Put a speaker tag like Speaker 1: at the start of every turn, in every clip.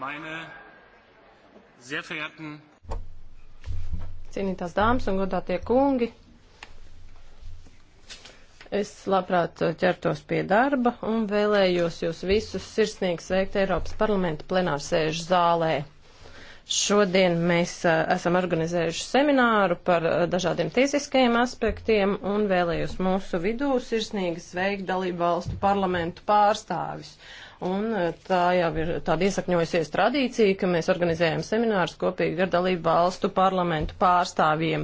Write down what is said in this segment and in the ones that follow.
Speaker 1: meine sehr verehrten Cienītās dāmas un godātie kungi, es labprāt ķertos pie darba un vēlējos jūs visus sirsnīgi sveikt Eiropas parlamenta plenārsēžu zālē. Šodien mēs a, esam organizējuši semināru par a, dažādiem tiesiskajiem aspektiem un vēlējos mūsu vidū sirsnīgi sveikt dalību valstu parlamentu pārstāvis. Uh, Un eh, tā jau ir tāda iesakņojusies tradīcija, ka mēs organizējam seminārus kopīgi ar dalību valstu parlamentu pārstāvjiem.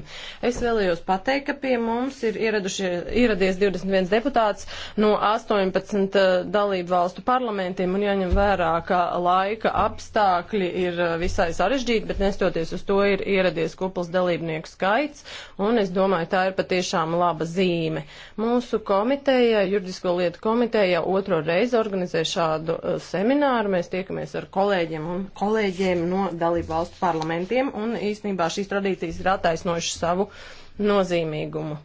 Speaker 1: Es vēlējos pateikt, ka pie mums ir ieradies 21 deputāts no 18 eh, dalību valstu parlamentiem un jāņem vērā, ka laika apstākļi ir eh, visai sarežģīti, bet nestoties uz to ir ieradies kupls dalībnieku skaits un es domāju, tā ir patiešām laba zīme. Mūsu komiteja, juridisko lietu komiteja, otro reizi organizē šādu tādu uh, semināru, mēs tiekamies ar kolēģiem un kolēģiem no dalību valstu parlamentiem, un īstenībā šīs tradīcijas ir attaisnojušas savu nozīmīgumu.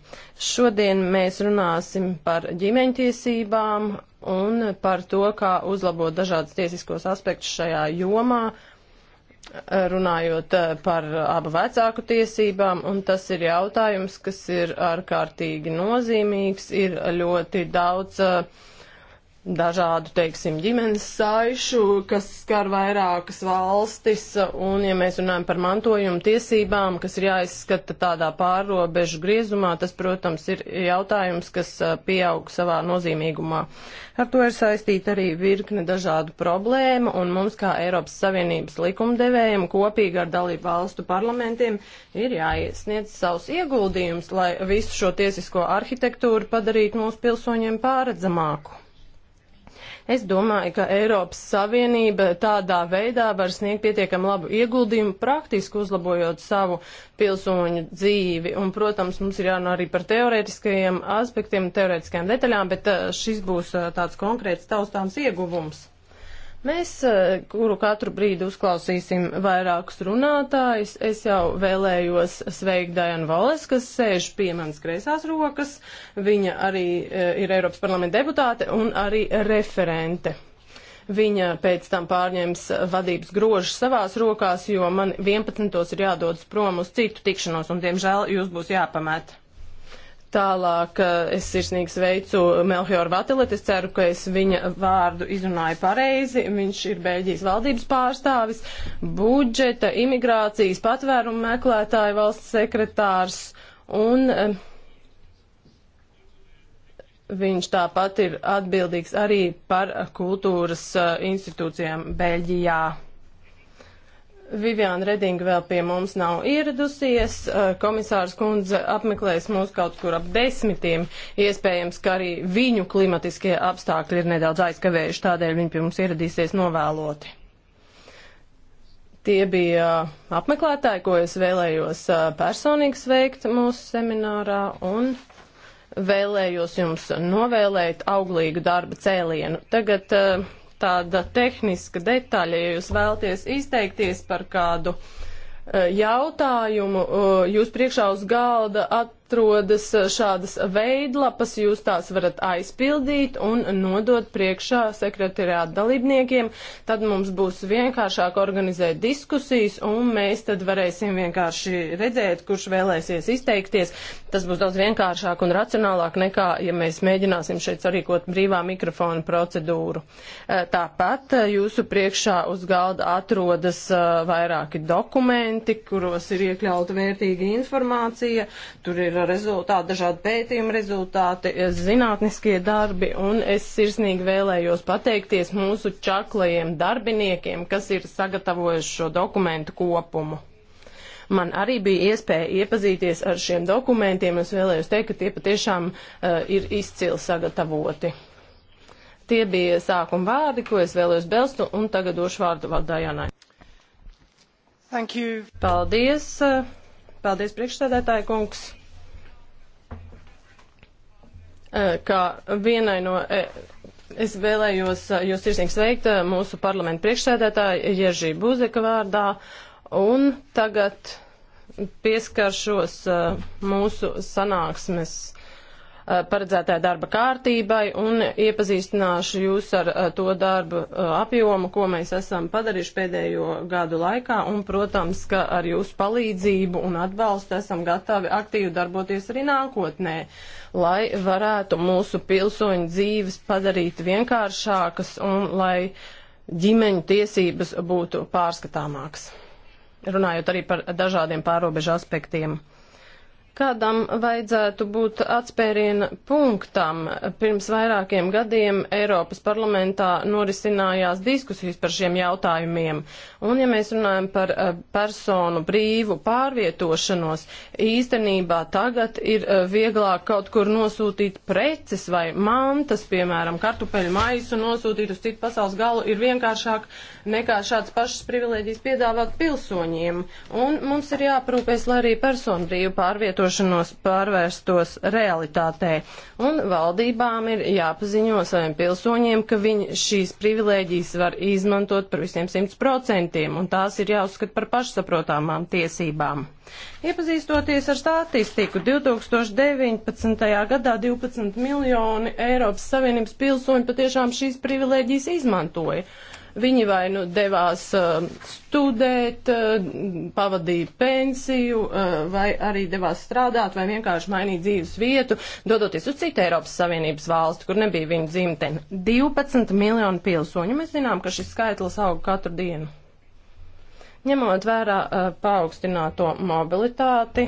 Speaker 1: Šodien mēs runāsim par ģimeņtiesībām un par to, kā uzlabot dažādas tiesiskos aspektus šajā jomā, runājot uh, par abu vecāku tiesībām, un tas ir jautājums, kas ir ārkārtīgi nozīmīgs, ir ļoti daudz uh, dažādu, teiksim, ģimenes saišu, kas skar vairākas valstis, un, ja mēs runājam par mantojuma tiesībām, kas ir jāizskata tādā pārobežu griezumā, tas, protams, ir jautājums, kas pieaug savā nozīmīgumā. Ar to ir saistīta arī virkne dažādu problēmu, un mums, kā Eiropas Savienības likumdevējiem, kopīgi ar dalību valstu parlamentiem, ir jāiesniedz savus ieguldījumus, lai visu šo tiesisko arhitektūru padarītu mūsu pilsoņiem pāredzamāku. Es domāju, ka Eiropas Savienība tādā veidā var sniegt pietiekam labu ieguldījumu, praktiski uzlabojot savu pilsoņu dzīvi. Un, protams, mums ir jārunā arī par teorētiskajiem aspektiem, teorētiskajām detaļām, bet eh, šis būs eh, tāds konkrēts taustāms ieguvums. Mēs, eh, kuru katru brīdi uzklausīsim vairākus runātājus, es jau vēlējos sveikt Dajanu Vales, kas sēž pie manas kreisās rokas. Viņa arī eh, ir Eiropas parlamenta deputāte un arī referente. Viņa pēc tam pārņems vadības grožu savās rokās, jo man 11. ir jādodas prom uz citu tikšanos, un, diemžēl, jūs būs jāpamēta. Tālāk eh, es sirsnīgi sveicu Melhioru Vatelet. Es ceru, ka es viņa vārdu izrunāju pareizi. Viņš ir Beļģijas valdības pārstāvis, budžeta, imigrācijas, patvērumu meklētāju valsts sekretārs. Un eh, viņš tāpat ir atbildīgs arī par kultūras eh, institūcijām Beļģijā. Viviāna Redinga vēl pie mums nav ieradusies. Komisārs kundze apmeklēs mūs kaut kur ap desmitiem. Iespējams, ka arī viņu klimatiskie apstākļi ir nedaudz aizkavējuši, tādēļ viņi pie mums ieradīsies novēloti. Tie bija apmeklētāji, ko es vēlējos personīgi sveikt mūsu seminārā un vēlējos jums novēlēt auglīgu darba cēlienu. Tagad uh, tāda tehniska detaļa, ja jūs vēlties izteikties par kādu e, jautājumu, e, jūs priekšā uz galda at, atrodas eh, šādas veidlapas, jūs tās varat aizpildīt un nodot priekšā sekretariāta dalībniekiem. Tad mums būs vienkāršāk organizēt diskusijas un mēs tad varēsim vienkārši redzēt, kurš vēlēsies izteikties. Tas būs daudz vienkāršāk un racionālāk nekā, ja mēs mēģināsim šeit sarīkot brīvā mikrofona procedūru. Eh, tāpat eh, jūsu priekšā uz galda atrodas vairāki dokumenti, kuros ir iekļauta vērtīga informācija. Tur ir rezultāti, dažādi pētījuma rezultāti, zinātniskie darbi, un es sirsnīgi vēlējos pateikties mūsu čaklajiem darbiniekiem, kas ir sagatavojuši šo dokumentu kopumu. Man arī bija iespēja iepazīties ar šiem dokumentiem, es vēlējos teikt, ka tie patiešām uh, ir izcili sagatavoti. Tie bija sākuma vārdi, ko es vēlējos belstu, un tagad došu vārdu Valdājanai. Paldies! Eh, paldies, priekšsēdētāja kungs! Eh, kā vienai no. Eh, es vēlējos eh, jūs sirsnīgi sveikt mūsu parlamentu priekšsēdētāju Ježī Buzeka vārdā un tagad pieskaršos mūsu sanāksmes Eh, paredzētā darba kārtībai un iepazīstināšu jūs ar eh, to darbu eh, apjomu, ko mēs esam padarījuši pēdējo gadu laikā. Un, protams, ka ar jūsu palīdzību un atbalstu esam gatavi aktīvi darboties arī nākotnē, lai varētu mūsu pilsoņu dzīves padarīt vienkāršākas un lai ģimeņu tiesības būtu pārskatāmākas. Runājot arī par dažādiem pārobežu aspektiem kādam vajadzētu būt atspēriena punktam. Pirms vairākiem gadiem Eiropas parlamentā norisinājās diskusijas par šiem jautājumiem. Un, ja mēs runājam par eh, personu brīvu pārvietošanos, īstenībā tagad ir eh, vieglāk kaut kur nosūtīt preces vai mantas, piemēram, kartupeļu maisu nosūtīt uz citu pasaules galu, ir vienkāršāk nekā šāds pašas privilēģijas piedāvāt pilsoņiem. Un mums ir jāprūpēs, lai arī personu brīvu pārvietošanos viļņošanos pārvērstos realitātē. Un valdībām ir jāpaziņo saviem pilsoņiem, ka viņi šīs privilēģijas var izmantot par visiem simts procentiem, un tās ir jāuzskata par pašsaprotāmām tiesībām. Iepazīstoties ar statistiku, 2019. gadā 12 miljoni Eiropas Savienības pilsoņu patiešām šīs privilēģijas izmantoja. Viņi vai nu devās eh, studēt, eh, pavadīja pensiju, eh, vai arī devās strādāt, vai vienkārši mainīja dzīves vietu, dodoties uz citu Eiropas Savienības valsti, kur nebija viņa dzimtene. 12 miljonu pilsoņu mēs zinām, ka šis skaitlis aug katru dienu. Ņemot vērā paaugstināto mobilitāti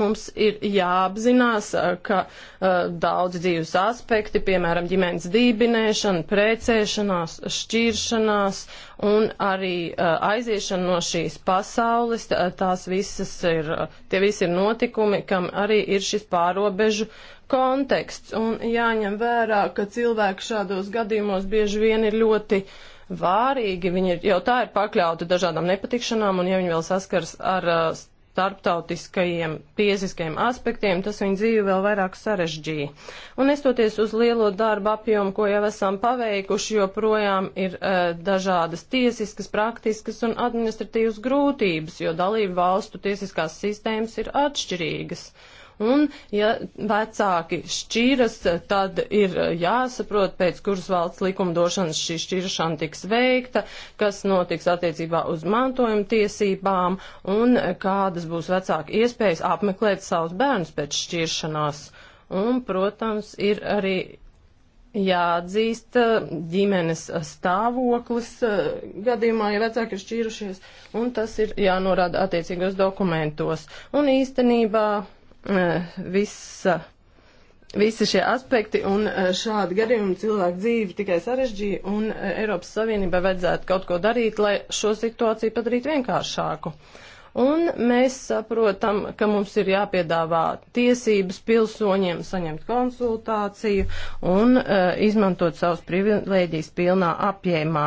Speaker 1: Mums ir jāapzinās, ka uh, daudz dzīves aspekti, piemēram, ģimenes dībinēšana, precēšanās, šķiršanās un arī uh, aiziešana no šīs pasaules, tās visas ir, tie visi ir notikumi, kam arī ir šis pārobežu konteksts. Un jāņem vērā, ka cilvēki šādos gadījumos bieži vien ir ļoti uh, vārīgi, viņi ir, jau tā ir pakļauti dažādām nepatikšanām, un ja viņi vēl saskars ar uh, starptautiskajiem tiesiskajiem aspektiem, tas viņu dzīvi vēl vairāk sarežģīja. Un nestoties uz lielo darbu apjomu, ko jau esam paveikuši, joprojām ir uh, dažādas tiesiskas, praktiskas un administratīvas grūtības, jo dalību valstu tiesiskās sistēmas ir atšķirīgas. Uh, Un, ja vecāki šķiras, tad ir jāsaprot, pēc kuras valsts likumdošanas šī šķiršana tiks veikta, kas notiks attiecībā uz mantojuma tiesībām un kādas būs vecāki iespējas apmeklēt savus bērnus pēc šķiršanās. Un, protams, ir arī jāatzīst eh, ģimenes stāvoklis eh, gadījumā, ja vecāki ir šķīrušies, un tas ir jānorāda attiecīgos dokumentos. Un īstenībā Eh, visa, visi šie aspekti un eh, šādi gadījumi cilvēku dzīvi tikai sarežģīja un eh, Eiropas Savienībai vajadzētu kaut ko darīt, lai šo situāciju padarītu vienkāršāku. Uh, Un mēs saprotam, ka mums ir jāpiedāvā tiesības pilsoņiem saņemt konsultāciju un uh, izmantot savus privilēģijas pilnā apjēmā.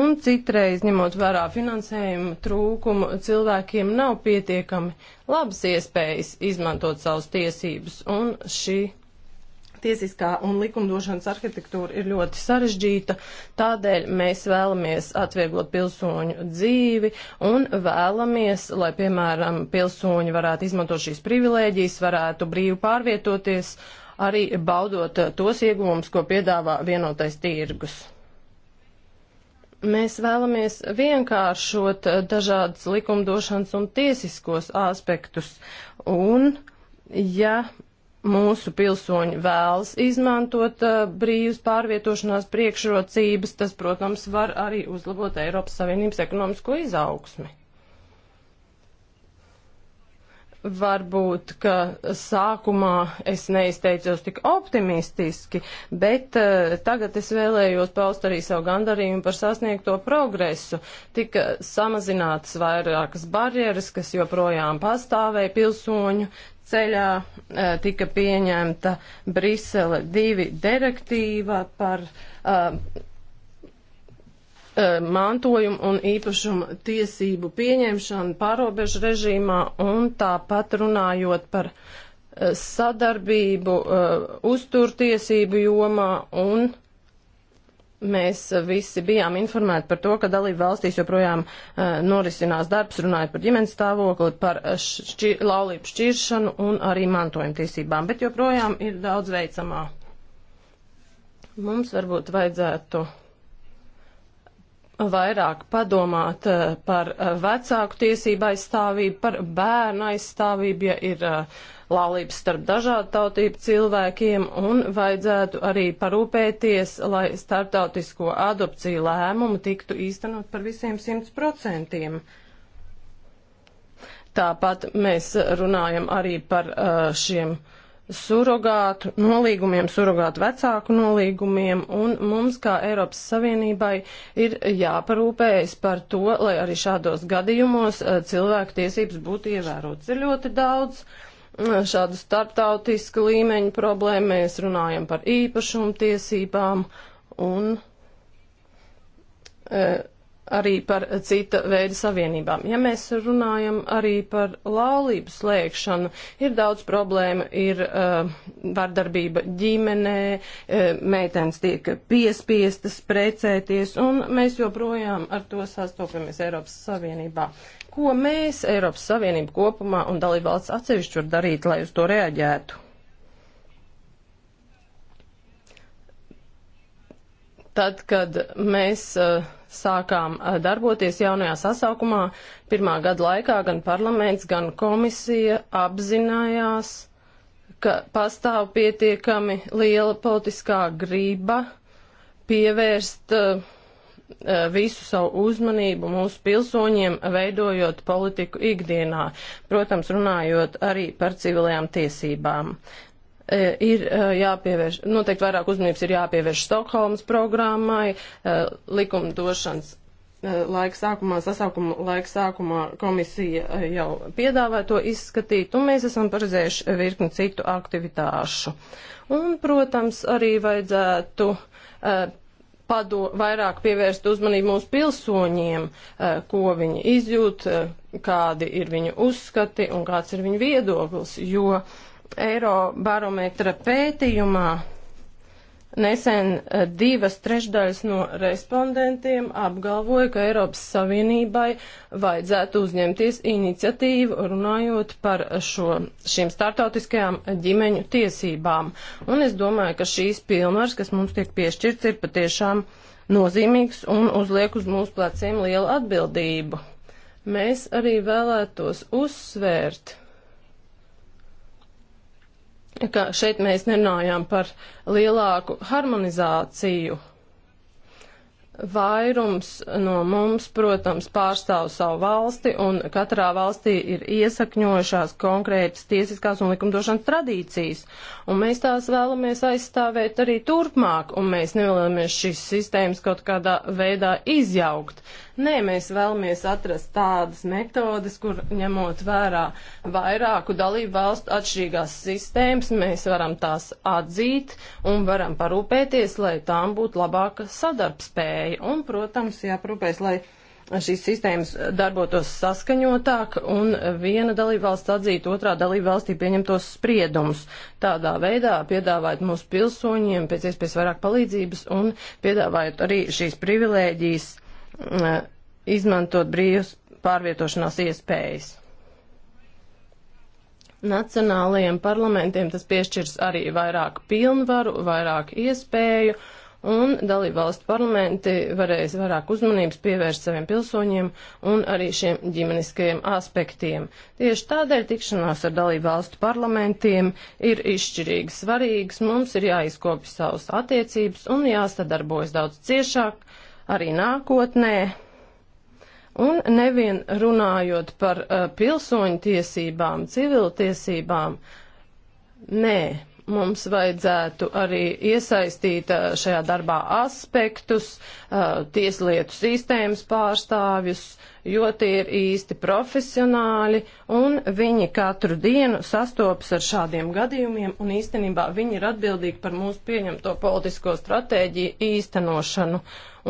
Speaker 1: Un citreiz, ņemot vērā finansējumu trūkumu, cilvēkiem nav pietiekami labas iespējas izmantot savus tiesības. Un šī tiesiskā un likumdošanas arhitektūra ir ļoti sarežģīta, tādēļ mēs vēlamies atvieglot pilsoņu dzīvi un vēlamies, lai, piemēram, pilsoņi varētu izmantot šīs privilēģijas, varētu brīvi pārvietoties, arī baudot tos ieguvumus, ko piedāvā vienotais tirgus. Mēs vēlamies vienkāršot dažādas likumdošanas un tiesiskos aspektus, un ja mūsu pilsoņi vēlas izmantot uh, brīvas pārvietošanās priekšrocības, tas, protams, var arī uzlabot Eiropas Savienības ekonomisko izaugsmi. Varbūt, ka sākumā es neizteicos tik optimistiski, bet uh, tagad es vēlējos paust arī savu gandarījumu par sasniegto progresu. Tika samazinātas vairākas barjeras, kas joprojām pastāvēja pilsoņu ceļā eh, tika pieņemta Brisele 2 direktīva par eh, eh, mantojuma un īpašuma tiesību pieņemšanu pārobežu režīmā un tāpat runājot par sadarbību uzturtiesību jomā un Mēs visi bijām informēti par to, ka dalību valstīs joprojām uh, norisinās darbs runājot par ģimenes stāvokli, par eh, šķi laulību šķiršanu un arī mantojuma tiesībām, bet joprojām ir daudz veicamā. Mums varbūt vajadzētu vairāk padomāt eh, par vecāku tiesību aizstāvību, par bērnu aizstāvību, ja ir uh, laulības starp dažādu tautību cilvēkiem un vajadzētu arī parūpēties, lai starptautisko adopciju lēmumu tiktu īstenot par visiem 100%. Tāpat mēs runājam arī par uh, šiem surogātu nolīgumiem, surogātu vecāku nolīgumiem, un mums, kā Eiropas Savienībai, ir jāparūpējas par to, lai arī šādos gadījumos uh, cilvēku tiesības būtu ievērotas. Ir ļoti daudz uh, šādu starptautisku līmeņu problēmu, mēs runājam par īpašumtiesībām un e, arī par cita veida savienībām. Ja mēs runājam arī par laulību slēgšanu, ir daudz problēma, ir uh, vardarbība ģimenē, uh, meitenes tiek piespiestas precēties, un mēs joprojām ar to sastopamies Eiropas Savienībā. Ko mēs, Eiropas Savienība kopumā un dalībvalsts atsevišķi, var darīt, lai uz to reaģētu? Tad, kad mēs uh, sākām uh, darboties jaunajā sasaukumā, pirmā gada laikā gan parlaments, gan komisija apzinājās, ka pastāv pietiekami liela politiskā grība pievērst uh, Eh, visu savu uzmanību mūsu pilsoņiem, veidojot politiku ikdienā, protams, runājot arī par civilajām tiesībām. Eh, ir eh, jāpievērš, noteikti vairāk uzmanības ir jāpievērš Stokholmas programmai, likumdošanas laika sākumā, sasaukuma laika sākumā komisija jau piedāvā to izskatīt, un mēs esam paredzējuši virkni citu aktivitāšu. Un, protams, arī vajadzētu uh, pado, vairāk pievērst uzmanību mūsu pilsoņiem, eh, ko viņi izjūt, eh, kādi ir viņu uzskati un kāds ir viņu viedoklis, jo Eirobarometra pētījumā Nesen e, divas trešdaļas no respondentiem apgalvoja, ka Eiropas Savienībai vajadzētu uzņemties iniciatīvu runājot par šo, šīm startautiskajām ģimeņu tiesībām. Un es domāju, ka šīs pilnvaras, kas mums tiek piešķirts, ir patiešām nozīmīgs un uzliek uz mūsu pleciem lielu atbildību. Mēs arī vēlētos uzsvērt ka šeit mēs nerunājām par lielāku harmonizāciju. Vairums no mums, protams, pārstāv savu valsti, un katrā valstī ir iesakņojušās konkrētas tiesiskās un likumdošanas tradīcijas, un mēs tās vēlamies aizstāvēt arī turpmāk, un mēs nevēlamies šīs sistēmas kaut kādā veidā izjaukt. Nē, mēs vēlamies atrast tādas metodes, kur ņemot vērā vairāku dalību valstu atšķirīgās sistēmas, mēs varam tās atzīt un varam parūpēties, lai tām būtu labāka sadarbspēja pieeja. Un, protams, jāprūpēs, lai šīs sistēmas darbotos saskaņotāk un viena dalībvalsts atzītu otrā dalībvalstī pieņemtos spriedumus. Tādā veidā piedāvājot mūsu pilsoņiem pēc iespējas vairāk palīdzības un piedāvājot arī šīs privilēģijas izmantot brīvas pārvietošanās iespējas. Nacionālajiem parlamentiem tas piešķirs arī vairāk pilnvaru, vairāk iespēju. Uh, un dalībvalstu parlamenti varēs vairāk uzmanības pievērst saviem pilsoņiem un arī šiem ģimeniskajiem aspektiem. Tieši tādēļ tikšanās ar dalībvalstu parlamentiem ir izšķirīgi svarīgas. Mums ir jāizkopja savas attiecības un jāsadarbojas daudz ciešāk arī nākotnē. Un nevien runājot par uh, pilsoņu tiesībām, civiltiesībām, nē, Mums vajadzētu arī iesaistīt šajā darbā aspektus, tieslietu sistēmas pārstāvjus, jo tie ir īsti profesionāļi un viņi katru dienu sastopas ar šādiem gadījumiem un īstenībā viņi ir atbildīgi par mūsu pieņemto politisko stratēģiju īstenošanu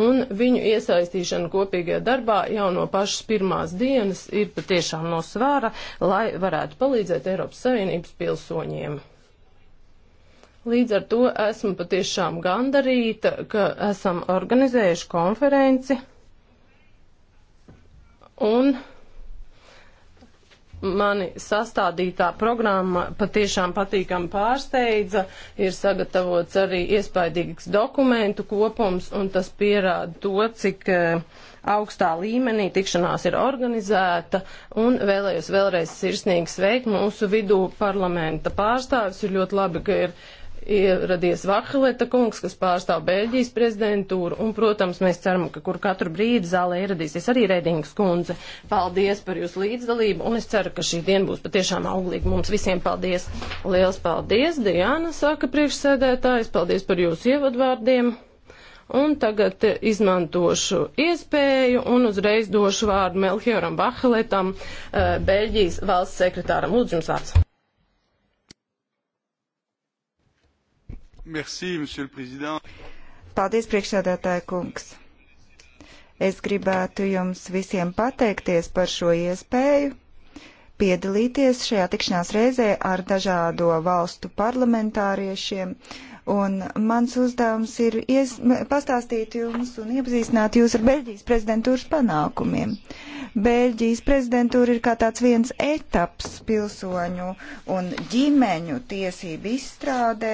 Speaker 1: un viņu iesaistīšana kopīgajā darbā jau no pašas pirmās dienas ir patiešām no svāra, lai varētu palīdzēt Eiropas Savienības pilsoņiem. Līdz ar to esmu patiešām gandarīta, ka esam organizējuši konferenci un mani sastādītā programma patiešām patīkam pārsteidza, ir sagatavots arī iespaidīgs dokumentu kopums, un tas pierāda to, cik eh, augstā līmenī tikšanās ir organizēta, un vēlējos vēlreiz sirsnīgi sveikt mūsu vidū parlamenta pārstāvis, ir ļoti labi, ka ir uh, ieradies Vaheleta kungs, kas pārstāv Beļģijas prezidentūru, un, protams, mēs ceram, ka kur katru brīdi zālē ieradīsies arī Redingas kundze. Paldies par jūsu līdzdalību, un es ceru, ka šī diena būs patiešām auglīga mums visiem. Paldies! Liels paldies, Diana, saka priekšsēdētājs, paldies par jūsu ievadvārdiem! Un tagad izmantošu iespēju un uzreiz došu vārdu Melchioram Bahaletam, eh, Beļģijas valsts sekretāram. Lūdzu, jums vārds!
Speaker 2: Merci, monsieur le président.
Speaker 1: Paldies,
Speaker 3: priekšsēdētāja kungs. Es gribētu jums visiem pateikties par šo iespēju piedalīties šajā tikšanās reizē ar dažādo valstu parlamentāriešiem. Un mans uzdevums ir ies, pastāstīt jums un iepazīstināt jūs ar Beļģijas prezidentūras panākumiem. Uh, Beļģijas prezidentūra ir kā tāds viens etaps pilsoņu un ģimeņu tiesību izstrādē,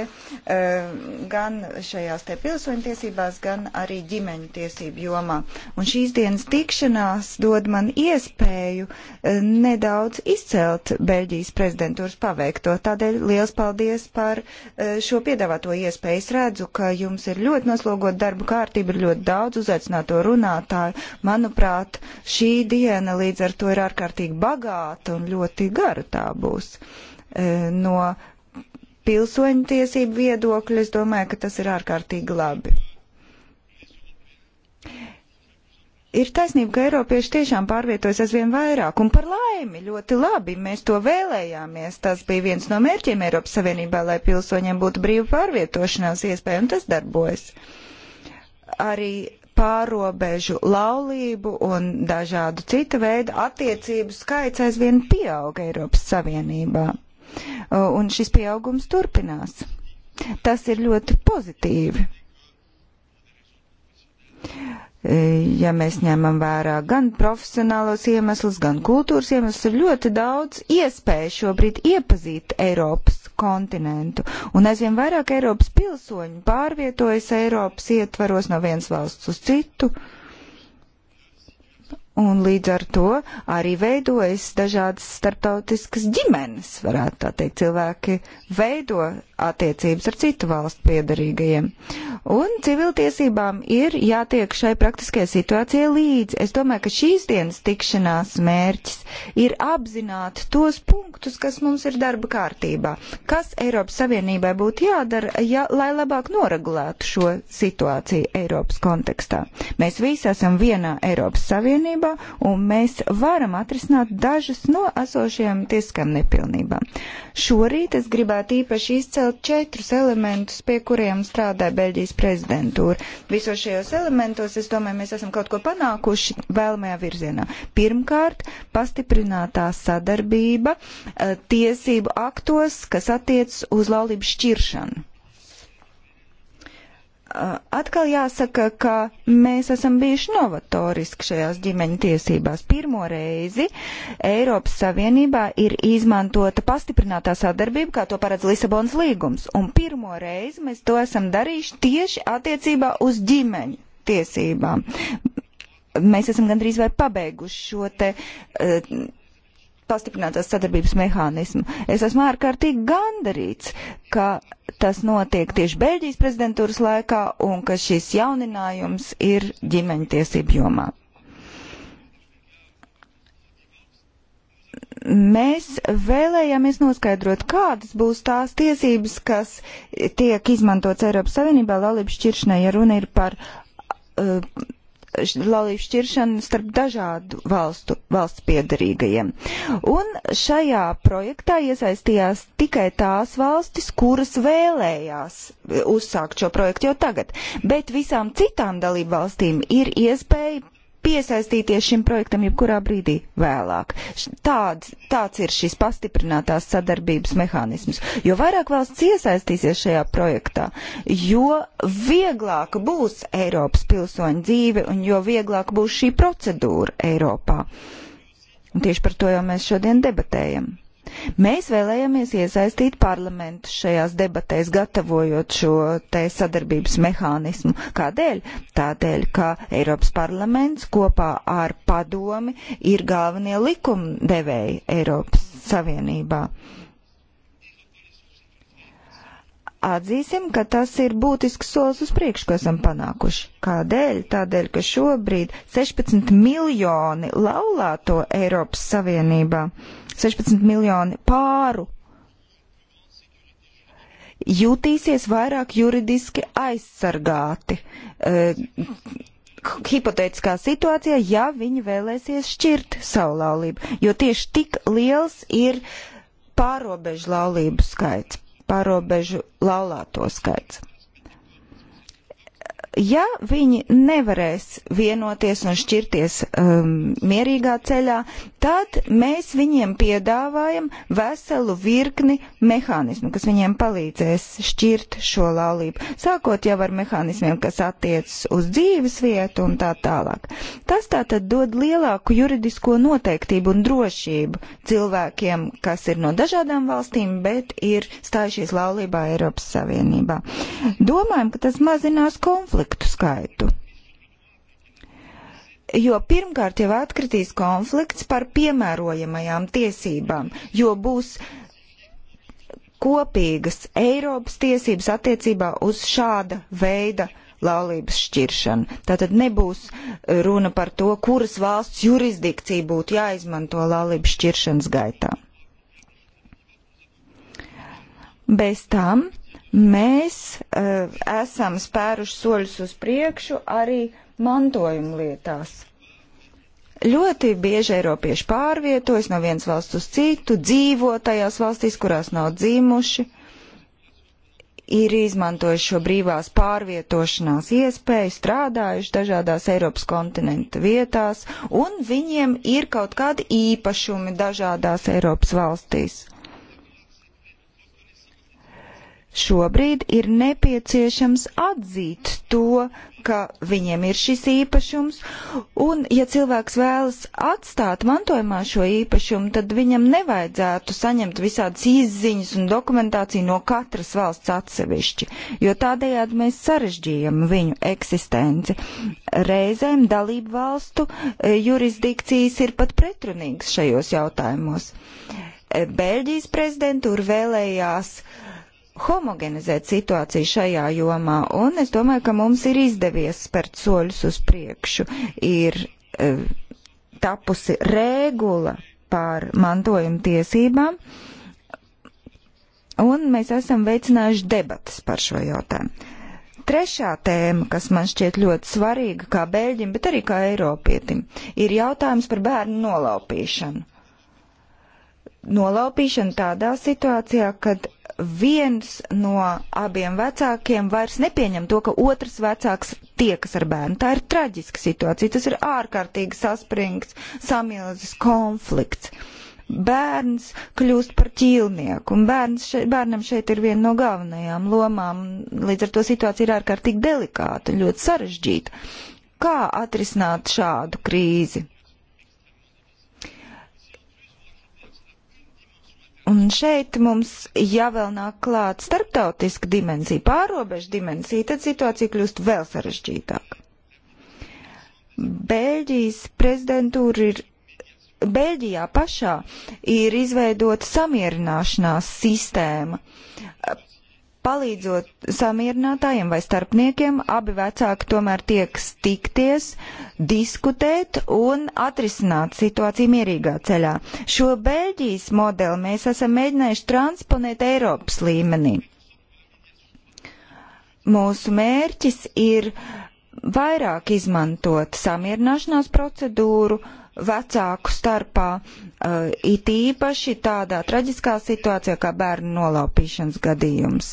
Speaker 3: eh, gan šajās te pilsoņu tiesībās, gan arī ģimeņu tiesību jomā. Un šīs dienas tikšanās dod man iespēju eh, nedaudz izcelt Beļģijas prezidentūras paveikto. Tādēļ liels paldies par eh, šo piedāvāto iespēju. Es redzu, ka jums ir ļoti noslogot darbu kārtība, ir ļoti daudz uzaicināto runātāju. Manuprāt, šī diena līdz ar to ir ārkārtīgi bagāta un ļoti gara tā būs. E, no pilsoņu tiesību viedokļa es domāju, ka tas ir ārkārtīgi labi. ir taisnība, ka Eiropieši tiešām pārvietojas aizvien vairāk, un par laimi ļoti labi mēs to vēlējāmies. Tas bija viens no mērķiem Eiropas Savienībā, lai pilsoņiem būtu brīva pārvietošanās iespēja, un tas darbojas. Arī pārobežu laulību un dažādu citu veidu attiecību skaits aizvien pieauga Eiropas Savienībā. Uh, un šis pieaugums turpinās. Tas ir ļoti pozitīvi. Uh, ja mēs ņemam vērā gan profesionālos iemeslus, gan kultūras iemeslus, ir ļoti daudz iespēju šobrīd iepazīt Eiropas kontinentu. Un aizvien vairāk Eiropas pilsoņu pārvietojas Eiropas ietvaros no vienas valsts uz citu. Uh, un līdz ar to arī veidojas dažādas starptautiskas ģimenes, varētu tā teikt. Cilvēki veido attiecības ar citu valstu piedarīgajiem. Un civiltiesībām ir jātiek šai praktiskajai situācijai līdzi. Es domāju, ka šīs dienas tikšanās mērķis ir apzināt tos punktus, kas mums ir darba kārtībā. Kas Eiropas Savienībai būtu jādara, ja, lai labāk noregulētu šo situāciju Eiropas kontekstā? Mēs visi esam vienā Eiropas Savienībā pilnībā, un mēs varam atrisināt dažas no esošajām tiesiskām nepilnībām. Šorīt es gribētu īpaši izcelt četrus elementus, pie kuriem strādā Beļģijas prezidentūra. Visos šajos elementos, es domāju, mēs esam kaut ko panākuši vēlamajā virzienā. Pirmkārt, pastiprinātā sadarbība eh, tiesību aktos, kas attiec uz laulību šķiršanu atkal jāsaka, ka mēs esam bijuši novatoriski šajās ģimeņu tiesībās. Pirmo reizi Eiropas Savienībā ir izmantota pastiprinātā sadarbība, kā to paredz Lisabons līgums. Un pirmo reizi mēs to esam darījuši tieši attiecībā uz ģimeņu tiesībām. Mēs esam gandrīz vai pabeiguši šo te. Uh, pastiprinātās sadarbības mehānismu. Es esmu ārkārtīgi gandarīts, ka tas notiek tieši Beļģijas prezidentūras laikā un ka šis jauninājums ir ģimeņtiesību jomā. mēs vēlējāmies noskaidrot, kādas būs tās tiesības, kas tiek izmantotas Eiropas Savienībā laulības šķiršanai, ja runa ir par uh, laulību šķiršanu starp dažādu valstu, valsts piedarīgajiem. Un šajā projektā iesaistījās tikai tās valstis, kuras vēlējās uzsākt šo projektu jau tagad, bet visām citām dalību valstīm ir iespēja piesaistīties šim projektam jebkurā brīdī vēlāk. Tāds, tāds ir šis pastiprinātās sadarbības mehānisms. Jo vairāk valsts iesaistīsies šajā projektā, jo vieglāk būs Eiropas pilsoņu dzīve un jo vieglāk būs šī procedūra Eiropā. Un tieši par to jau mēs šodien debatējam. Mēs vēlējāmies iesaistīt parlamentu šajās debatēs, gatavojot šo te sadarbības mehānismu. Kādēļ? Tādēļ, ka Eiropas parlaments kopā ar padomi ir galvenie likumdevēji Eiropas Savienībā. Atzīsim, ka tas ir būtisks solis uz priekšu, ko esam panākuši. Kādēļ? Tādēļ, ka šobrīd 16 miljoni laulāto Eiropas Savienībā 16 miljoni pāru, jutīsies vairāk juridiski aizsargāti. Uh, hipotētiskā situācijā, ja viņi vēlēsies šķirt savu laulību, jo tieši tik liels ir pārobežu laulību skaits, pārobežu laulāto skaits. Ja viņi nevarēs vienoties un šķirties um, mierīgā ceļā, tad mēs viņiem piedāvājam veselu virkni mehānismu, kas viņiem palīdzēs šķirt šo laulību. Sākot jau ar mehānismiem, kas attiecas uz dzīves vietu un tā tālāk. Tas tātad dod lielāku juridisko noteiktību un drošību cilvēkiem, kas ir no dažādām valstīm, bet ir stājušies laulībā Eiropas Savienībā. Domājam, ka tas mazinās konfliktu konfliktu skaitu. Jo pirmkārt jau atkritīs konflikts par piemērojamajām tiesībām, jo būs kopīgas Eiropas tiesības attiecībā uz šāda veida laulības šķiršanu. Tātad nebūs runa par to, kuras valsts jurisdikcija būtu jāizmanto laulības šķiršanas gaitā. Bez tam Mēs uh, esam spēruši soļus uz priekšu arī mantojuma lietās. Ļoti bieži Eiropieši pārvietojas no vienas valsts uz citu, dzīvo tajās valstīs, kurās nav dzīvuši ir izmantojuši šo brīvās pārvietošanās iespēju, strādājuši dažādās Eiropas kontinenta vietās, un viņiem ir kaut kādi īpašumi dažādās Eiropas valstīs. Šobrīd ir nepieciešams atzīt to, ka viņiem ir šis īpašums, un ja cilvēks vēlas atstāt mantojumā šo īpašumu, tad viņam nevajadzētu saņemt visādas izziņas un dokumentāciju no katras valsts atsevišķi, jo tādējādi mēs sarežģījam viņu eksistenci. Reizēm dalību valstu e, jurisdikcijas ir pat pretrunīgas šajos jautājumos. E, Beļģijas prezidentūra vēlējās uh, homogenizēt situāciju šajā jomā, un es domāju, ka mums ir izdevies spērt soļus uz priekšu. Ir e, tapusi regula par mantojuma tiesībām, un mēs esam veicinājuši debatas par šo jautājumu. Trešā tēma, kas man šķiet ļoti svarīga kā bēļģim, bet arī kā eiropietim, ir jautājums par bērnu nolaupīšanu nolaupīšana tādā situācijā, kad viens no abiem vecākiem vairs nepieņem to, ka otrs vecāks tiekas ar bērnu. Tā ir traģiska situācija, tas ir ārkārtīgi saspringts, samilzis konflikts. Bērns kļūst par ķīlnieku, un bērns še, bērnam šeit ir viena no galvenajām lomām, līdz ar to situācija ir ārkārtīgi delikāta un ļoti sarežģīta. Kā atrisināt šādu krīzi? Un šeit mums, ja vēl nāk klāt starptautiska dimensija, pārobežu dimensija, tad situācija kļūst vēl sarežģītāka. Bēļģijas prezidentūra ir. Bēļģijā pašā ir izveidota samierināšanās sistēma palīdzot samierinātājiem vai starpniekiem, abi vecāki tomēr tiek tikties, diskutēt un atrisināt situāciju mierīgā ceļā. Šo Beļģijas modeli mēs esam mēģinājuši transponēt Eiropas līmenī. Mūsu mērķis ir vairāk izmantot samierināšanās procedūru, uh, vecāku starpā, uh, it īpaši tādā traģiskā situācijā kā bērnu nolaupīšanas gadījums.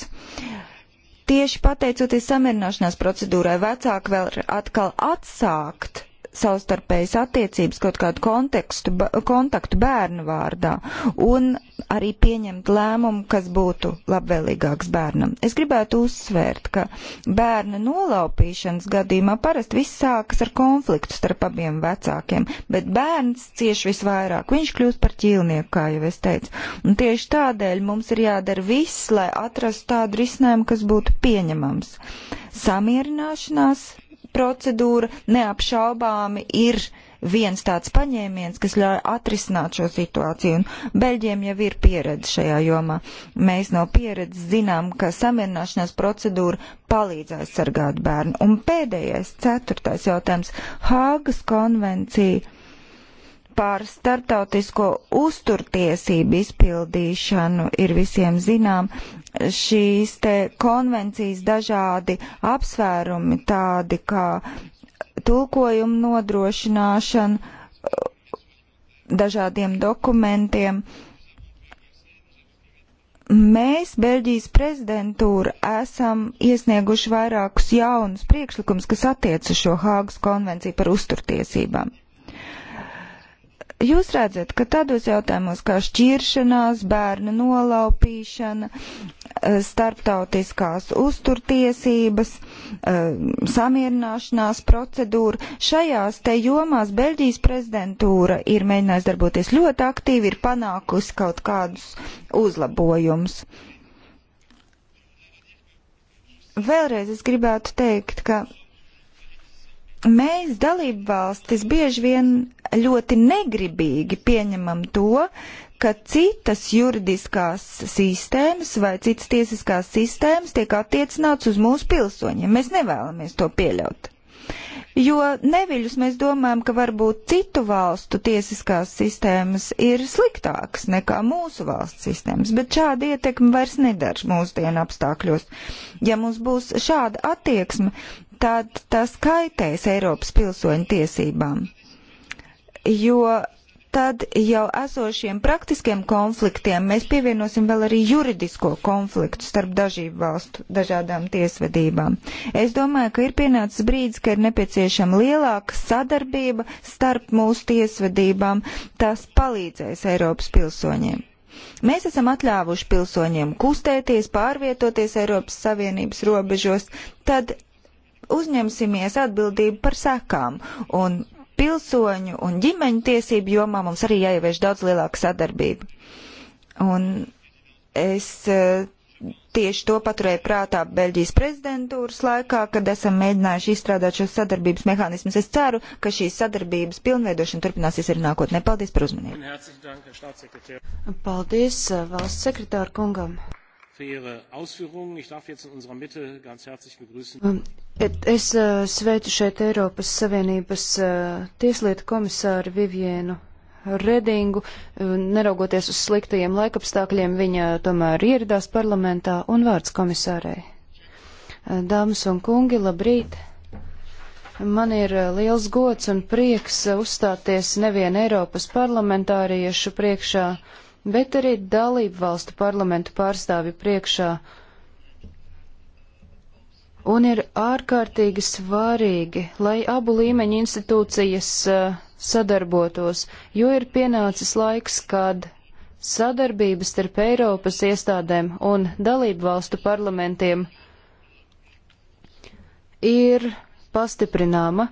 Speaker 3: Tieši pateicoties samierināšanās procedūrai, vecāki vēl atkal atsākt savstarpējas attiecības, kaut kādu kontekstu, kontaktu bērnu vārdā un arī pieņemt lēmumu, kas būtu labvēlīgāks bērnam. Es gribētu uzsvērt, ka bērna nolaupīšanas gadījumā parasti viss sākas ar konfliktu starp abiem vecākiem, bet bērns cieš visvairāk, viņš kļūst par ķīlnieku, kā jau es teicu. Un tieši tādēļ mums ir jādara viss, lai atrastu tādu risinājumu, kas būtu pieņemams. Samierināšanās procedūra neapšaubāmi ir viens tāds paņēmiens, kas ļauj atrisināt šo situāciju. Un Beļģiem jau ir pieredze šajā jomā. Mēs no pieredzes zinām, ka samierināšanās procedūra palīdz aizsargāt bērnu. Un pēdējais, ceturtais jautājums - Hāgas konvencija par starptautisko uzturtiesību izpildīšanu ir visiem zinām. Šīs te konvencijas dažādi apsvērumi tādi kā tulkojumu nodrošināšana dažādiem dokumentiem. Mēs, Beļģijas prezidentūra, esam iesnieguši vairākus jaunus priekšlikumus, kas attiec uz šo Hāgas konvenciju par uzturtiesībām. Jūs redzat, ka tādos jautājumos kā šķiršanās, bērnu nolaupīšana, e, starptautiskās uzturtiesības, e, samierināšanās procedūra, šajās te jomās Beļģijas prezidentūra ir mēģinājusi darboties ļoti aktīvi, ir panākusi kaut kādus uzlabojumus. Vēlreiz es gribētu teikt, ka mēs dalību valstis bieži vien ļoti negribīgi pieņemam to, ka citas juridiskās sistēmas vai citas tiesiskās sistēmas tiek attiecināts uz mūsu pilsoņiem. Mēs nevēlamies to pieļaut. Jo neviļus mēs domājam, ka varbūt citu valstu tiesiskās sistēmas ir sliktākas nekā mūsu valsts sistēmas, bet šāda ietekme vairs nedarš mūsdienu apstākļos. Ja mums būs šāda attieksme, tad tas kaitēs Eiropas pilsoņu tiesībām. Jo tad jau esošiem praktiskiem konfliktiem mēs pievienosim vēl arī juridisko konfliktu starp dažību valstu dažādām tiesvedībām. Es domāju, ka ir pienācis brīdis, ka ir nepieciešama lielāka sadarbība starp mūsu tiesvedībām. Tas palīdzēs Eiropas pilsoņiem. Mēs esam atļāvuši pilsoņiem kustēties, pārvietoties Eiropas Savienības robežos, tad uzņemsimies atbildību par sekām. Un pilsoņu un ģimeņu tiesību jomā mums arī jāievieš daudz lielāka sadarbība. Un es e, tieši to paturēju prātā Beļģijas prezidentūras laikā, kad esam mēģinājuši izstrādāt šos sadarbības mehānismus. Es ceru, ka šīs sadarbības pilnveidošana turpināsies arī nākotnē. Paldies par
Speaker 2: uzmanību.
Speaker 3: Paldies e, valsts sekretāru kungam für Ihre Ausführungen. Ich darf jetzt in unserer Mitte ganz herzlich begrüßen. Um,
Speaker 2: es uh, sveicu šeit Eiropas Savienības uh, tieslietu komisāru Vivienu Redingu. Uh, neraugoties uz sliktajiem laikapstākļiem, viņa tomēr ieradās parlamentā un vārds komisārei. Dāmas un kungi, labrīt! Man ir liels gods un prieks uzstāties nevien Eiropas parlamentāriešu priekšā, uh, bet arī dalību valstu parlamentu pārstāvi priekšā. Un ir ārkārtīgi svarīgi, lai abu līmeņu institūcijas uh, sadarbotos, jo ir pienācis laiks, kad sadarbības starp Eiropas iestādēm un dalību valstu parlamentiem ir pastiprināma,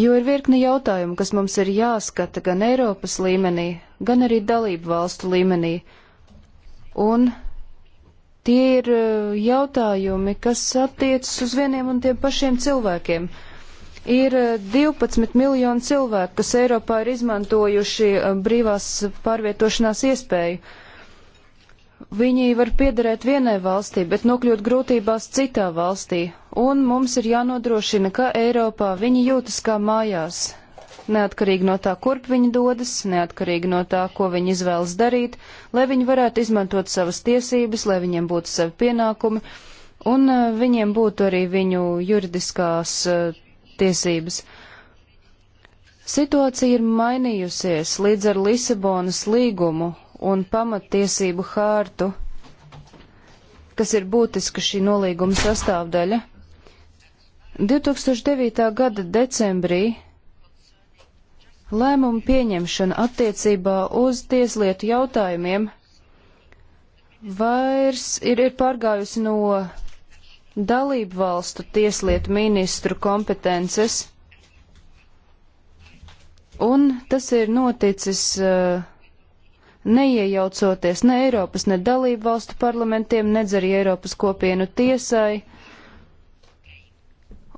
Speaker 2: jo ir virkni jautājumu, kas mums ir jāskata gan Eiropas līmenī, gan arī dalību valstu līmenī. Un tie ir e, jautājumi, kas attiecas uz vieniem un tiem pašiem cilvēkiem. Ir 12 e, miljoni cilvēku, kas Eiropā ir izmantojuši e, brīvās pārvietošanās iespēju. Viņi var piederēt vienai valstī, bet nokļūt grūtībās citā valstī, un mums ir jānodrošina, ka Eiropā viņi jūtas kā mājās, neatkarīgi no tā, kurp viņi dodas, neatkarīgi no tā, ko viņi izvēlas darīt, lai viņi varētu izmantot savas tiesības, lai viņiem būtu savi pienākumi, un eh, viņiem būtu arī viņu juridiskās eh, tiesības. Situācija ir mainījusies līdz ar Lisabonas līgumu, un pamatiesību hārtu, kas ir būtiska šī nolīguma sastāvdaļa. 2009. gada decembrī lēmumu pieņemšana attiecībā uz tieslietu jautājumiem vairs ir, ir pārgājusi no dalību valstu tieslietu ministru kompetences, un tas ir noticis uh, neiejaucoties ne Eiropas, ne dalību valstu parlamentiem, nedz arī Eiropas kopienu tiesai.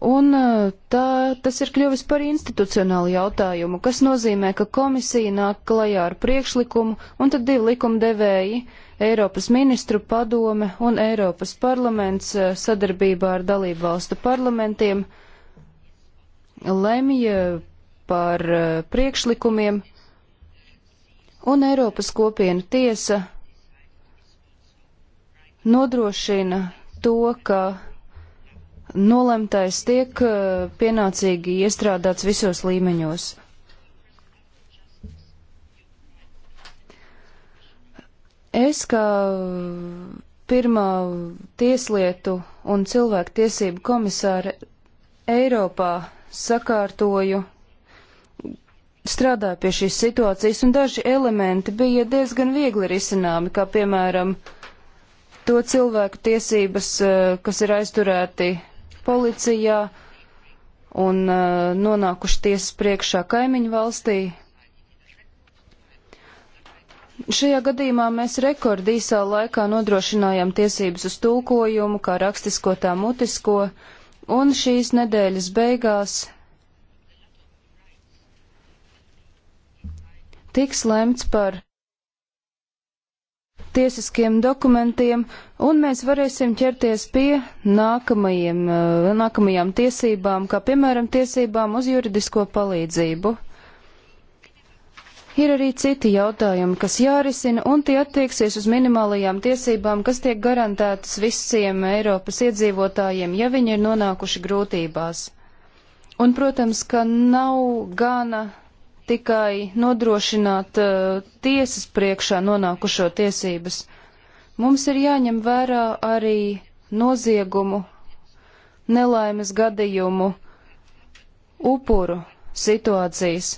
Speaker 2: Un uh, tā, tas ir kļuvis par institucionālu jautājumu, kas nozīmē, ka komisija nāk klajā ar priekšlikumu, un tad divi likumdevēji - Eiropas ministru padome un Eiropas parlaments uh, sadarbībā ar dalību valstu parlamentiem lemj uh, par priekšlikumiem, un Eiropas kopienu tiesa nodrošina to, ka nolemtais tiek eh, pienācīgi iestrādāts visos līmeņos. Es kā pirmā tieslietu un cilvēku tiesību komisāre Eiropā sakārtoju strādāju pie šīs situācijas, un daži elementi bija diezgan viegli risināmi, kā piemēram to cilvēku tiesības, eh, kas ir aizturēti policijā un eh, nonākuši tiesas priekšā kaimiņu valstī. Šajā gadījumā mēs rekordīsā laikā nodrošinājām tiesības uz tulkojumu, kā rakstisko tā mutisko, un šīs nedēļas beigās tiks lemts par tiesiskiem dokumentiem, un mēs varēsim ķerties pie nākamajiem, eh, nākamajām tiesībām, kā piemēram tiesībām uz juridisko palīdzību. Ir arī citi jautājumi, kas jārisina, un tie attieksies uz minimālajām tiesībām, kas tiek garantētas visiem Eiropas iedzīvotājiem, ja viņi ir nonākuši grūtībās. Un, protams, ka nav gana tikai nodrošināt uh, tiesas priekšā nonākušo tiesības. Mums ir jāņem vērā arī noziegumu, nelaimes gadījumu, upuru situācijas,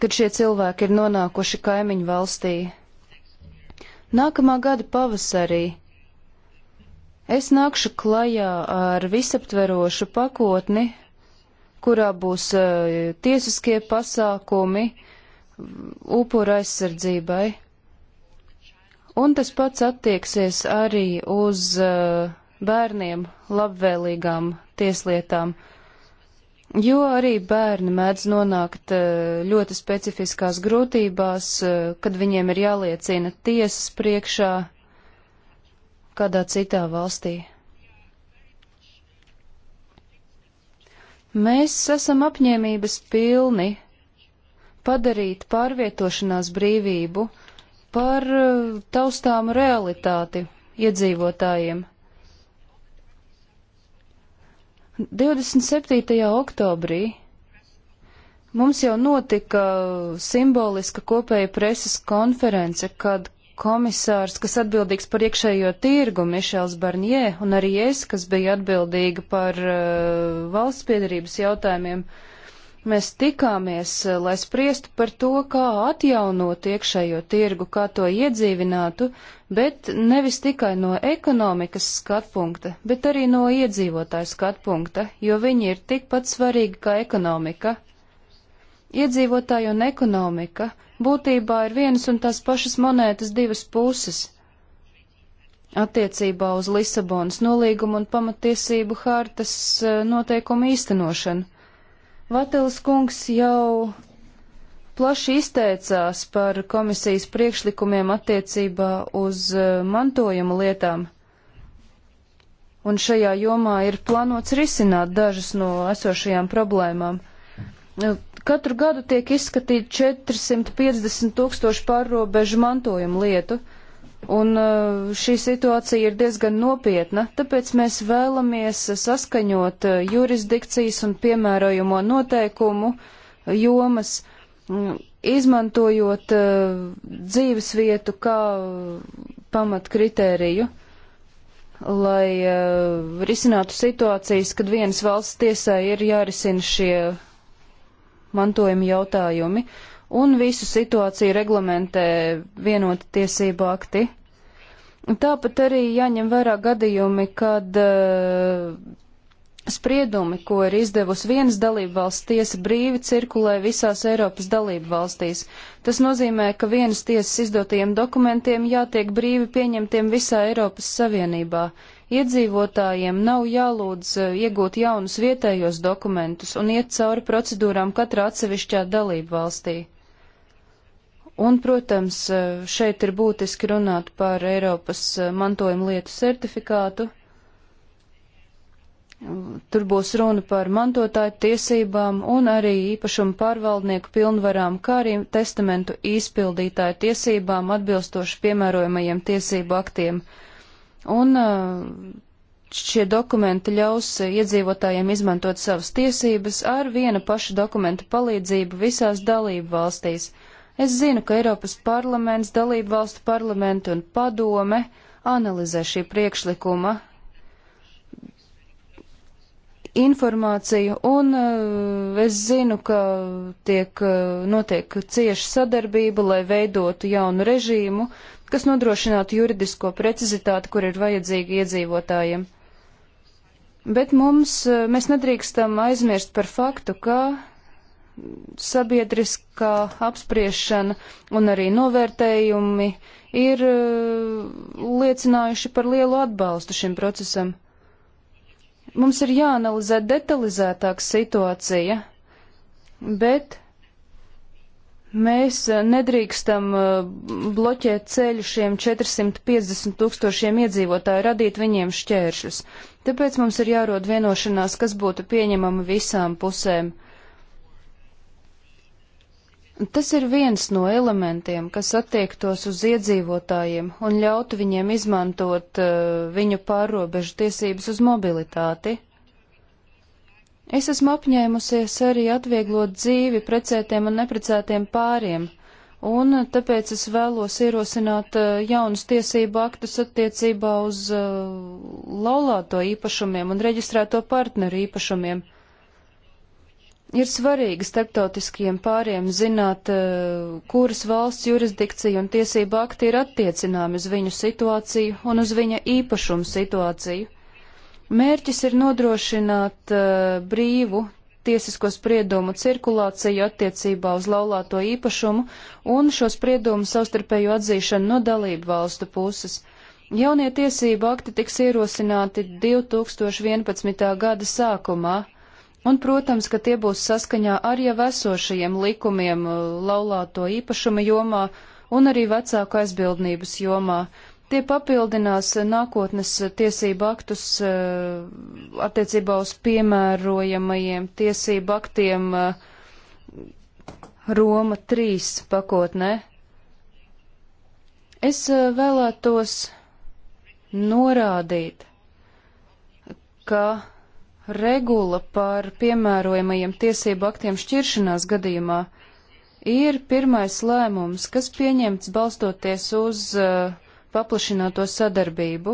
Speaker 2: kad šie cilvēki ir nonākuši kaimiņu valstī. Nākamā gada pavasarī es nākšu klajā ar visaptverošu pakotni kurā būs e, tiesiskie pasākumi upura aizsardzībai. Un tas pats attieksies arī uz e, bērniem labvēlīgām tieslietām, jo arī bērni mēdz nonākt e, ļoti specifiskās grūtībās, kad viņiem ir jāliecina tiesas priekšā kādā citā valstī. Mēs esam apņēmības pilni padarīt pārvietošanās brīvību par eh, taustāmu realitāti iedzīvotājiem. 27. oktobrī mums jau notika simboliska kopēja preses konference, kad komisārs, kas atbildīgs par iekšējo tirgu, Mišels Barnjē, un arī es, kas bija atbildīga par uh, valsts piedarības jautājumiem, mēs tikāmies, uh, lai spriestu par to, kā atjaunot iekšējo tirgu, kā to iedzīvinātu, bet nevis tikai no ekonomikas skatpunkta, bet arī no iedzīvotāju skatpunkta, jo viņi ir tikpat svarīgi kā ekonomika. Iedzīvotāji un ekonomika būtībā ir vienas un tās pašas monētas divas puses attiecībā uz Lisabonas nolīgumu un pamatiesību hārtas eh, noteikumu īstenošanu. Vatels kungs jau plaši izteicās par komisijas priekšlikumiem attiecībā uz eh, mantojuma lietām, un šajā jomā ir plānots risināt dažas no esošajām problēmām. Eh, Katru gadu tiek izskatīti 450 tūkstoši pārrobežu mantojumu lietu, un uh, šī situācija ir diezgan nopietna, tāpēc mēs vēlamies saskaņot uh, jurisdikcijas un piemērojamo noteikumu uh, jomas, mm, izmantojot dzīvesvietu kā pamatkritēriju lai uh, risinātu situācijas, kad vienas valsts tiesai ir jārisina šie mantojuma jautājumi, un visu situāciju reglamentē vienota tiesību akti. Tāpat arī jāņem vērā gadījumi, kad uh, spriedumi, ko ir izdevusi vienas dalību valsts tiesa, brīvi cirkulē visās Eiropas dalību valstīs. Tas nozīmē, ka vienas tiesas izdotajiem dokumentiem jātiek brīvi pieņemtiem visā Eiropas Savienībā. Uh, Iedzīvotājiem nav jālūdz eh, iegūt jaunus vietējos dokumentus un iet cauri procedūrām katrā atsevišķā dalību valstī. Un, protams, eh, šeit ir būtiski runāt par Eiropas eh, mantojuma lietu certifikātu. Tur būs runa par mantotāju tiesībām un arī īpašumu pārvaldnieku pilnvarām, kā arī testamentu izpildītāju tiesībām atbilstoši piemērojamajiem tiesību aktiem un uh, šie dokumenti ļaus iedzīvotājiem izmantot savas tiesības ar viena paša dokumenta palīdzību visās dalību valstīs. Es zinu, ka Eiropas parlaments, dalību valstu parlamenti un padome analizē šī priekšlikuma informāciju, un uh, es zinu, ka tiek uh, notiek cieša sadarbība, lai veidotu jaunu režīmu, kas nodrošinātu juridisko precizitāti, kur ir vajadzīga iedzīvotājiem. Bet mums, eh, mēs nedrīkstam aizmirst par faktu, ka sabiedriskā apspriešana un arī novērtējumi ir eh, liecinājuši par lielu atbalstu šim procesam. Mums ir jāanalizē detalizētāk situācija, bet Mēs eh, nedrīkstam eh, bloķēt ceļu šiem 450 tūkstošiem iedzīvotāju, radīt viņiem šķēršļus. Tāpēc mums ir jārod vienošanās, kas būtu pieņemama visām pusēm. Tas ir viens no elementiem, kas attiektos uz iedzīvotājiem un ļautu viņiem izmantot uh, viņu pārrobežu tiesības uz mobilitāti. Es esmu apņēmusies arī atvieglot dzīvi precētiem un neprecētiem pāriem, un tāpēc es vēlos ierosināt eh, jaunus tiesību aktus attiecībā uz uh, laulāto īpašumiem un reģistrēto partneru īpašumiem. Ir svarīgi starptautiskajiem pāriem zināt, uh, kuras valsts jurisdikcija un tiesība akti ir attiecināmi uz viņu situāciju un uz viņa īpašumu situāciju. Mērķis ir nodrošināt uh, brīvu tiesisko spriedumu cirkulāciju attiecībā uz laulāto īpašumu un šo spriedumu savstarpēju atzīšanu no dalību valstu puses. Jaunie tiesību akti tiks ierosināti 2011. gada sākumā, un, protams, ka tie būs saskaņā ar jau esošajiem likumiem uh, laulāto īpašuma jomā un arī vecāku aizbildnības jomā. Uh, Tie papildinās nākotnes tiesību aktus eh, attiecībā uz piemērojamajiem tiesību aktiem eh, Roma 3 pakotnē. Es eh, vēlētos norādīt, ka regula par piemērojamajiem tiesību aktiem šķiršanās gadījumā ir pirmais lēmums, kas pieņemts balstoties uz uh, paplašināto sadarbību.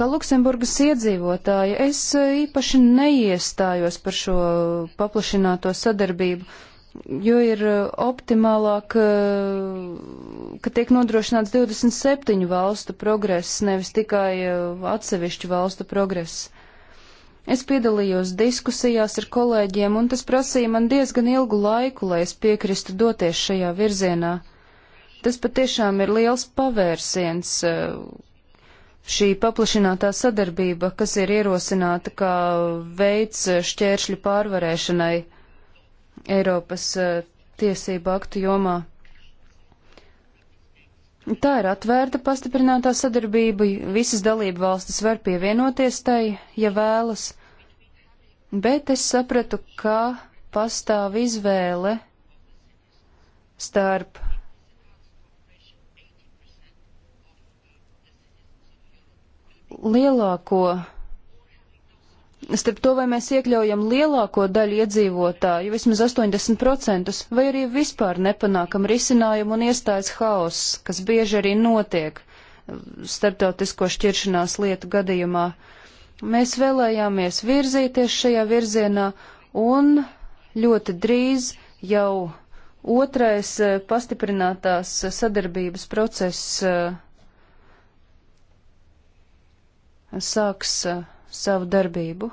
Speaker 2: Kā Luksemburgas iedzīvotāja, es eh, īpaši neiestājos par šo paplašināto sadarbību, jo ir eh, optimālāk, eh, ka tiek nodrošināts 27 valstu progress, nevis tikai atsevišķu valstu progress. Es piedalījos diskusijās ar kolēģiem, un tas prasīja man diezgan ilgu laiku, lai es piekristu doties šajā virzienā. Tas patiešām ir liels pavērsiens eh, šī paplašinātā sadarbība, kas ir ierosināta kā veids eh, šķēršļu pārvarēšanai Eiropas eh, tiesību aktu jomā. Tā ir atvērta pastiprinātā sadarbība, visas dalību valstis var pievienoties tai, ja vēlas, bet es sapratu, ka pastāv izvēle starp lielāko starp to, vai mēs iekļaujam lielāko daļu iedzīvotāju, vismaz 80%, vai arī vispār nepanākam risinājumu un iestājas haoss, kas bieži arī notiek um, starptautisko šķiršanās lietu gadījumā. Mēs vēlējāmies virzīties šajā virzienā un ļoti drīz jau otrais eh, pastiprinātās sadarbības process eh, sāks eh, savu darbību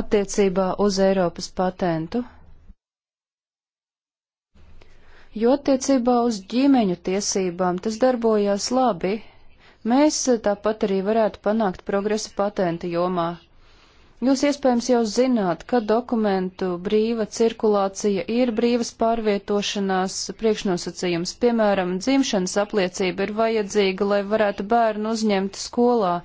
Speaker 2: attiecībā uz Eiropas patentu, jo attiecībā uz ģimeņu tiesībām tas darbojās labi. Mēs eh, tāpat arī varētu panākt progresu patentu jomā, Jūs iespējams jau zināt, ka dokumentu brīva cirkulācija ir brīvas pārvietošanās priekšnosacījums. Piemēram, dzimšanas apliecība ir vajadzīga, lai varētu bērnu uzņemt skolā.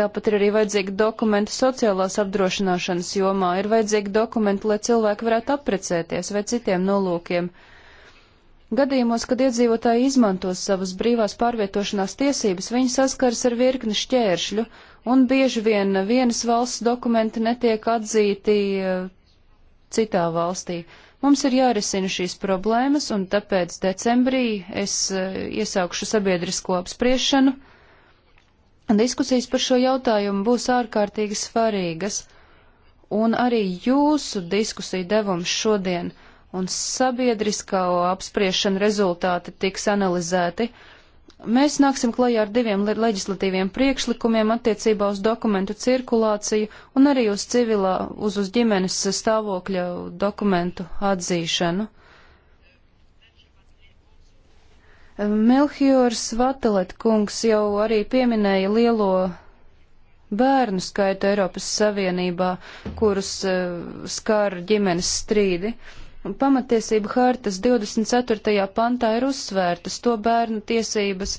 Speaker 2: Tāpat ir arī vajadzīgi dokumenti sociālās apdrošināšanas jomā, ir vajadzīgi dokumenti, lai cilvēki varētu apprecēties vai citiem nolūkiem. Gadījumos, kad iedzīvotāji izmantos savas brīvās pārvietošanās tiesības, viņi saskars ar virkni šķēršļu, un bieži vien vienas valsts dokumenti netiek atzīti eh, citā valstī. Mums ir jārisina šīs problēmas, un tāpēc decembrī es eh, iesaukšu sabiedrisko apspriešanu. Diskusijas par šo jautājumu būs ārkārtīgi svarīgas, un arī jūsu diskusiju devums šodien un sabiedriskā apspriešana rezultāti tiks analizēti. Uh, Mēs nāksim klajā ar diviem leģislatīviem priekšlikumiem attiecībā uz dokumentu cirkulāciju un arī uz civilā, uz, uz ģimenes stāvokļa dokumentu atzīšanu. Melchiors Vatelet kungs jau arī pieminēja lielo bērnu skaitu Eiropas Savienībā, kurus uh, skar ģimenes strīdi. Uh, Pamatiesība hartas 24. pantā ir uzsvērtas to bērnu tiesības,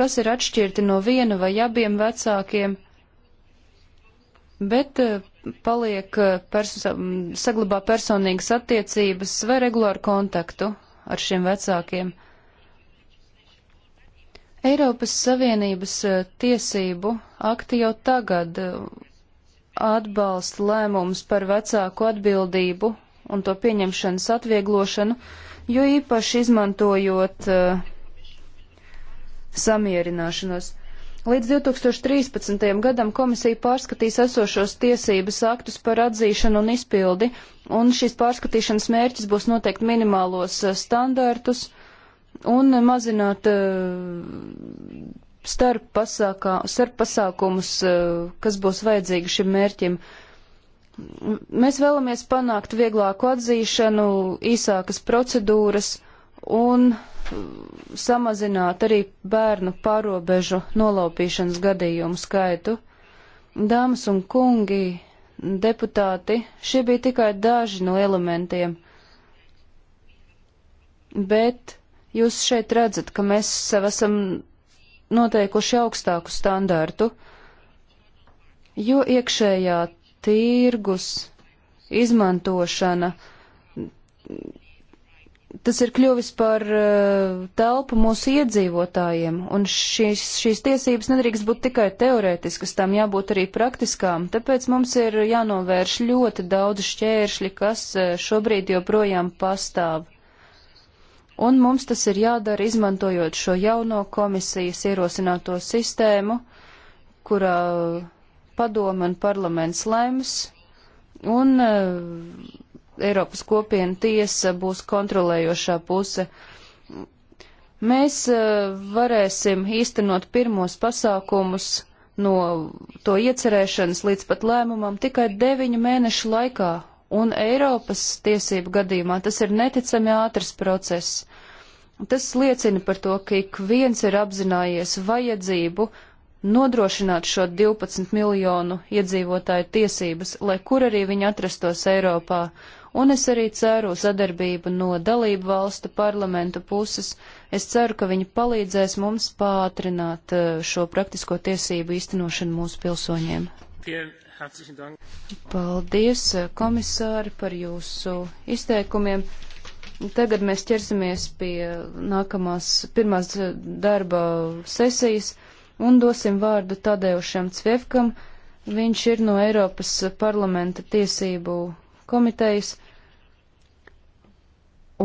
Speaker 2: kas ir atšķirti no viena vai abiem vecākiem, bet eh, paliek eh, perso saglabā personīgas attiecības vai regulāru kontaktu ar šiem vecākiem. Eiropas Savienības eh, tiesību akti jau tagad atbalsta lēmums par vecāku atbildību un to pieņemšanas atvieglošanu, jo īpaši izmantojot uh, samierināšanos. Līdz 2013. gadam komisija pārskatīs esošos tiesības aktus par atzīšanu un izpildi, un šīs pārskatīšanas mērķis būs noteikt minimālos eh, standārtus un mazināt uh, starp, pasākā, starp pasākumus, uh, kas būs vajadzīgi šim mērķim. Uh, Mēs vēlamies panākt vieglāku atzīšanu, īsākas procedūras un uh, samazināt arī bērnu pārobežu nolaupīšanas gadījumu skaitu. Dāmas un kungi, deputāti, šie bija tikai daži no elementiem, bet jūs šeit redzat, ka mēs sev esam noteikuši augstāku standārtu, jo iekšējā tirgus izmantošana, tas ir kļuvis par uh, telpu mūsu iedzīvotājiem, un šīs, šīs tiesības nedrīkst būt tikai teorētiskas, tām jābūt arī praktiskām, tāpēc mums ir jānovērš ļoti daudz šķēršļi, kas uh, šobrīd joprojām pastāv. Un mums tas ir jādara izmantojot šo jauno komisijas ierosināto sistēmu, kurā uh, padoma un parlaments lems, un e, Eiropas kopiena tiesa būs kontrolējošā puse. Mēs e, varēsim īstenot pirmos pasākumus no to iecerēšanas līdz pat lēmumam tikai deviņu mēnešu laikā, un Eiropas tiesību gadījumā tas ir neticami ātrs process. Tas liecina par to, ka ik viens ir apzinājies vajadzību nodrošināt šo 12 miljonu iedzīvotāju tiesības, lai kur arī viņi atrastos Eiropā, un es arī ceru sadarbību no dalību valstu parlamentu puses. Es ceru, ka viņi palīdzēs mums pātrināt eh, šo praktisko tiesību īstenošanu mūsu pilsoņiem. Paldies, eh, komisāri, par jūsu izteikumiem. Tagad mēs ķersimies pie nākamās pirmās eh, darba sesijas un dosim vārdu Tadeušam Cvevkam. Viņš ir no Eiropas parlamenta tiesību komitejas,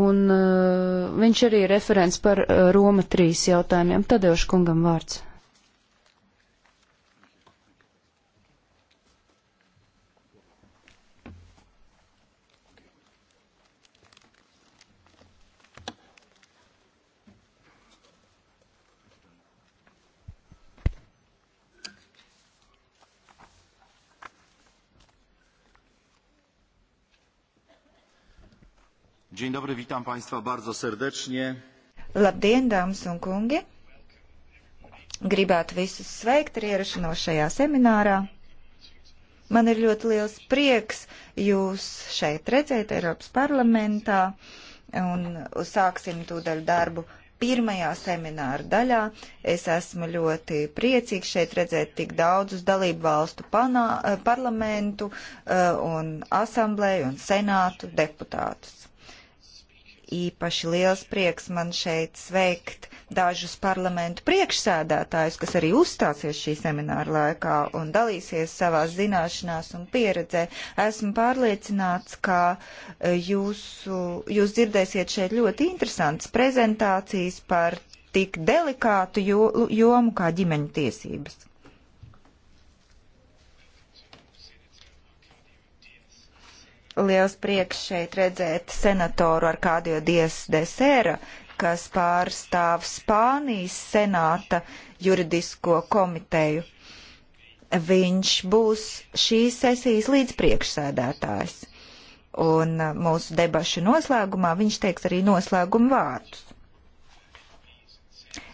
Speaker 2: un uh, viņš arī ir referents par uh, Roma 3 jautājumiem. Tadeuš kungam vārds.
Speaker 3: Dzień dobry, witam Państwa bardzo serdecznie. Labdien, dāmas un kungi! Gribētu visus sveikt ar ierašanos šajā seminārā. Man ir ļoti liels prieks jūs šeit redzēt Eiropas parlamentā un sāksim tūdaļ darbu pirmajā semināra daļā. Es esmu ļoti priecīgs šeit redzēt tik daudzus dalību valstu panā, eh, parlamentu eh, un asamblēju un senātu deputātus īpaši liels prieks man šeit sveikt dažus parlamentu priekšsēdētājus, kas arī uzstāsies šī semināra laikā un dalīsies savās zināšanās un pieredzē. Esmu pārliecināts, ka eh, jūsu, jūs dzirdēsiet šeit ļoti interesantas prezentācijas par tik delikātu jomu kā ģimeņu tiesības. liels prieks šeit redzēt senatoru ar kādu jau dies desēra, kas pārstāv Spānijas senāta juridisko komiteju. Viņš būs šīs sesijas līdzpriekšsēdētājs. Un uh, mūsu debašu noslēgumā viņš teiks arī noslēgumu vārdus.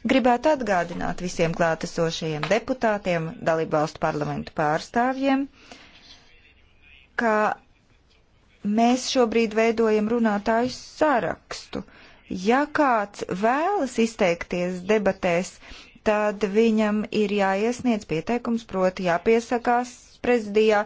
Speaker 3: Gribētu atgādināt visiem klātesošajiem deputātiem, dalībvalstu parlamentu pārstāvjiem, ka Mēs šobrīd veidojam runātāju sarakstu. Ja kāds vēlas izteikties debatēs, tad viņam ir jāiesniedz pieteikums, proti jāpiesakās prezidijā,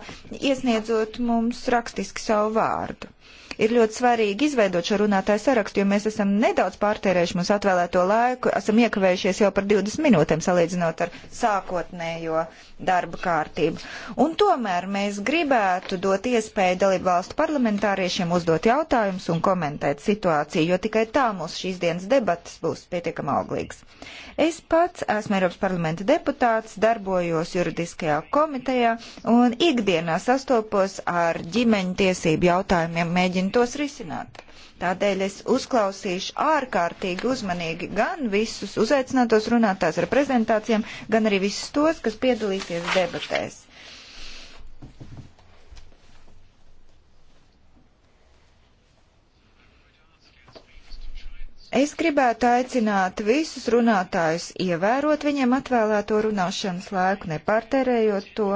Speaker 3: iesniedzot mums rakstiski savu vārdu. Ir ļoti svarīgi izveidot šo runātāju sarakstu, jo mēs esam nedaudz pārtērējuši mums atvēlēto laiku, esam iekavējušies jau par 20 minūtēm salīdzinot ar sākotnējo darba kārtību. Un tomēr mēs gribētu dot iespēju dalību valstu parlamentāriešiem uzdot jautājumus un komentēt situāciju, jo tikai tā mūsu šīs dienas debatas būs pietiekami auglīgas. Es pats esmu Eiropas parlamenta deputāts, darbojos juridiskajā komitejā un ikdienā sastopos ar ģimeņu tiesību jautājumiem, mēģinu un tos risināt. Tādēļ es uzklausīšu ārkārtīgi uzmanīgi gan visus uzaicinātos runātājs ar prezentācijām, gan arī visus tos, kas piedalīsies debatēs. Es gribētu aicināt visus runātājus ievērot viņiem atvēlēto runāšanas laiku, nepārtērējot to.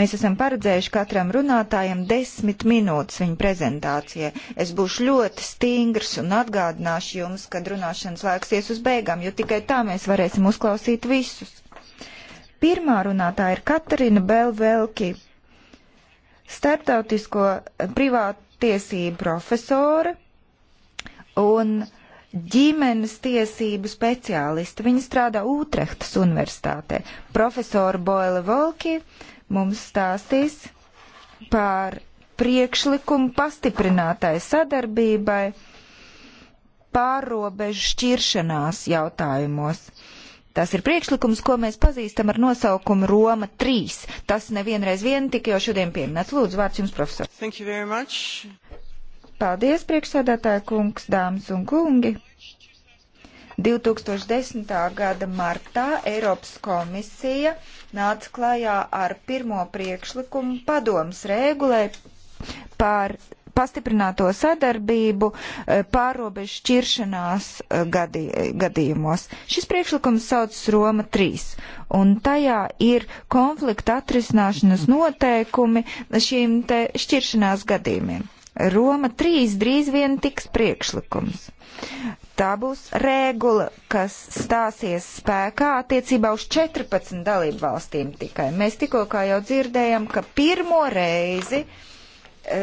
Speaker 3: Mēs esam paredzējuši katram runātājam desmit minūtes viņa prezentācijai. Es būšu ļoti stingrs un atgādināšu jums, kad runāšanas laiks ies uz beigām, jo tikai tā mēs varēsim uzklausīt visus. Pirmā runātāja ir Katarina Belvelki, starptautisko privātiesību profesora un ģimenes tiesību speciāliste. Viņa strādā Utrehtas universitātē. Profesora Boela Volki mums stāstīs par priekšlikumu pastiprinātai sadarbībai pārrobežu šķiršanās jautājumos. Tas ir priekšlikums, ko mēs pazīstam ar nosaukumu Roma 3. Tas nevienreiz vien tika jau šodien pieminēts. Lūdzu, vārds jums, profesor. Paldies, priekšsēdētāja kungs, dāmas un kungi! 2010. gada martā Eiropas komisija nāca klajā ar pirmo priekšlikumu padomas regulē par pastiprināto sadarbību eh, pārobežu šķiršanās eh, gadī, gadījumos. Šis priekšlikums saucas Roma 3, un tajā ir konflikta atrisināšanas noteikumi šīm te šķiršanās gadījumiem. Roma 3 drīz vien tiks priekšlikums. Tā būs regula, kas stāsies spēkā attiecībā uz 14 dalību valstīm tikai. Mēs tikko jau dzirdējam, ka pirmo reizi e,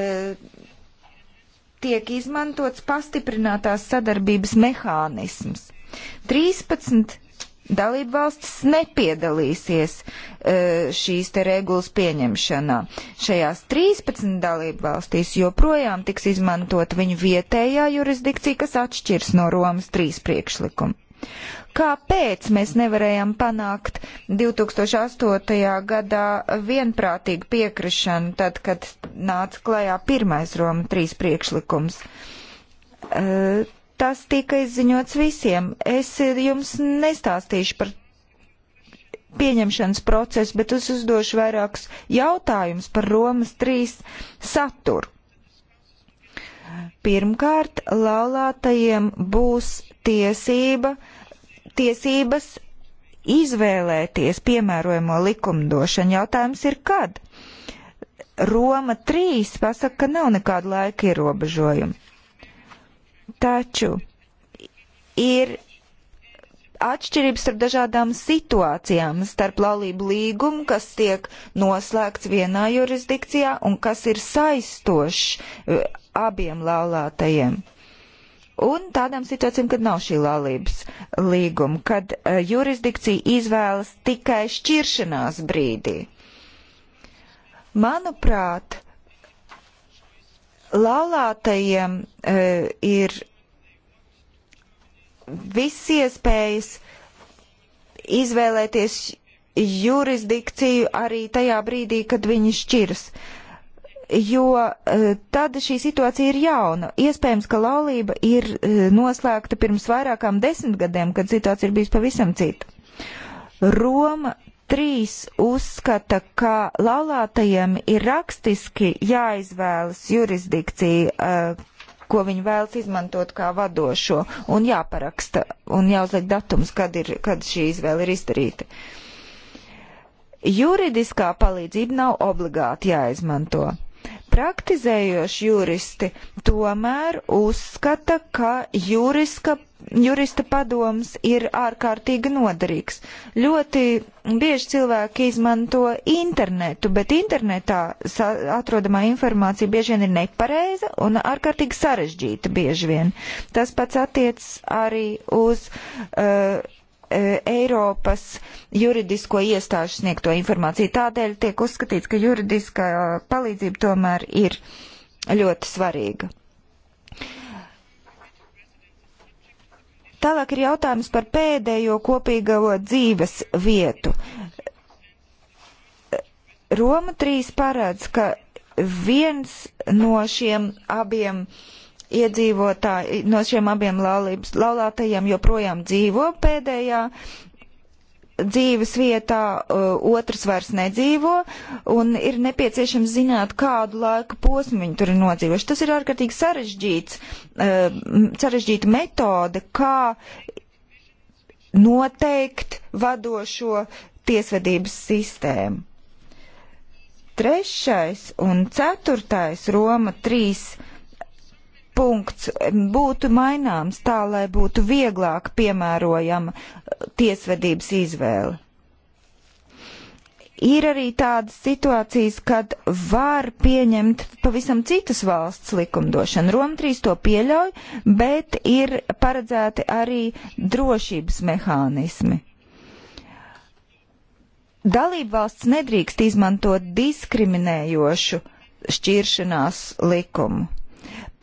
Speaker 3: tiek izmantots pastiprinātās sadarbības mehānisms. 13 dalību valstis nepiedalīsies e, šīs te regulas pieņemšanā. Šajās 13 dalību valstīs joprojām tiks izmantot viņu vietējā jurisdikcija, kas atšķirs no Romas 3 priekšlikuma kāpēc mēs nevarējām panākt 2008. gadā vienprātīgu piekrišanu, tad, kad nāca klajā pirmais Roma trīs priekšlikums. E, Tas tika izziņots visiem. Es jums nestāstīšu par pieņemšanas procesu, bet es uzdošu vairākus jautājumus par Romas 3 saturu. Pirmkārt, laulātajiem būs tiesība, tiesības izvēlēties piemērojamo likumdošanu. Jautājums ir, kad? Roma 3 pasaka, ka nav nekāda laika ierobežojuma. Taču ir atšķirības starp dažādām situācijām, starp laulību līgumu, kas tiek noslēgts vienā jurisdikcijā un kas ir saistošs e, abiem laulātajiem. Un tādām situācijām, kad nav šī laulības līguma, kad uh, jurisdikcija izvēlas tikai šķiršanās brīdī. Manuprāt, Laulātajiem uh, ir viss iespējas izvēlēties jurisdikciju arī tajā brīdī, kad viņi šķiras. Jo e, tad šī situācija ir jauna. Iespējams, ka laulība ir e, noslēgta pirms vairākām desmit gadiem, kad situācija ir bijusi pavisam cita. Roma 3 uzskata, ka laulātajiem ir rakstiski jāizvēlas jurisdikcija, eh, ko viņi vēlas izmantot kā vadošo, un jāparaksta, un jāuzliek datums, kad, ir, kad šī izvēle ir izdarīta. Juridiskā palīdzība nav obligāti jāizmanto Praktizējoši juristi tomēr uzskata, ka juriska, jurista padoms ir ārkārtīgi noderīgs. Ļoti bieži cilvēki izmanto internetu, bet internetā atrodamā informācija bieži vien ir nepareiza un ārkārtīgi sarežģīta bieži vien. Tas pats attiec arī uz. Uh, E, Eiropas juridisko iestāžu sniegto informāciju. Tādēļ tiek uzskatīts, ka juridiskā palīdzība tomēr ir ļoti svarīga. Tālāk ir jautājums par pēdējo kopīgo dzīves vietu. Roma 3 parāds, ka viens no šiem abiem uh, Iedzīvotāji no šiem abiem laulības, laulātajiem joprojām dzīvo pēdējā dzīves vietā, uh, otrs vairs nedzīvo, un ir nepieciešams zināt, kādu laika posmu viņi tur ir nodzīvojuši. Tas ir ārkārtīgi sarežģīts, uh, sarežģīta metode, kā noteikt vadošo tiesvedības sistēmu. Trešais un ceturtais Roma 3 punkts būtu maināms tā, lai būtu vieglāk piemērojama eh, tiesvedības izvēle. Ir arī tādas situācijas, kad var pieņemt pavisam citas valsts likumdošanu. Roma 3 to pieļauj, bet ir paredzēti arī drošības mehānismi. Dalība valsts nedrīkst izmantot diskriminējošu šķiršanās likumu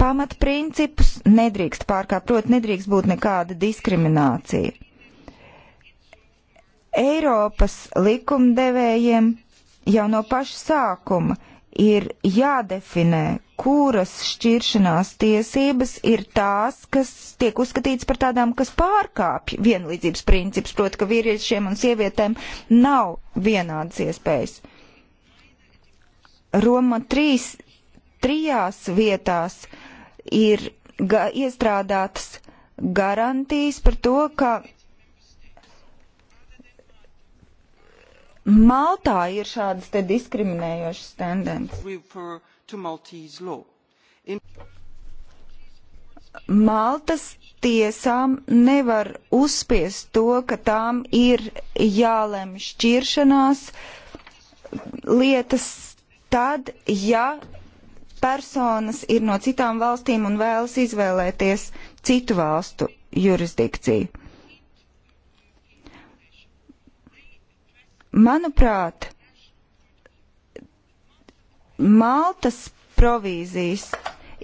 Speaker 3: pamatprincipus nedrīkst pārkāpt, proti nedrīkst būt nekāda diskriminācija. Eiropas likumdevējiem jau no paša sākuma ir jādefinē, kuras šķiršanās tiesības ir tās, kas tiek uzskatīts par tādām, kas pārkāpj vienlīdzības principus, proti, ka vīriešiem un sievietēm nav vienādas iespējas. Roma trīs, trijās vietās ir ga iestrādātas garantijas par to, ka Maltā ir šādas te diskriminējošas tendences. Maltas tiesām nevar uzspiest to, ka tām ir jālem šķiršanās lietas tad, ja personas ir no citām valstīm un vēlas izvēlēties citu valstu jurisdikciju. Manuprāt, Maltas provīzijas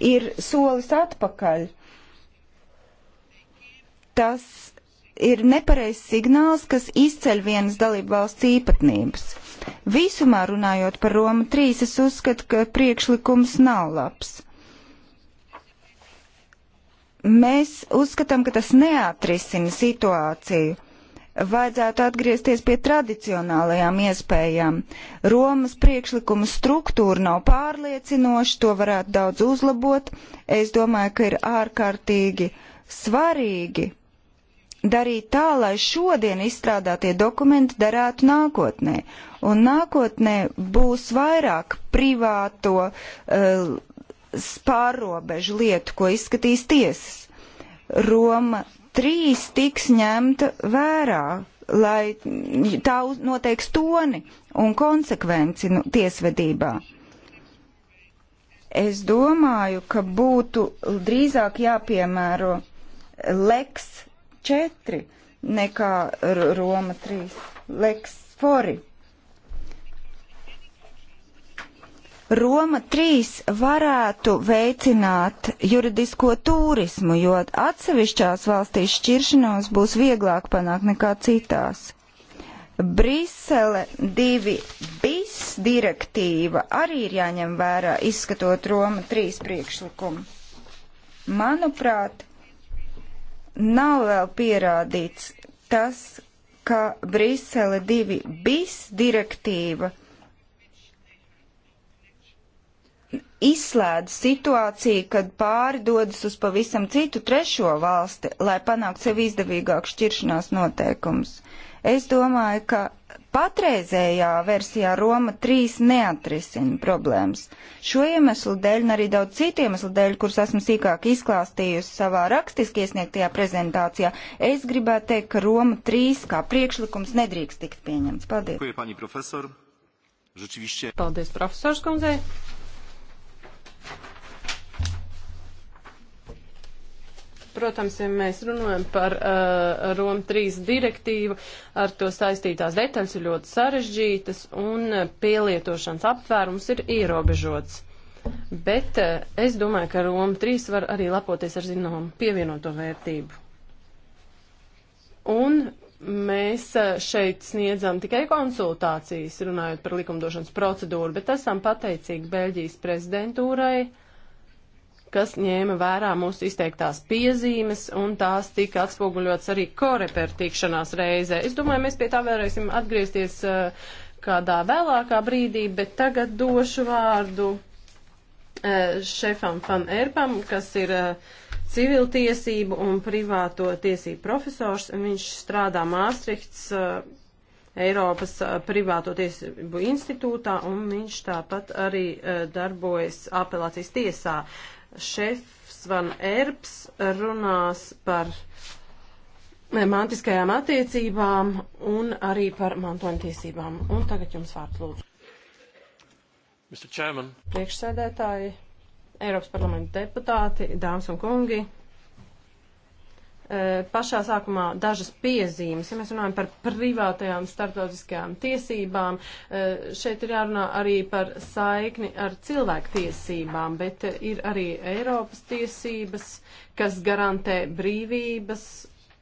Speaker 3: ir solis atpakaļ. Tas ir nepareizs signāls, kas izceļ vienas dalību valsts īpatnības. Visumā runājot par Romu 3, es uzskatu, ka priekšlikums nav labs. Mēs uzskatām, ka tas neatrisina situāciju vajadzētu atgriezties pie tradicionālajām iespējām. Romas priekšlikuma struktūra nav pārliecinoša, to varētu daudz uzlabot. Es domāju, ka ir ārkārtīgi svarīgi darīt tā, lai šodien izstrādātie dokumenti darētu nākotnē. Un nākotnē būs vairāk privāto uh, eh, pārobežu lietu, ko izskatīs tiesas. Roma 3 tiks ņemta vērā, lai tā noteiks toni un konsekvenci nu, tiesvedībā. Es domāju, ka būtu drīzāk jāpiemēro leks 4 nekā Roma 3. Leks Fori. Roma 3 varētu veicināt juridisko turismu, jo atsevišķās valstīs šķiršanos būs vieglāk panākt nekā citās. Brisele 2 bis direktīva arī ir jāņem vērā, izskatot Roma 3 priekšlikumu. Manuprāt, nav vēl pierādīts tas, ka Brisele 2 bis direktīva izslēdz situāciju, kad pāri dodas uz pavisam citu trešo valsti, lai panāktu sev izdevīgāku šķiršanās noteikumus. Es domāju, ka Patreizējā versijā Roma 3 neatrisina problēmas. Šo iemeslu dēļ un arī daudz citu iemeslu dēļ, kurus esmu sīkāk izklāstījusi savā rakstiski iesniegtajā prezentācijā, es gribētu teikt, ka Roma 3 kā priekšlikums nedrīkst tikt pieņemts. Paldies!
Speaker 1: Paldies, profesors Kundzei! Protams, ja mēs runājam par uh, Roma 3 direktīvu, ar to saistītās detaļas ir ļoti sarežģītas un uh, pielietošanas aptvērums ir ierobežots. Bet uh, es domāju, ka Roma 3 var arī lepoties ar zināmu pievienoto vērtību. Un mēs uh, šeit sniedzam tikai konsultācijas, runājot par likumdošanas procedūru, bet esam pateicīgi Beļģijas prezidentūrai kas ņēma vērā mūsu izteiktās piezīmes, un tās tika atspoguļots arī koreper tikšanās reizē. Es domāju, mēs pie tā vēlreiz atgriezties uh, kādā vēlākā brīdī, bet tagad došu vārdu uh, šefam Fan Erpam, kas ir uh, civiltiesību un privāto tiesību profesors. Viņš strādā Māstrihts Eiropas privāto tiesību institūtā, un viņš tāpat arī darbojas apelācijas tiesā šefs Van Erps runās par mantiskajām attiecībām un arī par mantojumtiesībām. Un tagad jums vārds lūdzu. Priekšsēdētāji, Eiropas parlamenta deputāti, dāmas un kungi. E, pašā sākumā dažas piezīmes. Ja mēs runājam par privātajām starptautiskajām tiesībām, e, šeit ir jārunā arī par saikni ar cilvēktiesībām, bet ir arī Eiropas tiesības, kas garantē brīvības.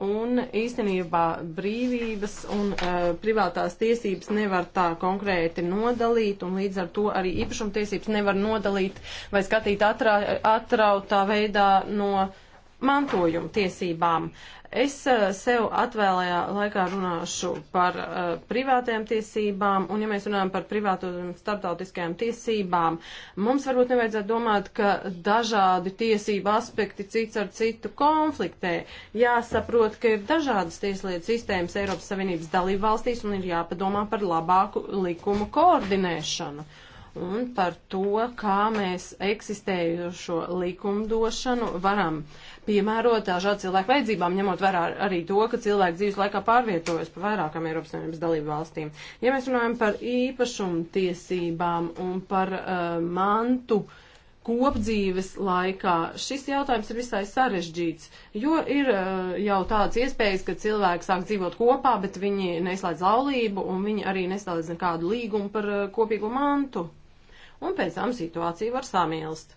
Speaker 1: Un īstenībā brīvības un uh, privātās tiesības nevar tā konkrēti nodalīt, un līdz ar to arī īpašumtiesības nevar nodalīt vai skatīt atrā, atrautā veidā no uh, mantojuma tiesībām. Es eh, sev atvēlējā laikā runāšu par uh, privātajām tiesībām, un ja mēs runājam par privāto un starptautiskajām tiesībām, mums varbūt nevajadzētu domāt, ka dažādi tiesība aspekti cits ar citu konfliktē. Jāsaprot, ka ir dažādas tieslietu sistēmas Eiropas Savienības dalību valstīs, un ir jāpadomā par labāku likumu koordinēšanu. Uh, un par to, kā mēs eksistējošo likumdošanu varam piemērot dažādu cilvēku vajadzībām, ņemot vērā arī to, ka cilvēki dzīves laikā pārvietojas pa vairākām Eiropas Savienības dalību valstīm. Ja mēs runājam par īpašumu tiesībām un par uh, mantu, uh, kopdzīves laikā. Šis jautājums ir visai sarežģīts, jo ir uh, jau tādas iespējas, ka cilvēki sāk dzīvot kopā, bet viņi neslēdz laulību un viņi arī neslēdz nekādu līgumu par uh, kopīgu mantu un pēc tam situācija var samilst.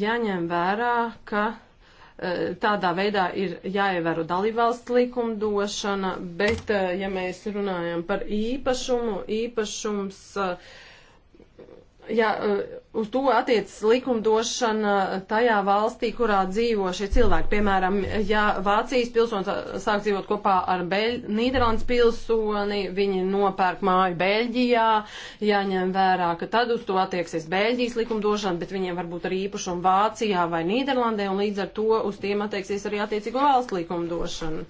Speaker 1: Jāņem vērā, ka e, tādā veidā ir jāievēro dalībvalsts likumdošana, bet, e, ja mēs runājam par īpašumu, īpašums. Uh, ja e, uz to attiecas likumdošana tajā valstī, kurā dzīvo šie cilvēki. Piemēram, ja Vācijas pilsonis sāk dzīvot kopā ar Beļ Nīderlandes pilsoni, viņi nopērk māju Beļģijā, jāņem vērā, ka tad uz to attieksies Beļģijas likumdošana, bet viņiem varbūt arī īpašumu Vācijā vai Nīderlandē, un līdz ar to uz tiem attieksies arī attiecīgo valstu likumdošana.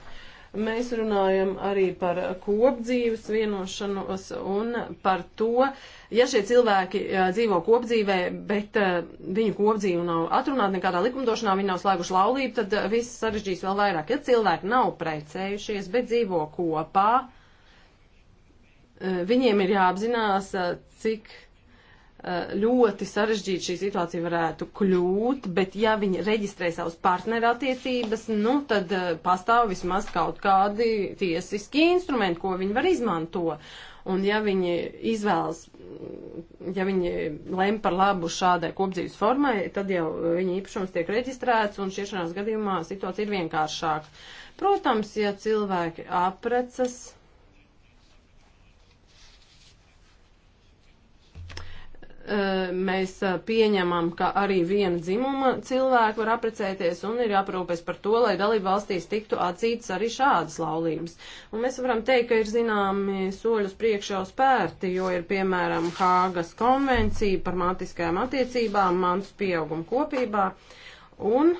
Speaker 1: Mēs runājam arī par kopdzīves vienošanos un par to, uh, Ja šie cilvēki dzīvo kopdzīvē, bet viņu kopdzīve nav atrunāta nekādā likumdošanā, viņi nav slēguši laulību, tad viss sarežģīs vēl vairāk. Ja cilvēki nav precējušies, bet dzīvo kopā, viņiem ir jāapzinās, cik ļoti sarežģīta šī situācija varētu kļūt, bet ja viņi reģistrē savus partnerattiecības, nu tad pastāv vismaz kaut kādi tiesiski instrumenti, ko viņi var izmantot. Un ja viņi izvēlas, ja viņi lem par labu šādai kopdzīves formai, tad jau viņa īpašums tiek reģistrēts un šiešanās gadījumā situācija ir vienkāršāka. Protams, ja cilvēki aprecas Eh, mēs eh, pieņemam, ka arī viena dzimuma cilvēki var aprecēties un ir jāprūpēs par to, lai dalību valstīs tiktu atzītas arī šādas laulības. Un mēs varam teikt, ka ir zināmi soļus priekšā spērti, jo ir piemēram Hāgas konvencija par matiskajām attiecībām, mantas pieauguma kopībā. Un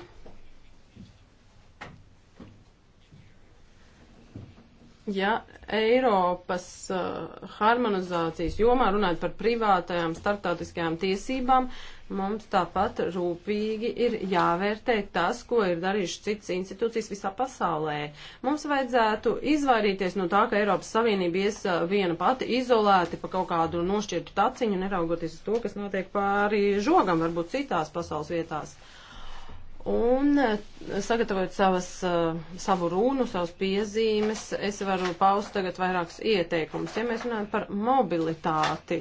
Speaker 1: ja Eiropas uh, harmonizācijas jomā runājot par privātajām startautiskajām tiesībām, mums tāpat rūpīgi ir jāvērtē tas, ko ir darījuši citas institūcijas visā pasaulē. Mums vajadzētu izvairīties no tā, ka Eiropas Savienība ies uh, viena pati izolēti pa kaut kādu nošķirtu taciņu, neraugoties uz to, kas notiek pāri žogam, varbūt citās pasaules vietās. Uh, un eh, sagatavojot savas, eh, savu runu, savas piezīmes, es varu paust tagad vairākus ieteikumus. Ja mēs runājam par mobilitāti,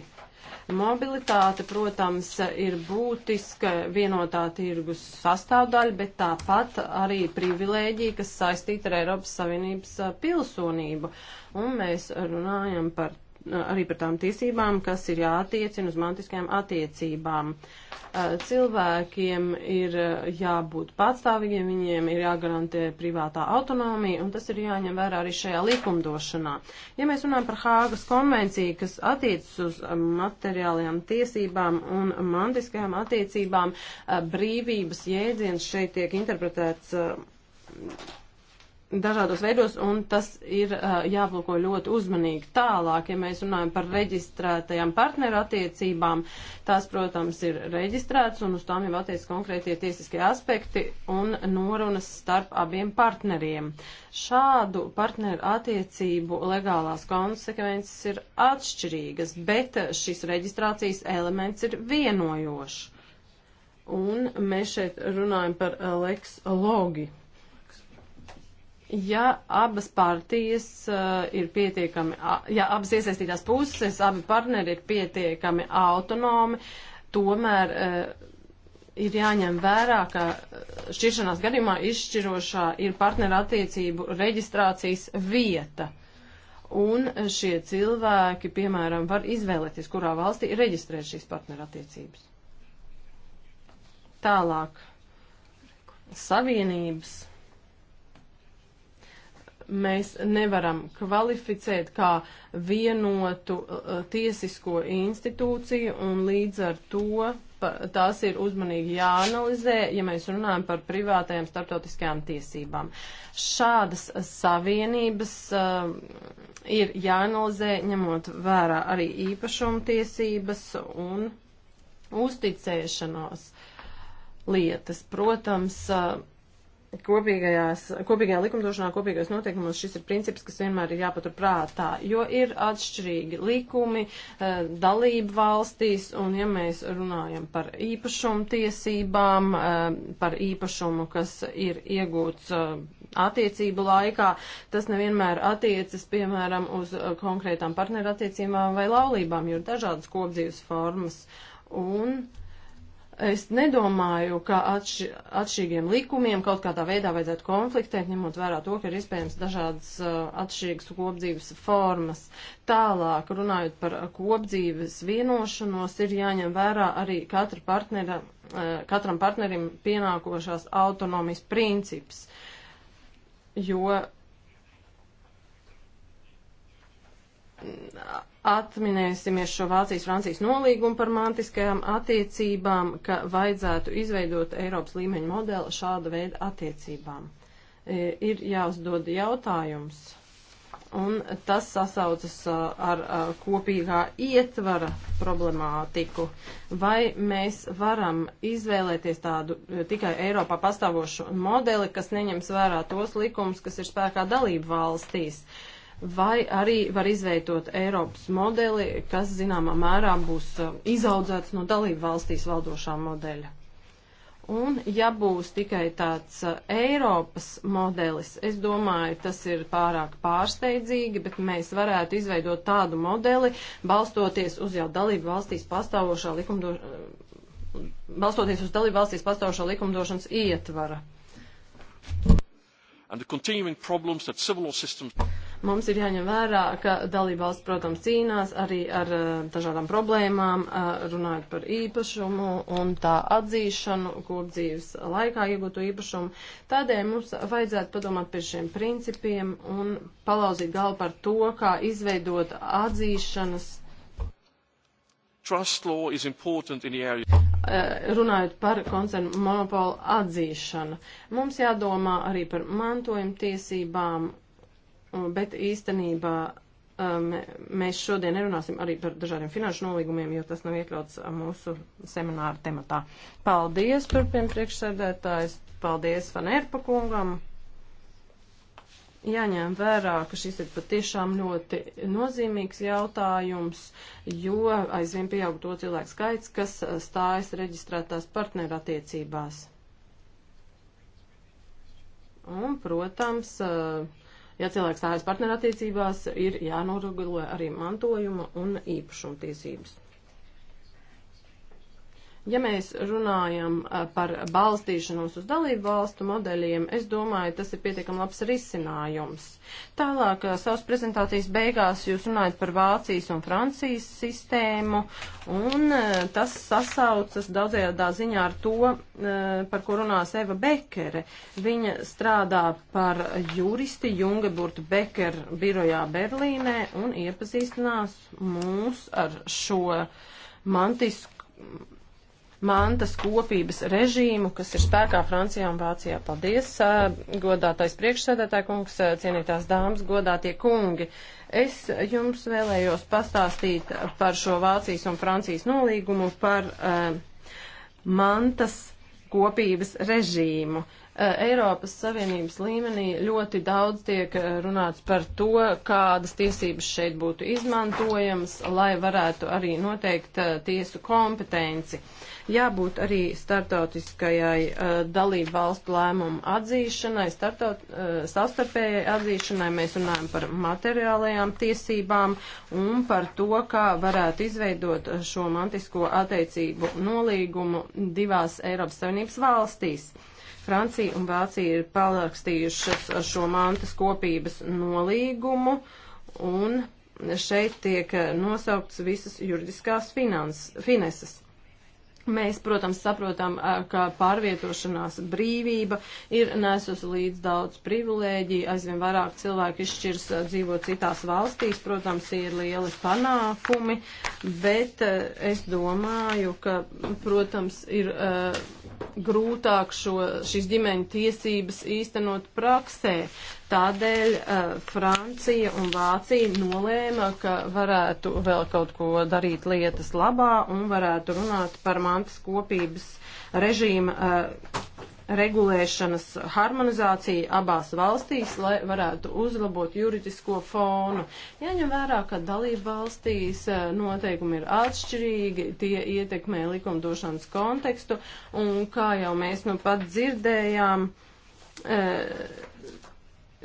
Speaker 1: mobilitāte, protams, ir būtiska vienotā tirgus sastāvdaļa, bet tāpat arī privilēģija, kas saistīta ar Eiropas Savienības eh, pilsonību. Un mēs runājam par arī par tām tiesībām, kas ir jātiecina uz mantiskajām attiecībām. Cilvēkiem ir jābūt patstāvīgiem, viņiem ir jāgarantē privātā autonomija, un tas ir jāņem vērā arī šajā likumdošanā. Ja mēs runājam par Hāgas konvenciju, kas attiecas uz materiālajām tiesībām un mantiskajām attiecībām, brīvības jēdziens šeit tiek interpretēts dažādos veidos, un tas ir uh, jāplūko ļoti uzmanīgi. Tālāk, ja mēs runājam par reģistrētajām partneru attiecībām, tās, protams, ir reģistrētas, un uz tām jau attiec konkrētie tiesiskie aspekti un norunas starp abiem partneriem. Šādu partneru attiecību legālās konsekvences ir atšķirīgas, bet šis reģistrācijas elements ir vienojošs. Un mēs šeit runājam par Lex Logi ja abas partijas uh, ir pietiekami, ja abas iesaistītās puses, abi partneri ir pietiekami autonomi, tomēr uh, ir jāņem vērā, ka uh, šķiršanās gadījumā izšķirošā ir partneru attiecību reģistrācijas vieta. Un šie cilvēki, piemēram, var izvēlēties, kurā valstī reģistrēt šīs partnerattiecības. Tālāk. Savienības mēs nevaram kvalificēt kā vienotu uh, uh, tiesisko institūciju un līdz ar to pa, tās ir uzmanīgi jāanalizē, ja mēs runājam par privātajām starptautiskajām tiesībām. Šādas savienības uh, ir jāanalizē, ņemot vērā arī īpašumtiesības un uzticēšanās lietas. Protams, uh, kopīgajās, kopīgajā likumdošanā, kopīgajos noteikumos šis ir princips, kas vienmēr ir jāpatur prātā, jo ir atšķirīgi likumi eh, dalību valstīs, un ja mēs runājam par īpašumu tiesībām, eh, par īpašumu, kas ir iegūts eh, attiecību laikā, tas nevienmēr attiecas, piemēram, uz konkrētām partnerattiecībām vai laulībām, jo ir dažādas kopdzīves formas. Un, uh, Es nedomāju, ka atš, atšķirīgiem likumiem kaut kādā veidā vajadzētu konfliktēt, ņemot vērā to, ka ir iespējams dažādas uh, atšķirīgas kopdzīves formas. Tālāk, runājot par kopdzīves vienošanos, ir jāņem vērā arī katra partnera, uh, katram partnerim pienākošās autonomijas princips, jo Atminēsimies šo Vācijas-Francijas nolīgumu par mantiskajām attiecībām, ka vajadzētu izveidot Eiropas līmeņa modeli šāda veida attiecībām. E, ir jāuzdod jautājums, un tas sasaucas ar kopīgā ietvara problemātiku. Vai mēs varam izvēlēties tādu e, tikai Eiropā pastāvošu modeli, kas neņems vērā tos likumus, kas ir spēkā dalību valstīs? Uh, vai arī var izveidot Eiropas modeli, kas zināmā mērā būs uh, izaudzēts no dalību valstīs valdošā modeļa. Un ja būs tikai tāds uh, Eiropas modelis, es domāju, tas ir pārāk pārsteidzīgi, bet mēs varētu izveidot tādu modeli, balstoties uz jau dalību valstīs pastāvošā likumdošana, uh, balstoties uz dalību valstīs pastāvošā likumdošanas ietvara. And the continuing problems that civil systems Mums ir jāņem vērā, ka dalībvalsts, protams, cīnās arī ar eh, dažādām problēmām, eh, runājot par īpašumu un tā atzīšanu, kopdzīves laikā iegūtu īpašumu. Tādēļ mums vajadzētu padomāt par šiem principiem un palauzīt galvu par to, kā izveidot atzīšanas trust law is important in the area. Eh, runājot par koncernu monopolu atzīšanu, mums jādomā arī par mantojuma tiesībām bet īstenībā um, mēs šodien nerunāsim arī par dažādiem finanšu nolīgumiem, jo tas nav iekļauts mūsu semināra tematā. Paldies, turpina priekšsēdētājs, paldies Fanerpa kungam. Jāņem vērā, ka šis ir patiešām ļoti nozīmīgs jautājums, jo aizvien pieaug to cilvēku skaits, kas stājas reģistrētās partnerattiecībās. Un, protams, uh, Ja cilvēks stājas partnerattiecībās, ir jānoregulē arī mantojuma un īpašumtiesības. Ja mēs runājam par balstīšanos uz dalību valstu modeļiem, es domāju, tas ir pietiekam labs risinājums. Tālāk savas prezentācijas beigās jūs runājat par Vācijas un Francijas sistēmu, un tas sasaucas daudzējādā ziņā ar to, par ko runās Eva Bekere. Viņa strādā par juristi Jungeburta Beker birojā Berlīnē un iepazīstinās mūs ar šo mantisku mantas kopības režīmu, kas ir spēkā Francijā un Vācijā. Paldies, godātais priekšsēdētāj kungs, cienītās dāmas, godātie kungi. Es jums vēlējos pastāstīt par šo Vācijas un Francijas nolīgumu par uh, mantas kopības režīmu. Uh, Eh, Eiropas Savienības līmenī ļoti daudz tiek eh, runāts par to, kādas tiesības šeit būtu izmantojamas, lai varētu arī noteikt eh, tiesu kompetenci. Jābūt arī startautiskajai dalību valstu lēmumu atzīšanai, startaut, savstarpējai atzīšanai. Mēs runājam par materiālajām tiesībām un par to, kā varētu izveidot šo mantisko attiecību nolīgumu divās Eiropas Savienības valstīs. Francija un Vācija ir parakstījušas šo mantas kopības nolīgumu un šeit tiek nosauktas visas juridiskās finans, fineses. Mēs, protams, saprotam, ka pārvietošanās brīvība ir nesusi līdz daudz privilēģiju, aizvien vairāk cilvēki izšķirs dzīvo citās valstīs, protams, ir lieli panākumi, bet es domāju, ka, protams, ir. Uh, grūtāk šo, šīs ģimeņu tiesības īstenot praksē. Tādēļ uh, Francija un Vācija nolēma, ka varētu vēl kaut ko darīt lietas labā un varētu runāt par mantas kopības režīma uh, regulēšanas harmonizāciju abās valstīs, lai varētu uzlabot juridisko fonu. Jaņem vērā, ka dalība valstīs eh, noteikumi ir atšķirīgi, tie ietekmē likumdošanas kontekstu, un kā jau mēs nu pat dzirdējām, eh,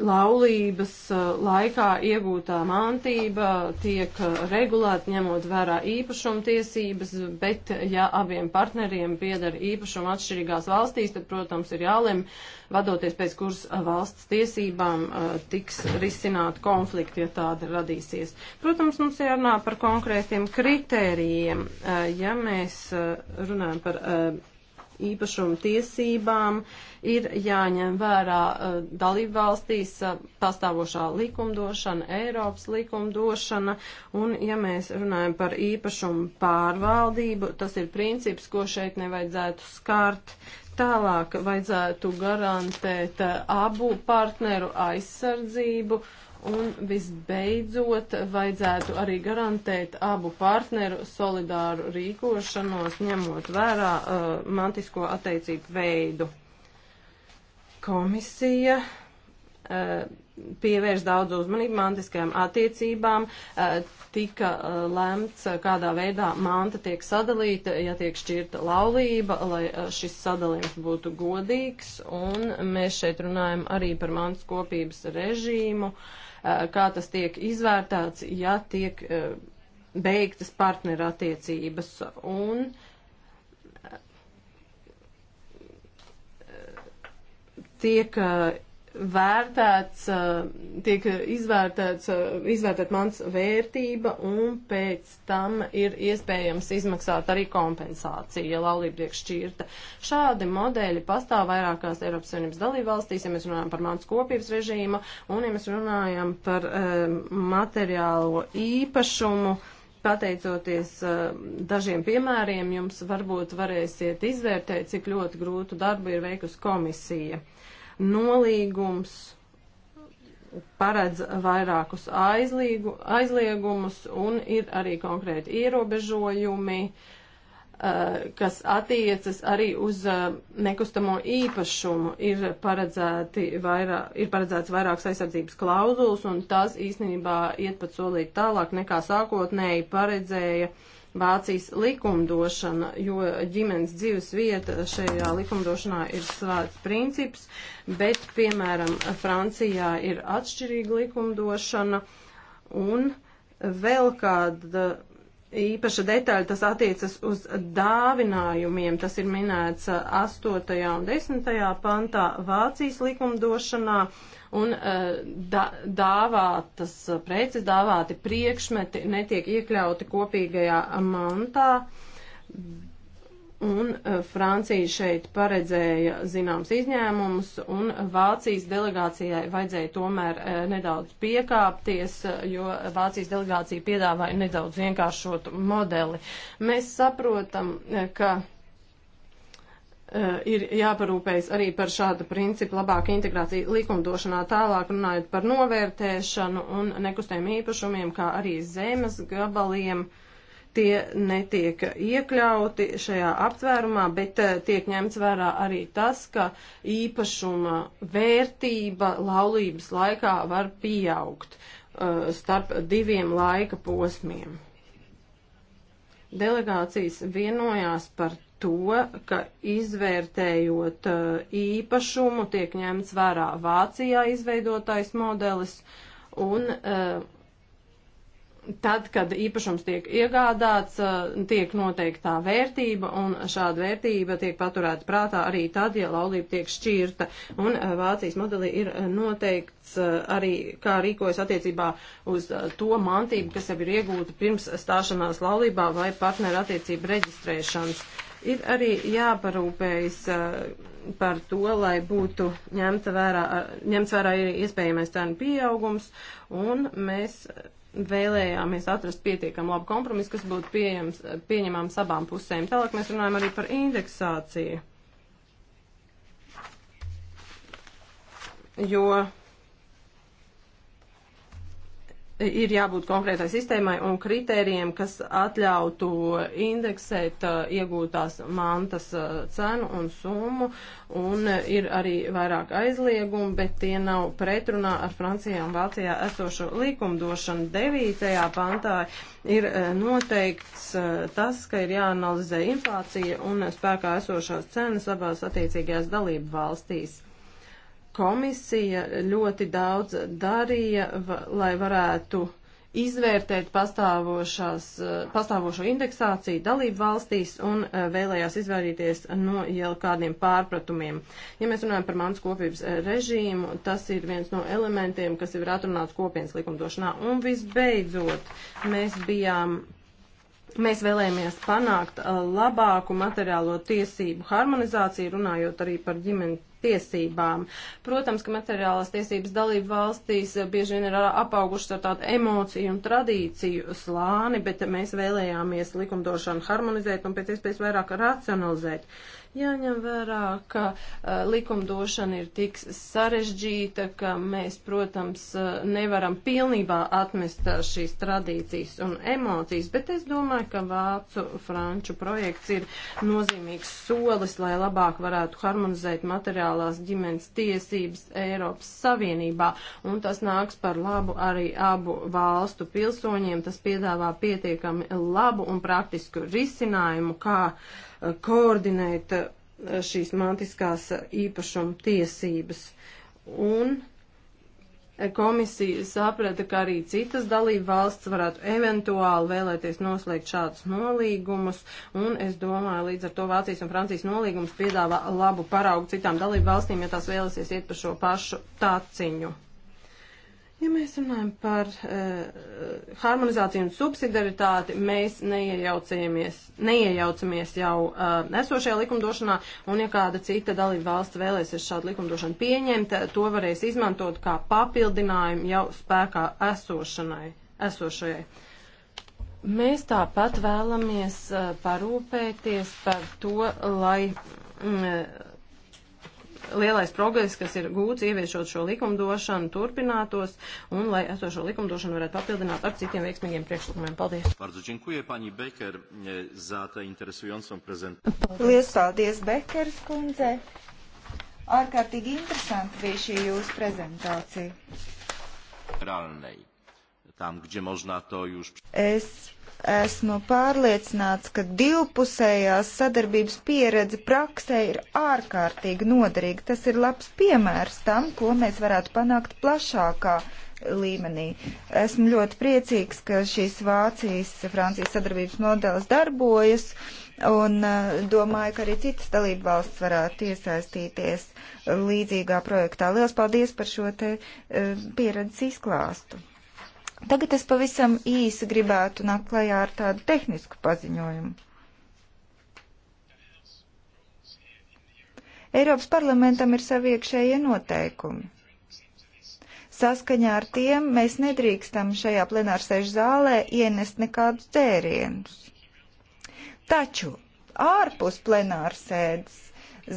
Speaker 1: laulības eh, laikā iegūtā mantība tiek eh, regulēta ņemot vērā īpašuma tiesības, bet eh, ja abiem partneriem pieder īpašuma atšķirīgās valstīs, tad, protams, ir jālem, vadoties pēc kuras valsts tiesībām tiks risināt konflikti, ja tāda radīsies. Protams, mums jārunā par konkrētiem kritērijiem. Ja mēs runājam par īpašuma tiesībām ir jāņem vērā uh, dalību valstīs uh, pastāvošā likumdošana, Eiropas likumdošana, un ja mēs runājam par īpašumu pārvaldību, tas ir princips, ko šeit nevajadzētu skart. Tālāk vajadzētu garantēt uh, abu partneru aizsardzību. Uh, Un visbeidzot, vajadzētu arī garantēt abu partneru solidāru rīkošanos, ņemot vērā uh, mantisko attiecību veidu. Komisija uh, pievērš daudz uzmanību mantiskajām attiecībām, uh, tika uh, lemts, uh, kādā veidā manta tiek sadalīta, ja tiek šķirta laulība, lai uh, šis sadalījums būtu godīgs, un mēs šeit runājam arī par mantas kopības režīmu. Uh, Eh, kā tas tiek izvērtēts, ja tiek eh, beigtas partnerattiecības. Un eh, tiek vērtēts, tiek izvērtēts, izvērtēt mans vērtība un pēc tam ir iespējams izmaksāt arī kompensāciju, ja laulība tiek šķirta. Šādi modeļi pastāv vairākās Eiropas Savienības dalībvalstīs, ja mēs runājam par mans kopības režīmu un ja mēs runājam par um, materiālo īpašumu. Pateicoties uh, dažiem piemēriem, jums varbūt varēsiet izvērtēt, cik ļoti grūtu darbu ir veikusi komisija. Uh, nolīgums paredz vairākus aizlīgu, aizliegumus un ir arī konkrēti ierobežojumi, eh, kas attiecas arī uz eh, nekustamo īpašumu. Ir, vairā, ir paredzēts vairākas aizsardzības klauzulas un tas īstenībā iet pat solīt tālāk nekā sākotnēji paredzēja uh, Vācijas likumdošana, jo ģimenes dzīves vieta šajā likumdošanā ir svēts princips, bet, piemēram, Francijā ir atšķirīga likumdošana un vēl kāda īpaša detaļa, tas attiecas uz dāvinājumiem. Tas ir minēts 8. un 10. pantā Vācijas likumdošanā. Un e, da, dāvātas preces, dāvāti priekšmeti netiek iekļauti kopīgajā mantā, Un eh, Francija šeit paredzēja zināms izņēmumus, un Vācijas delegācijai vajadzēja tomēr eh, nedaudz piekāpties, eh, jo Vācijas delegācija piedāvāja nedaudz vienkāršotu modeli. Mēs saprotam, ka ir jāparūpējas arī par šādu principu labāku integrāciju likumdošanā, tālāk runājot par novērtēšanu un nekustējiem īpašumiem, kā arī zemes gabaliem. Uh, tie netiek iekļauti šajā aptvērumā, bet eh, tiek ņemts vērā arī tas, ka īpašuma vērtība laulības laikā var pieaugt eh, starp diviem laika posmiem. Delegācijas vienojās par to, ka izvērtējot eh, īpašumu tiek ņemts vērā Vācijā izveidotais modelis un uh, tad, kad īpašums tiek iegādāts, eh, tiek noteiktā vērtība, un šāda vērtība tiek paturēta prātā arī tad, ja laulība tiek šķirta. Un eh, Vācijas modelī ir eh, noteikts arī, kā rīkojas attiecībā uz to mantību, kas jau ir iegūta pirms stāšanās laulībā vai partneru attiecību reģistrēšanas. Ir arī jāparūpējas par to, lai būtu ņemta vērā, ņemts vērā arī iespējamais cēnu pieaugums, un mēs vēlējāmies atrast pietiekam labu kompromisu, kas būtu pieejams, pieņemams abām pusēm. Tālāk mēs runājam arī par indeksāciju. Jo ir jābūt konkrētai sistēmai un kritērijiem, kas atļautu indeksēt uh, iegūtās mantas uh, cenu un summu, un uh, ir arī vairāk aizliegumu, bet tie nav pretrunā ar Francijā un Vācijā esošo likumdošanu. 9. pantā ir noteikts tas, ka ir jāanalizē inflācija un spēkā esošās cenas abās attiecīgajās dalību valstīs. Komisija ļoti daudz darīja, lai varētu izvērtēt eh, pastāvošo indeksāciju dalību valstīs un eh, vēlējās izvairīties no jau kādiem pārpratumiem. Ja mēs runājam par mans kopības eh, režīmu, tas ir viens no elementiem, kas ir atrunāts kopienas likumdošanā. Un visbeidzot, mēs bijām. Mēs vēlējāmies panākt labāku materiālo tiesību harmonizāciju, runājot arī par ģimenes tiesībām. Protams, ka materiālās tiesības dalība valstīs eh, bieži vien ir eh, apaugušas ar tādu emociju un tradīciju slāni, bet mēs vēlējāmies likumdošanu harmonizēt un pēc iespējas vairāk racionalizēt. Uh, Jāņem vērā, ka uh, likumdošana ir tik sarežģīta, ka mēs, protams, uh, nevaram pilnībā atmest šīs tradīcijas un emocijas, bet es domāju, ka vācu franču projekts ir nozīmīgs solis, lai labāk varētu harmonizēt materiālās ģimenes tiesības Eiropas Savienībā, un tas nāks par labu arī abu valstu pilsoņiem. Tas piedāvā pietiekami labu un praktisku risinājumu, kā uh, koordinēt eh, šīs mantiskās īpašuma tiesības. Un eh, komisija saprata, ka arī citas dalība valsts varētu eventuāli vēlēties noslēgt šādus nolīgumus, un es domāju, līdz ar to Vācijas un Francijas nolīgums piedāvā labu paraugu citām dalību valstīm, ja tās vēlēsies iet pa šo pašu tāciņu. Ja mēs runājam par uh, harmonizāciju un subsidiaritāti, mēs neiejaucamies jau uh, esošajā likumdošanā, un ja kāda cita dalība valsts vēlēsies šādu likumdošanu pieņemt, to varēs izmantot kā papildinājumu jau spēkā esošanai, esošajai. Mēs tāpat vēlamies uh, parūpēties par to, lai. Uh, lielais progress, kas ir gūts ieviešot šo likumdošanu, turpinātos un lai esošo likumdošanu varētu papildināt ar citiem veiksmīgiem priekšlikumiem. Paldies! Bardzo dziękuję pani
Speaker 2: Becker e, za tę interesującą prezentāciju.
Speaker 1: Lielas paldies, Bekers kundze!
Speaker 3: Ārkārtīgi interesanti bija šī jūsu prezentācija. Realnej. Tam, gdzie można to już... Es Esmu pārliecināts, ka divpusējās sadarbības pieredze praksē ir ārkārtīgi noderīga. Tas ir labs piemērs tam, ko mēs varētu panākt plašākā līmenī. Esmu ļoti priecīgs, ka šīs Vācijas, Francijas sadarbības modelis darbojas un eh, domāju, ka arī citas dalību valsts varētu iesaistīties līdzīgā projektā. Lielas paldies par šo te eh, pieredzes izklāstu. Tagad es pavisam īsi gribētu nākt klajā ar tādu tehnisku paziņojumu. Eiropas parlamentam ir savi iekšējie noteikumi. Saskaņā ar tiem mēs nedrīkstam šajā plenārsēžu zālē ienest nekādus dzērienus. Taču ārpus plenārsēdes,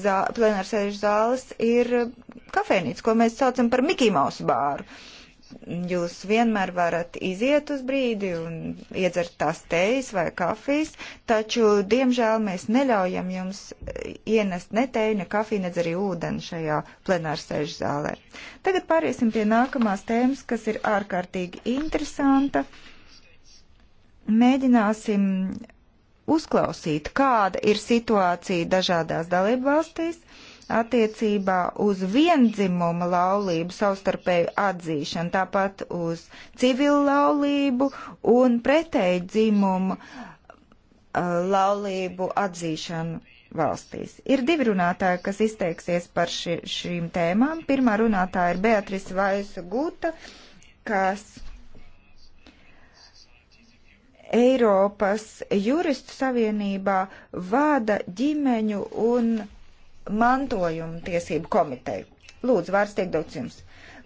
Speaker 3: zā, plenārsēžu zāles ir kafejnīca, ko mēs saucam par Mikī Mausu bāru. Uh, Jūs vienmēr varat iziet uz brīdi un iedzert tās tejas vai kafijas, taču, diemžēl, mēs neļaujam jums ienest ne teju, ne kafiju, nedz arī ūdeni šajā plenārsēžu zālē. Tagad pāriesim pie nākamās tēmas, kas ir ārkārtīgi interesanta. Mēģināsim uzklausīt, kāda ir situācija dažādās dalību valstīs attiecībā uz vienzimuma laulību savstarpēju atzīšanu, tāpat uz civilu laulību un pretēju dzimumu uh, laulību atzīšanu valstīs. Ir divi runātāji, kas izteiksies par ši, šīm tēmām. Pirmā runātāja ir Beatrice Vaisa Guta, kas Eiropas juristu savienībā vada ģimeņu un mantojuma tiesību komiteju. Lūdzu, vārds tiek dots jums.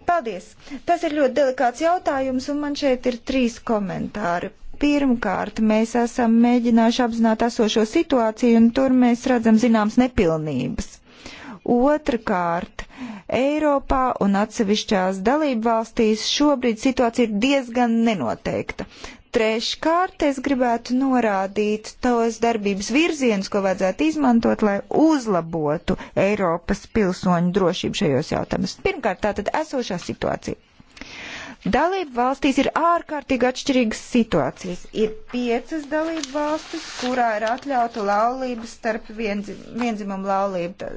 Speaker 3: Paldies! Tas ir ļoti delikāts jautājums, un man šeit ir trīs komentāri. Pirmkārt, mēs esam mēģinājuši apzināt esošo situāciju, un tur mēs redzam zināmas nepilnības. Otrakārt, Eiropā un atsevišķās dalību valstīs šobrīd situācija ir diezgan nenoteikta. Treškārt, es gribētu norādīt tos darbības virzienus, ko vajadzētu izmantot, lai uzlabotu Eiropas pilsoņu drošību šajos jautājumus. Pirmkārt, tātad esošā situācija. Dalību valstīs ir ārkārtīgi atšķirīgas situācijas. Ir piecas dalību valstis, kurā ir atļauta laulības starp vienzim, vienzimumu laulību.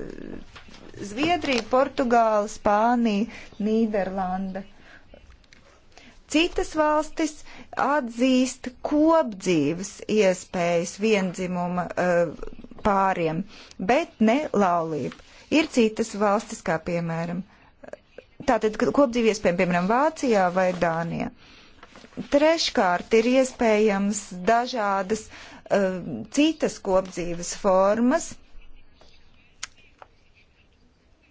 Speaker 3: Zviedrija, Portugāla, Spānija, Nīderlanda. Uh, Citas valstis atzīst kopdzīves iespējas viendzimuma uh, eh, pāriem, bet ne laulību. Ir citas valstis, kā piemēram, tātad kopdzīvi iespējami, piemēram, Vācijā vai Dānijā. Treškārt ir iespējams dažādas uh, citas kopdzīves formas,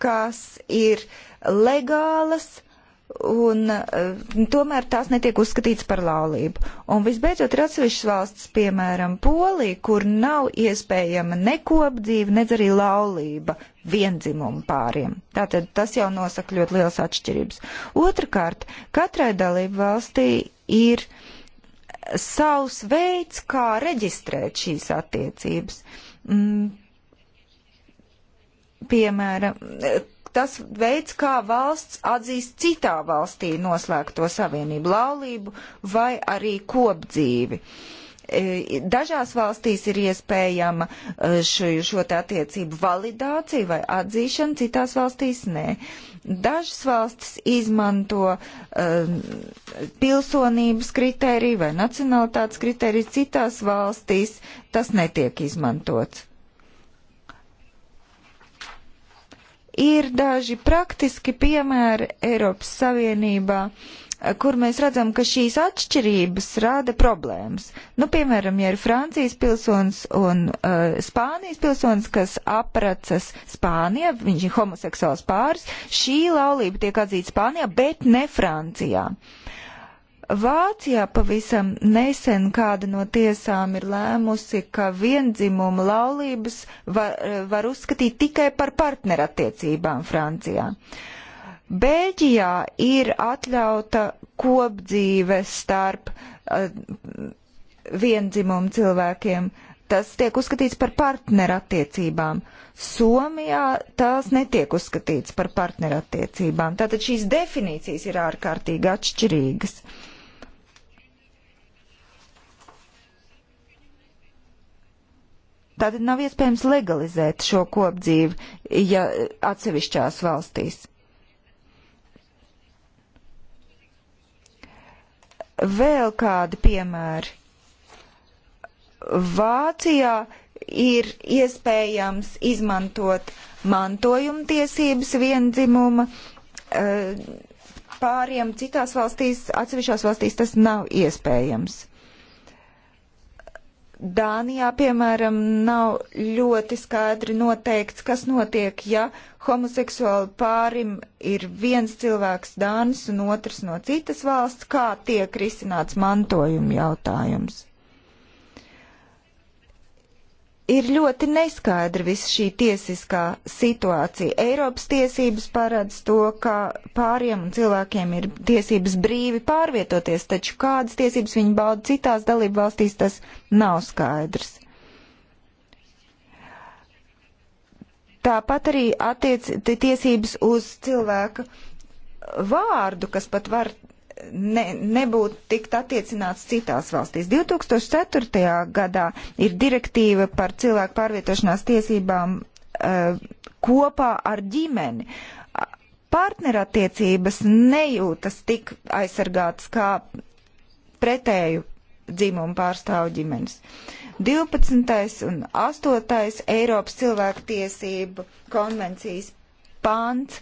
Speaker 3: kas ir legālas, un eh, tomēr tās netiek uzskatīts par laulību. Un visbeidzot ir atsevišķas valsts, piemēram, Polija, kur nav iespējama ne kopdzīve, nedz arī laulība viendzimumu pāriem. Tātad tas jau nosaka ļoti liels atšķirības. Otrakārt, katrai dalību valstī ir savs veids, kā reģistrēt šīs attiecības. Mm, piemēram, tas veids, kā valsts atzīst citā valstī noslēgto savienību laulību vai arī kopdzīvi. E, dažās valstīs ir iespējama e, šo, šo te attiecību validācija vai atzīšana, citās valstīs nē. Dažas valstis izmanto um, pilsonības kritēriju vai nacionalitātes kritēriju, citās valstīs tas netiek izmantots Ir daži praktiski piemēri Eiropas Savienībā, kur mēs redzam, ka šīs atšķirības rada problēmas. Nu, piemēram, ja ir Francijas pilsonis un uh, Spānijas pilsonis, kas apracas Spānijā, viņš ir homoseksuāls pāris, šī laulība tiek atzīta Spānijā, bet ne Francijā. Uh, Vācijā pavisam nesen kāda no tiesām ir lēmusi, ka viendzimuma laulības var, var uzskatīt tikai par partnerattiecībām Francijā. Bēļģijā ir atļauta kopdzīve starp uh, eh, viendzimumu cilvēkiem. Tas tiek uzskatīts par partnerattiecībām. Somijā tās netiek uzskatīts par partnerattiecībām. Tātad šīs definīcijas ir ārkārtīgi atšķirīgas. Uh, Tātad nav iespējams legalizēt šo kopdzīvi, ja atsevišķās valstīs. Vēl kādi piemēri. Vācijā ir iespējams izmantot mantojumtiesības viendzimuma eh, pāriem, citās valstīs, atsevišķās valstīs tas nav iespējams. Dānijā, piemēram, nav ļoti skaidri noteikts, kas notiek, ja homoseksuāli pārim ir viens cilvēks Dānis un otrs no citas valsts, kā tiek risināts mantojuma jautājums ir ļoti neskaidra visa šī tiesiskā situācija. Eiropas tiesības paredz to, ka pāriem un cilvēkiem ir tiesības brīvi pārvietoties, taču kādas tiesības viņi bauda citās dalību valstīs, tas nav skaidrs. Tāpat arī attiec tiesības uz cilvēka vārdu, kas pat var ne, nebūtu tikt attiecināts citās valstīs. 2004. gadā ir direktīva par cilvēku pārvietošanās tiesībām uh, kopā ar ģimeni. Partnerattiecības nejūtas tik aizsargātas kā pretēju dzimumu pārstāvu ģimenes. 12. un 8. Eiropas cilvēku tiesību konvencijas pāns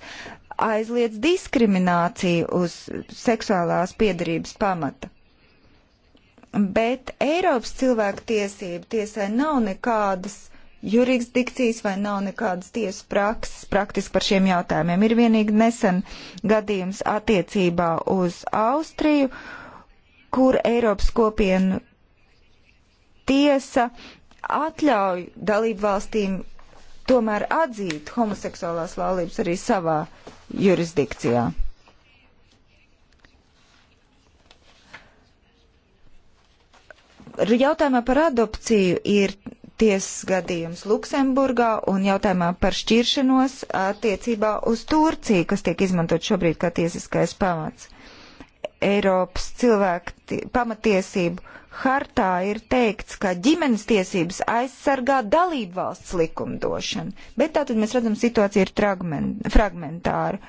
Speaker 3: aizliedz diskrimināciju uz seksuālās piedarības pamata. Bet Eiropas cilvēku tiesību tiesai nav nekādas jurisdikcijas vai nav nekādas tiesas prakses praktiski par šiem jautājumiem. Ir vienīgi nesen gadījums attiecībā uz Austriju, kur Eiropas kopienu tiesa atļauj dalību valstīm tomēr atzīt homoseksuālās laulības arī savā jurisdikcijā. Jautājumā par adopciju ir tiesas gadījums Luksemburgā un jautājumā par šķiršanos attiecībā uz Turciju, kas tiek izmantot šobrīd kā tiesiskais pamats. Eiropas cilvēku pamatiesību hartā ir teikts, ka ģimenes tiesības aizsargā dalību valsts likumdošana, bet tātad mēs redzam, situācija ir fragmentāra.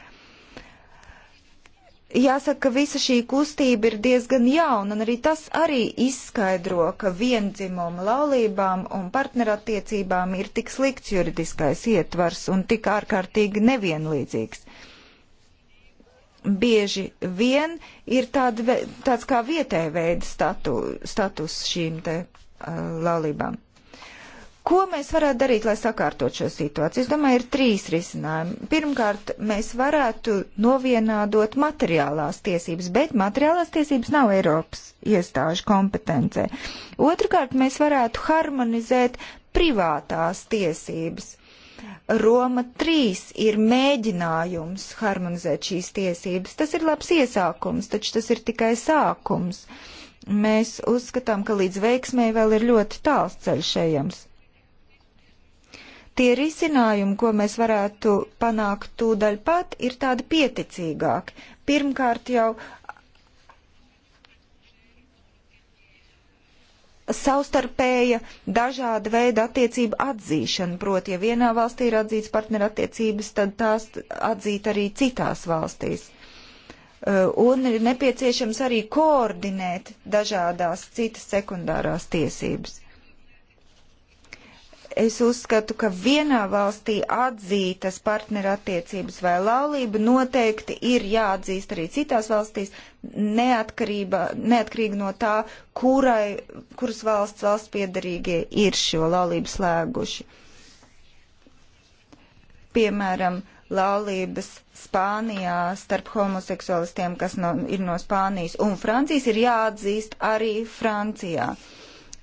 Speaker 3: Jāsaka, ka visa šī kustība ir diezgan jauna, un arī tas arī izskaidro, ka viendzimuma laulībām un partnerattiecībām ir tik slikts juridiskais ietvars un tik ārkārtīgi nevienlīdzīgs bieži vien ir tāda, tāds kā vietēja veida statu, status šīm te uh, laulībām. Ko mēs varētu darīt, lai sakārtot šo situāciju? Es domāju, ir trīs risinājumi. Pirmkārt, mēs varētu novienādot materiālās tiesības, bet materiālās tiesības nav Eiropas iestāžu kompetencē. Otrakārt, mēs varētu harmonizēt privātās tiesības Roma 3 ir mēģinājums harmonizēt šīs tiesības. Tas ir labs iesākums, taču tas ir tikai sākums. Mēs uzskatām, ka līdz veiksmēji vēl ir ļoti tāls ceļš ejams tie risinājumi, ko mēs varētu panākt tūdaļ pat, ir tādi pieticīgāki. Pirmkārt jau savstarpēja dažāda veida attiecību atzīšana. Proti, ja vienā valstī ir atzīts partnerattiecības, tad tās atzīt arī citās valstīs. Uh, un ir nepieciešams arī koordinēt dažādās citas sekundārās tiesības. Es uzskatu, ka vienā valstī atzītas partnerattiecības vai laulība noteikti ir jāatzīst arī citās valstīs, neatkarīgi no tā, kurai, kuras valsts valsts piedarīgie ir šo laulību slēguši. Piemēram, laulības Spānijā starp homoseksualistiem, kas no, ir no Spānijas un Francijas, ir jāatzīst arī Francijā. Uh,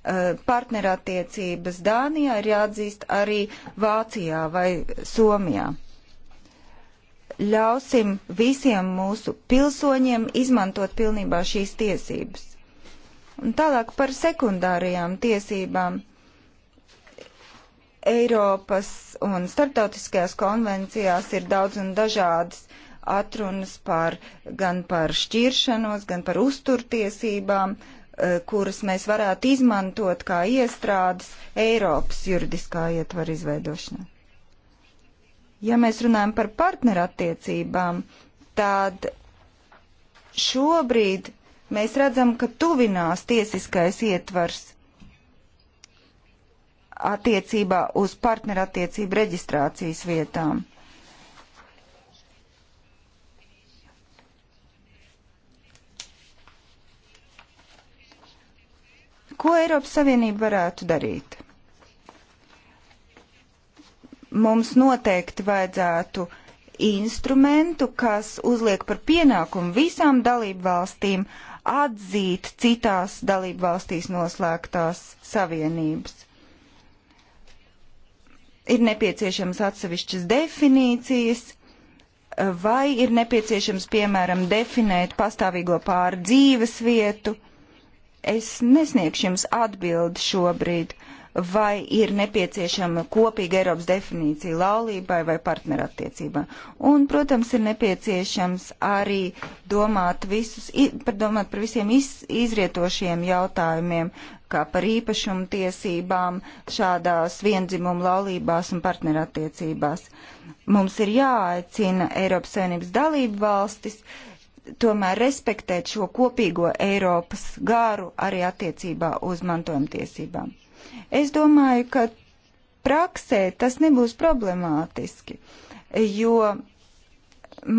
Speaker 3: Eh, partnerattiecības Dānijā ir jāatzīst arī Vācijā vai Somijā. Ļausim visiem mūsu pilsoņiem izmantot pilnībā šīs tiesības. Un tālāk par sekundārajām tiesībām. Eiropas un starptautiskajās konvencijās ir daudz un dažādas atrunas par, gan par šķiršanos, gan par uzturtiesībām. Uh, Eh, kurus mēs varētu izmantot kā iestrādes Eiropas juridiskā ietvara izveidošanā. Ja mēs runājam par partnerattiecībām, tad šobrīd mēs redzam, ka tuvinās tiesiskais ietvars attiecībā uz partnerattiecību reģistrācijas vietām. Ko Eiropas Savienība varētu darīt? Mums noteikti vajadzētu instrumentu, kas uzliek par pienākumu visām dalību valstīm atzīt citās dalību valstīs noslēgtās savienības. Ir nepieciešams atsevišķas definīcijas, vai ir nepieciešams, piemēram, definēt pastāvīgo pārdzīves vietu Es nesniegšu jums atbildi šobrīd, vai ir nepieciešama kopīga Eiropas definīcija laulībai vai partnerattiecībā. Un, protams, ir nepieciešams arī domāt, visus, par, domāt par visiem iz, izrietošiem jautājumiem, kā par īpašumu tiesībām šādās viendzimumu laulībās un partnerattiecībās. Mums ir jāaicina Eiropas Savienības dalību valstis uh, tomēr respektēt šo kopīgo Eiropas gāru arī attiecībā uz mantojumtiesībām. Es domāju, ka praksē tas nebūs problemātiski, jo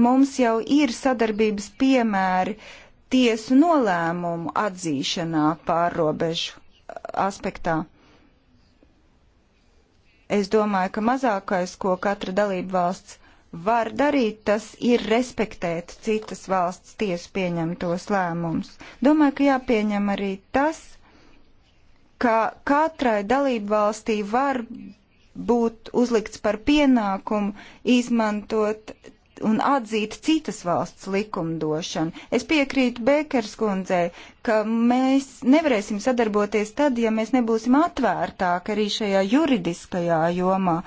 Speaker 3: mums jau ir sadarbības piemēri tiesu nolēmumu atzīšanā pārrobežu aspektā. Es domāju, ka mazākais, ko katra dalība valsts var darīt, tas ir respektēt citas valsts tiesu pieņemtos lēmumus. Domāju, ka jāpieņem arī tas, ka katrai dalību valstī var būt uzlikts par pienākumu izmantot un atzīt citas valsts likumdošanu. Es piekrītu Bekers kundzei, ka mēs nevarēsim sadarboties tad, ja mēs nebūsim atvērtāk arī šajā juridiskajā jomā,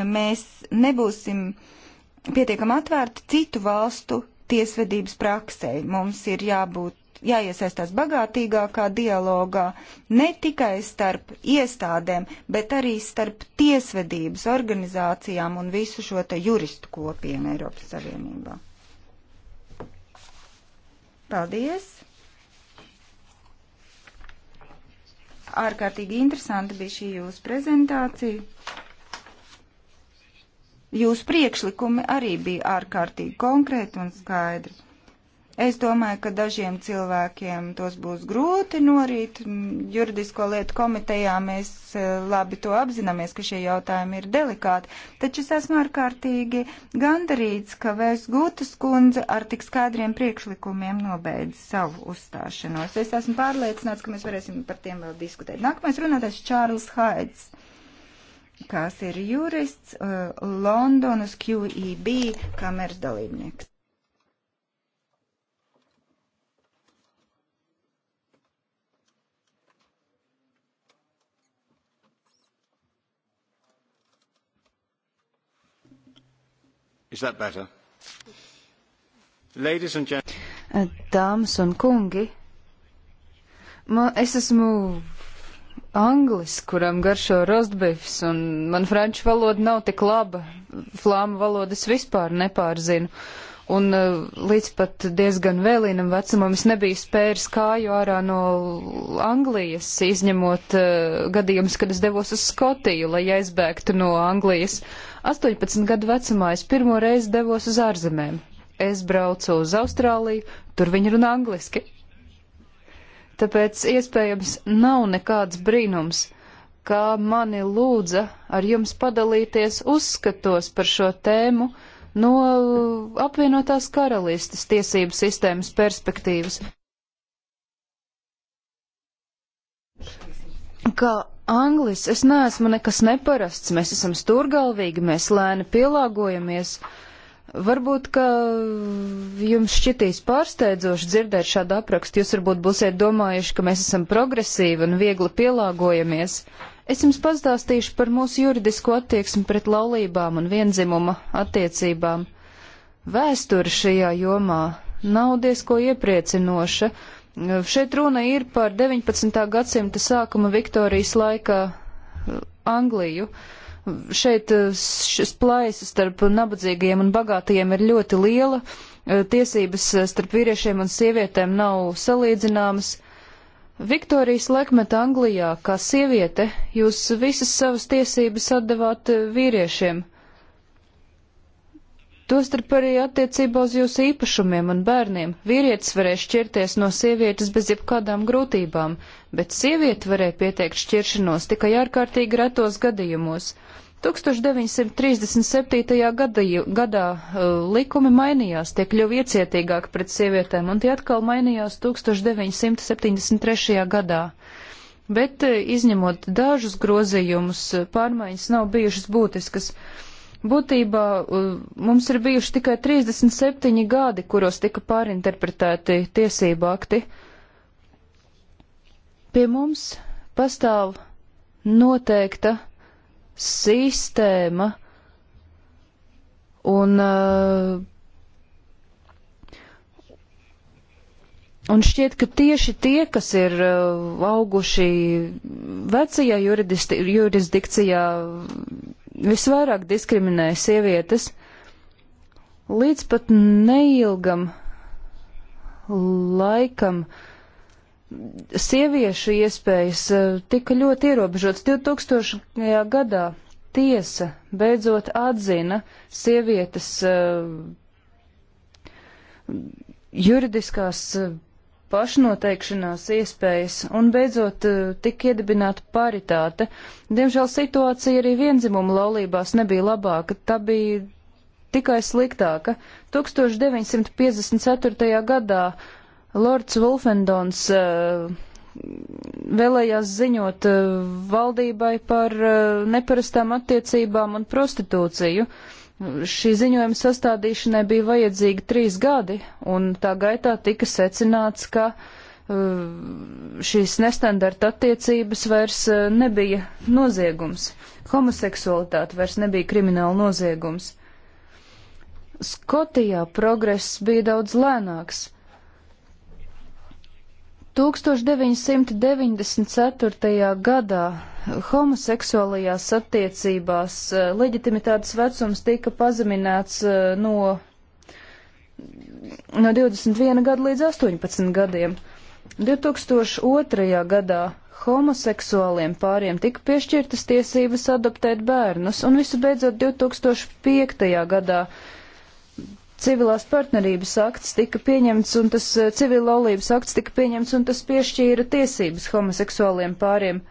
Speaker 3: ja mēs nebūsim uh, pietiekam atvērti citu valstu tiesvedības praksē. Mums ir jābūt, jāiesaistās bagātīgākā dialogā ne tikai starp iestādēm, bet arī starp tiesvedības organizācijām un visu šo te juristu kopienu Eiropas Savienībā. Paldies! Ārkārtīgi interesanti bija šī jūsu prezentācija. Jūsu priekšlikumi arī bija ārkārtīgi konkrēti un skaidri. Es domāju, ka dažiem cilvēkiem tos būs grūti norīt. Juridisko lietu komitejā mēs e, labi to apzināmies, ka šie jautājumi ir delikāti. Taču es esmu ārkārtīgi gandarīts, ka Vēs Gūtas kundze ar tik skaidriem priekšlikumiem nobeidz savu uzstāšanos. Es esmu pārliecināts, ka mēs varēsim par tiem vēl diskutēt. Nākamais runātājs Čārls Haids kas ir jurists uh, Londonas QEB kameras dalībnieks.
Speaker 1: Is that better? Ladies and gentlemen.
Speaker 2: Uh, dāmas un kungi, man, es esmu anglis, kuram garšo rostbifs, un man franču valoda nav tik laba, flāma valodas vispār nepārzinu. Un eh, līdz pat diezgan vēlīnam vecumam es nebiju spēris kāju ārā no Anglijas, izņemot uh, gadījumus, kad es devos uz Skotiju, lai aizbēgtu no Anglijas. 18 gadu vecumā es pirmo reizi devos uz ārzemēm. Es braucu uz Austrāliju, tur viņi runā angliski. Tāpēc iespējams nav nekāds brīnums, kā mani lūdza ar jums padalīties uzskatos par šo tēmu no apvienotās karalistes tiesību sistēmas perspektīvas. Kā anglis es neesmu nekas neparasts, mēs esam stūrgalvīgi, mēs lēni pielāgojamies. Uh, Varbūt, ka jums šķitīs pārsteidzoši dzirdēt šādu aprakstu. Jūs varbūt būsiet domājuši, ka mēs esam progresīvi un viegli pielāgojamies. Es jums pastāstīšu par mūsu juridisko attieksmi pret laulībām un vienzimuma attiecībām. Vēsture šajā jomā nav diezko iepriecinoša. Šeit runa ir par 19. gadsimta sākuma Viktorijas laika uh, Angliju. Uh, Šeit eh, šis plaisas starp nabadzīgajiem un bagātajiem ir ļoti liela. Eh, tiesības eh, starp vīriešiem un sievietēm nav salīdzināmas. Viktorijas laikmeta Anglijā, kā sieviete, jūs visas savas tiesības atdevāt vīriešiem. Uh, Tostarp arī attiecībā uz jūsu īpašumiem un bērniem. Vīrietis varēja šķirties no sievietes bez jebkādām grūtībām, bet sieviete varēja pieteikt šķiršanos tikai ārkārtīgi retos gadījumos. 1937. Gadīju, gadā uh, likumi mainījās, tie kļuva iecietīgāki pret sievietēm, un tie atkal mainījās 1973. gadā. Bet, uh, izņemot dažus grozījumus, uh, pārmaiņas nav bijušas būtiskas. Uh, Būtībā uh, mums ir bijuši tikai 37 gadi, kuros tika pārinterpretēti tiesību akti. Pie mums pastāv noteikta sistēma un, uh, un šķiet, ka tieši tie, kas ir uh, auguši vecajā jurisdikcijā, visvairāk diskriminēja sievietes. Līdz pat neilgam laikam sieviešu iespējas eh, tika ļoti ierobežotas. 2000. gadā tiesa beidzot atzina sievietes eh, juridiskās eh, pašnoteikšanās iespējas un beidzot eh, tika iedibināta paritāte. Diemžēl situācija arī vienzimuma laulībās nebija labāka, tā bija tikai sliktāka. 1954. gadā Lords Wolfendons uh, vēlējās ziņot uh, valdībai par uh, neparastām attiecībām un prostitūciju. Uh, Šī ziņojuma sastādīšanai bija vajadzīgi trīs gadi, un tā gaitā tika secināts, ka uh, šīs nestandarta attiecības vairs uh, nebija noziegums. Homoseksualitāte vairs nebija krimināla noziegums. Skotijā progress bija daudz lēnāks. 1994. gadā homoseksuālajās attiecībās eh, leģitimitātes vecums tika pazeminēts eh, no, no 21 gada līdz 18 gadiem. 2002. gadā homoseksuāliem pāriem tika piešķirtas tiesības adoptēt bērnus, un visu beidzot 2005. gadā civilās partnerības akts tika pieņemts, un tas eh, civila laulības akts tika pieņemts, un tas piešķīra tiesības homoseksuāliem pāriem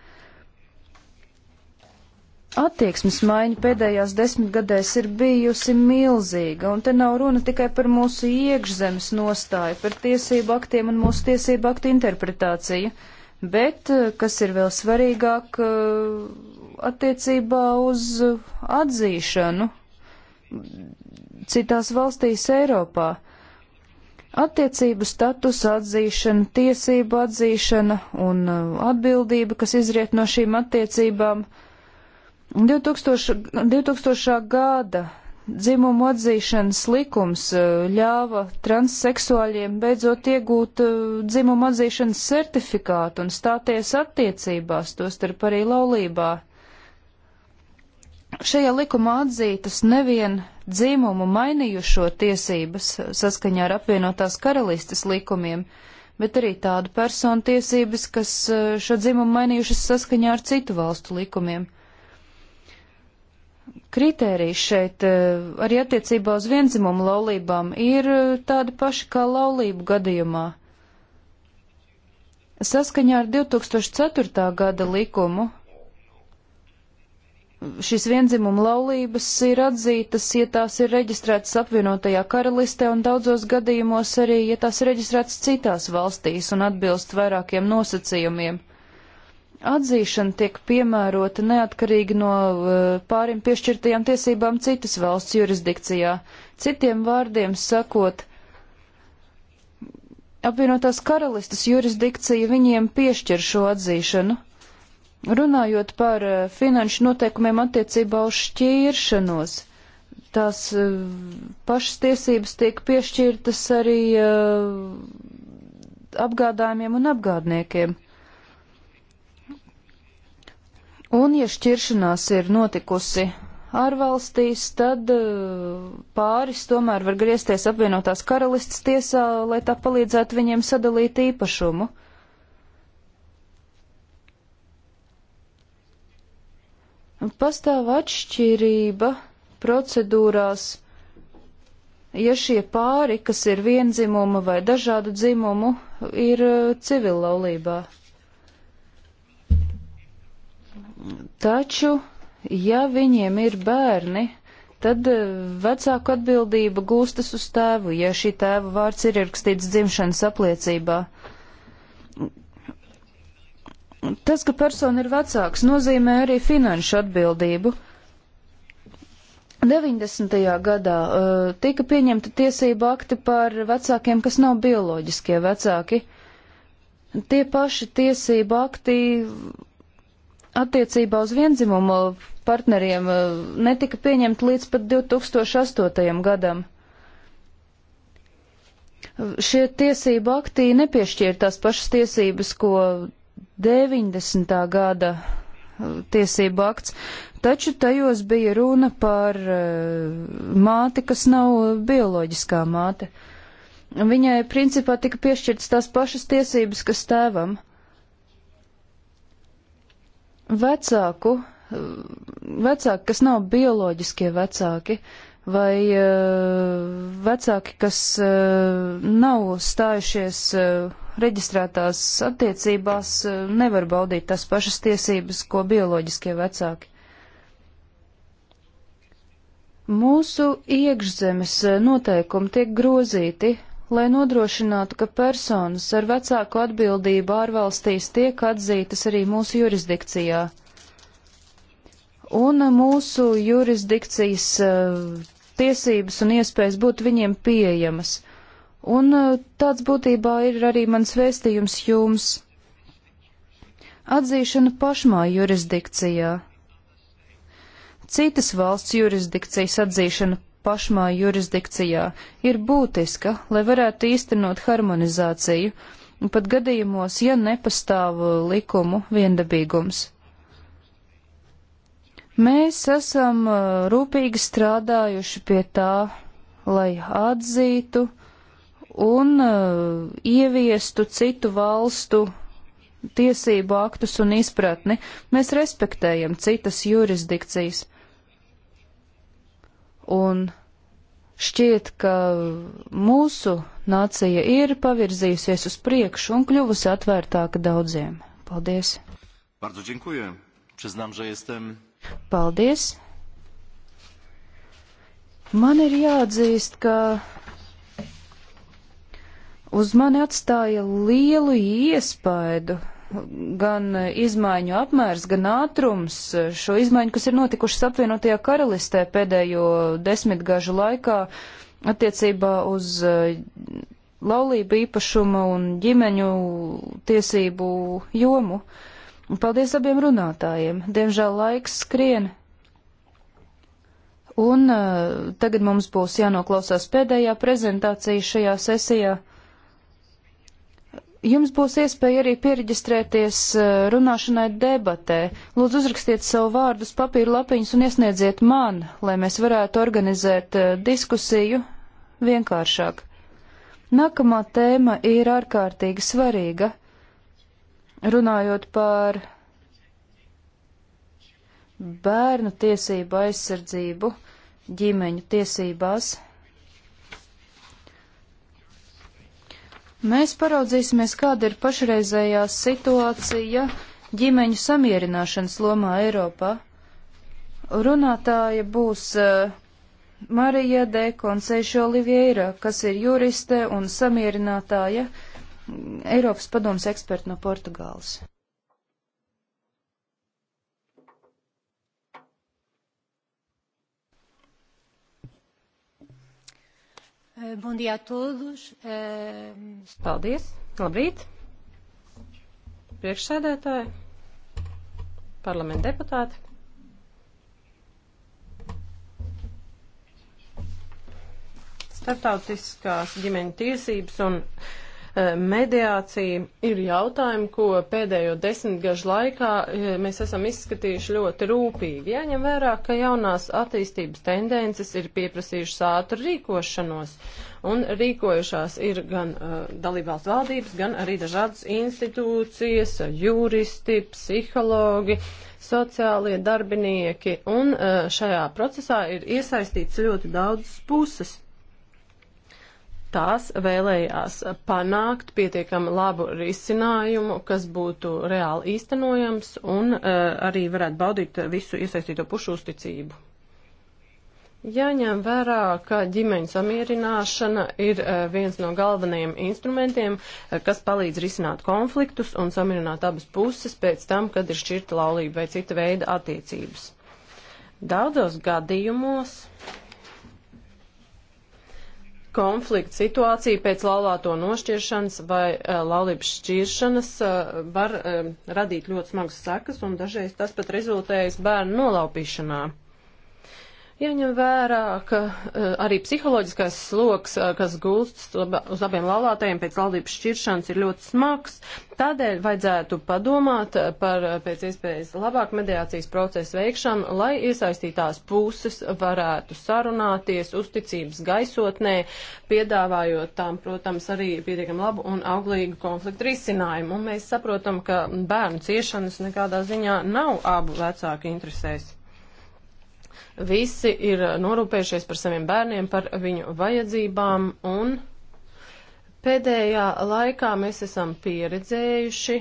Speaker 2: attieksmes maiņa pēdējās desmitgadēs ir bijusi milzīga, un te nav runa tikai par mūsu iekšzemes nostāju, par tiesību aktiem un mūsu tiesību aktu interpretāciju, bet, eh, kas ir vēl svarīgāk, eh, attiecībā uz atzīšanu citās valstīs Eiropā. Attiecību status atzīšana, tiesību atzīšana un eh, atbildība, kas izriet no šīm attiecībām, uh, 2000, 2000. gada dzimumu atzīšanas likums e, ļāva transseksuāļiem beidzot iegūt e, dzimumu atzīšanas certifikātu un stāties attiecībās, tostarp arī laulībā. Šajā likumā atzītas nevien dzimumu mainījušo tiesības saskaņā ar apvienotās karalistes likumiem, bet arī tādu personu tiesības, kas e, šo dzimumu mainījušas saskaņā ar citu valstu likumiem. Kritēriji šeit eh, arī attiecībā uz vienzimumu laulībām ir eh, tādi paši kā laulību gadījumā. Saskaņā ar 2004. gada likumu šīs vienzimuma laulības ir atzītas, ja tās ir reģistrētas apvienotajā karalistē un daudzos gadījumos arī, ja tās ir reģistrētas citās valstīs un atbilst vairākiem nosacījumiem. Atzīšana tiek piemērota neatkarīgi no eh, pārim piešķirtajām tiesībām citas valsts jurisdikcijā. Citiem vārdiem sakot, apvienotās karalistas jurisdikcija viņiem piešķir šo atzīšanu. Runājot par eh, finanšu noteikumiem attiecībā uz šķīršanos, tās eh, pašas tiesības tiek piešķirtas arī apgādājumiem un apgādniekiem. Un, ja šķiršanās ir notikusi ārvalstīs, tad eh, pāris tomēr var griezties apvienotās karalistas tiesā, lai tā palīdzētu viņiem sadalīt īpašumu. Pastāv atšķirība procedūrās, ja šie pāri, kas ir vienzimuma vai dažādu dzimumu, ir eh, civillaulībā. laulībā. Taču, ja viņiem ir bērni, tad eh, vecāku atbildība gūstas uz tēvu, ja šī tēva vārds ir ierakstīts dzimšanas apliecībā. Tas, ka persona ir vecāks, nozīmē arī finanšu atbildību. 90. gadā uh, tika pieņemta tiesība akti par vecākiem, kas nav bioloģiskie vecāki. Tie paši tiesība akti attiecībā uz vienzimumu partneriem eh, netika pieņemta līdz pat 2008. gadam. Šie tiesību aktī nepiešķīra tās pašas tiesības, ko 90. gada eh, tiesību akts, taču tajos bija runa par eh, māti, kas nav bioloģiskā māte. Viņai principā tika piešķirtas tās pašas tiesības, kas tēvam vecāku, vecāki, kas nav bioloģiskie vecāki, vai eh, vecāki, kas eh, nav stājušies eh, reģistrētās attiecībās, nevar baudīt tās pašas tiesības, ko bioloģiskie vecāki. Mūsu iekšzemes noteikumi tiek grozīti, lai nodrošinātu, ka personas ar vecāku atbildību ārvalstīs tiek atzītas arī mūsu jurisdikcijā. Un mūsu jurisdikcijas eh, tiesības un iespējas būtu viņiem pieejamas. Un eh, tāds būtībā ir arī mans vēstījums jums. Atzīšana pašmā jurisdikcijā. Citas valsts jurisdikcijas atzīšana pašmāju jurisdikcijā, ir būtiska, lai varētu īstenot harmonizāciju, pat gadījumos, ja nepastāv likumu viendabīgums. Mēs esam uh, rūpīgi strādājuši pie tā, lai atzītu un uh, ieviestu citu valstu tiesību aktus un izpratni, mēs respektējam citas jurisdikcijas. Un Šķiet, ka mūsu nācija ir pavirzījusies uz priekšu un kļuvusi atvērtāka daudziem. Paldies!
Speaker 1: Bardzo dziękuję. Przyznam,
Speaker 3: że jestem.
Speaker 2: Paldies! Man ir jāatzīst, ka uz mani atstāja lielu iespaidu gan izmaiņu apmērs, gan ātrums, šo izmaiņu, kas ir notikušas apvienotajā karalistē pēdējo desmitgažu laikā attiecībā uz eh, laulību īpašumu un ģimeņu tiesību jomu. Paldies abiem runātājiem. Diemžēl laiks skrien. Un uh, tagad mums būs jānoklausās pēdējā prezentācija šajā sesijā. Jums būs iespēja arī pierģistrēties eh, runāšanai debatē. Lūdzu, uzrakstiet savu vārdu uz papīra lapiņas un iesniedziet man, lai mēs varētu organizēt eh, diskusiju vienkāršāk. Nākamā tēma ir ārkārtīgi svarīga. Runājot par bērnu tiesību aizsardzību ģimeņu tiesībās. Mēs paraudzīsimies, kāda ir pašreizējā situācija ģimeņu samierināšanas lomā Eiropā. Runātāja būs uh, Marija de Konseišo Oliviera, kas ir juriste un samierinātāja mm, Eiropas padomas eksperta no Portugāles. Eh, bom dia a todos. Eh, Paldies.
Speaker 1: Labrīt. Priekšsēdētāji, parlamenta deputāti. Startautiskās ģimeņu tiesības un Eh, mediācija ir jautājumi, ko pēdējo desmitgažu laikā eh, mēs esam izskatījuši ļoti rūpīgi. Jāņem vērā, ka jaunās attīstības tendences ir pieprasījušas ātru rīkošanos, un rīkojušās ir gan uh, dalībvalsts valdības, gan arī dažādas institūcijas, juristi, psihologi, sociālie darbinieki, un uh, šajā procesā ir iesaistīts ļoti daudz puses tās vēlējās panākt pietiekami labu risinājumu, kas būtu reāli īstenojams un uh, arī varētu baudīt visu iesaistīto pušu uzticību. Jāņem vērā, ka ģimeņa samierināšana ir uh, viens no galvenajiem instrumentiem, uh, kas palīdz risināt konfliktus un samierināt abas puses pēc tam, kad ir šķirta laulība vai cita veida attiecības. Daudzos gadījumos konflikta situācija pēc laulāto nošķiršanas vai uh, laulības šķiršanas uh, var uh, radīt ļoti smagas sekas, un dažreiz tas pat rezultējas bērnu nolaupīšanā. Jaņem vērā, ka uh, arī psiholoģiskais sloks, uh, kas gulsts uz abiem laulātajiem pēc laulības šķiršanas, ir ļoti smags. Tādēļ vajadzētu padomāt e, par pēc iespējas labāku mediācijas procesu veikšanu, lai iesaistītās puses varētu sarunāties uzticības gaisotnē, piedāvājot tām, protams, arī pietiekam labu un auglīgu konfliktu risinājumu. Un mēs saprotam, ka bērnu ciešanas nekādā ziņā nav abu vecāku interesēs. Visi ir norūpējušies par saviem bērniem, par viņu vajadzībām un pēdējā laikā mēs esam pieredzējuši,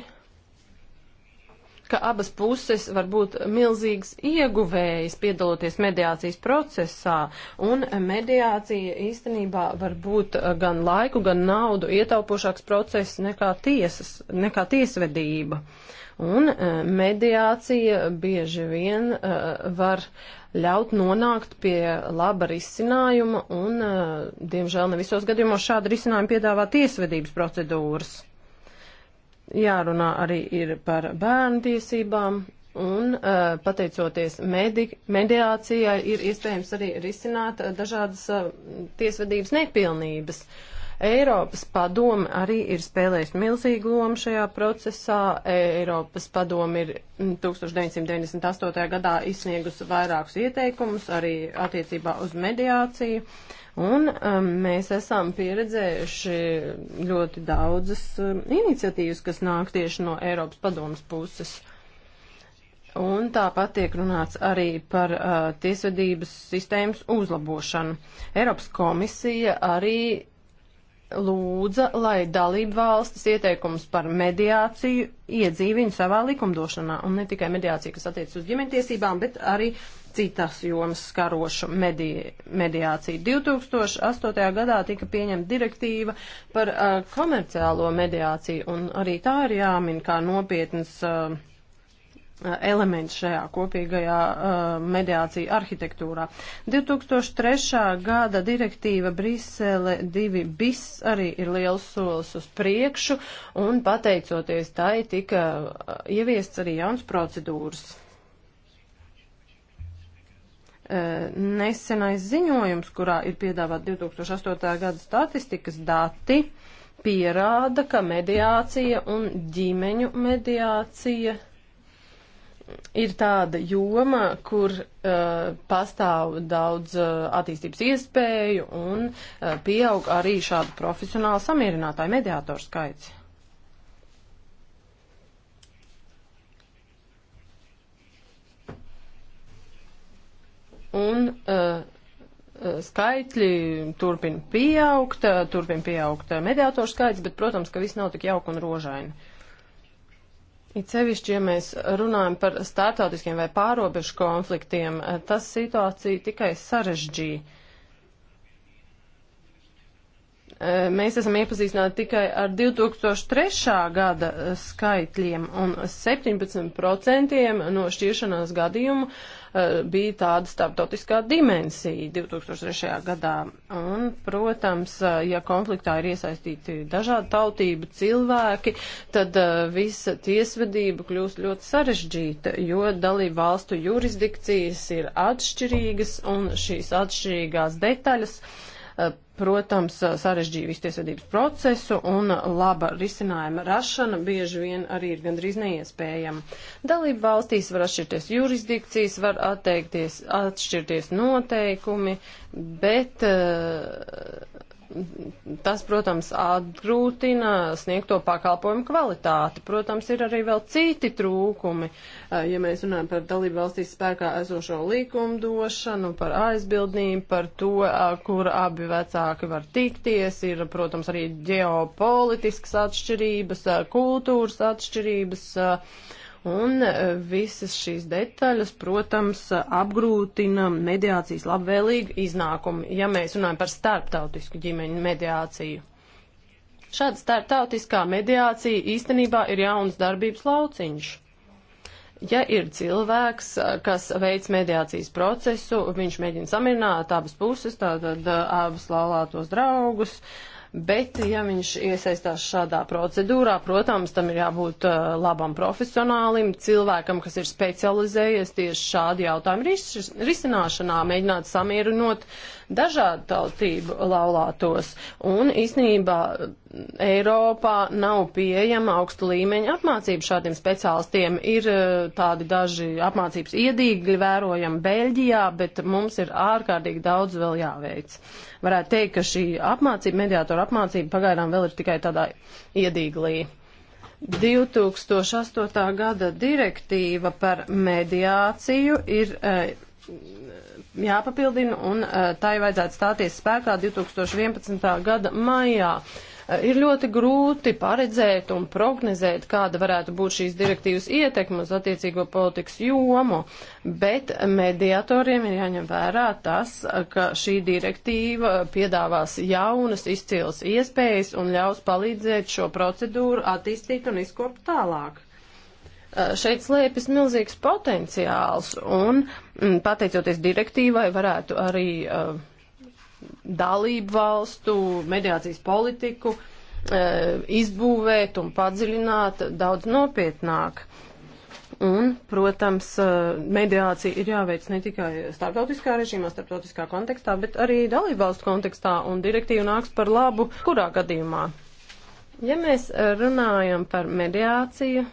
Speaker 1: ka abas puses var būt milzīgs ieguvējs piedaloties mediācijas procesā, un mediācija īstenībā var būt gan laiku, gan naudu ietaupošāks process nekā tiesas, nekā tiesvedība. Uh, Un eh, mediācija bieži vien eh, var ļaut nonākt pie laba risinājuma, un, eh, diemžēl, ne visos gadījumos šādu risinājumu piedāvā tiesvedības procedūras. Jārunā arī ir par bērnu tiesībām, un pateicoties medi, mediācijai ir iespējams arī risināt dažādas tiesvedības nepilnības. Uh, Eiropas padome arī ir spēlējusi milzīgu lomu šajā procesā. Eiropas padome ir 1998. Mm, gadā izsniegusi vairākus ieteikumus arī attiecībā uz mediāciju. Un um, mēs esam pieredzējuši ļoti daudzas um, iniciatīvas, kas nāk tieši no Eiropas padomas puses. Un tāpat tiek runāts arī par uh, tiesvedības sistēmas uzlabošanu. Eiropas komisija arī lūdza, lai dalību valstis ieteikums par mediāciju iedzīviņu savā likumdošanā, un ne tikai mediācija, kas attiec uz ģimentiesībām, bet arī citas jomas skarošu medi mediāciju. 2008. gadā tika pieņemta direktīva par uh, komerciālo mediāciju, un arī tā ir jāmin kā nopietnas uh, Uh, elements šajā kopīgajā uh, mediācija arhitektūrā. 2003. gada direktīva Brisele 2 bis arī ir liels solis uz priekšu, un pateicoties tai tika uh, ieviests arī jauns procedūras. Uh, nesenais ziņojums, kurā ir piedāvāt 2008. gada statistikas dati, pierāda, ka mediācija un ģimeņu mediācija uh, ir tāda joma, kur uh, pastāv daudz uh, attīstības iespēju un uh, pieaug arī šādu profesionālu samierinātāju mediātoru skaits. Un uh, skaitļi turpina pieaugt, turpina pieaugt mediātoru skaits, bet, protams, ka viss nav tik jauki un rožaini. It sevišķi, ja mēs runājam par startautiskiem vai pārobežu konfliktiem, tas situācija tikai sarežģīja. E, mēs esam iepazīstināti tikai ar 2003. gada skaitļiem, un 17% no šķiršanās gadījumu Eh, bija tāda starptautiskā dimensija 2003. gadā. Un, protams, eh, ja konfliktā ir iesaistīti dažādi tautību cilvēki, tad eh, visa tiesvedība kļūst ļoti sarežģīta, jo dalību valstu jurisdikcijas ir atšķirīgas un šīs atšķirīgās detaļas. Uh, Eh, protams, eh, sarežģīja visu tiesvedības procesu un eh, laba risinājuma rašana bieži vien arī ir gandrīz neiespējama. Dalība valstīs var atšķirties jurisdikcijas, var atteikties, atšķirties noteikumi, bet uh, tas, protams, atgrūtina sniegto pakalpojumu kvalitāti. Protams, ir arī vēl citi trūkumi, eh, ja mēs runājam par dalību valstīs spēkā esošo likumdošanu, par aizbildnību, par to, eh, kur abi vecāki var tikties. Ir, protams, arī ģeopolitiskas atšķirības, eh, kultūras atšķirības. Uh, Un e, visas šīs detaļas, protams, apgrūtina mediācijas labvēlīgu iznākumu, ja mēs runājam par starptautisku ģimeņu mediāciju. Šāda starptautiskā mediācija īstenībā ir jauns darbības lauciņš. Ja ir cilvēks, e, kas veic mediācijas procesu, viņš mēģina samierināt abas puses, tātad e, abas laulātos draugus, uh, bet ja viņš iesaistās šādā procedūrā, protams, tam ir jābūt uh, labam profesionālim, cilvēkam, kas ir specializējies tieši šādi jautājumi risināšanā, mēģināt samierinot uh, dažādu tautību laulātos. Un īsnībā Eiropā nav pieejama augstu līmeņa apmācība šādiem speciālistiem. Ir e, tādi daži apmācības iedīgļi vērojami Beļģijā, bet mums ir ārkārtīgi daudz vēl jāveic. Varētu teikt, ka šī apmācība, mediātora apmācība pagaidām vēl ir tikai tādā iedīglī. 2008. gada direktīva par mediāciju ir e, jāpapildina un uh, tai vajadzētu stāties spēkā 2011. gada maijā. Uh, ir ļoti grūti paredzēt un prognozēt, kāda varētu būt šīs direktīvas ietekme uz attiecīgo politikas jomu, bet mediatoriem ir jāņem vērā tas, uh, ka šī direktīva piedāvās jaunas izcils iespējas un ļaus palīdzēt šo procedūru attīstīt un izkopt tālāk šeit slēpjas milzīgs potenciāls un mm, pateicoties direktīvai varētu arī dalību valstu mediācijas politiku izbūvēt un padziļināt daudz nopietnāk. Un, protams, mediācija ir jāveic ne tikai starptautiskā režīmā, starptautiskā kontekstā, bet arī dalībvalstu kontekstā, un direktīva nāks par labu kurā gadījumā. Ja mēs runājam par mediāciju,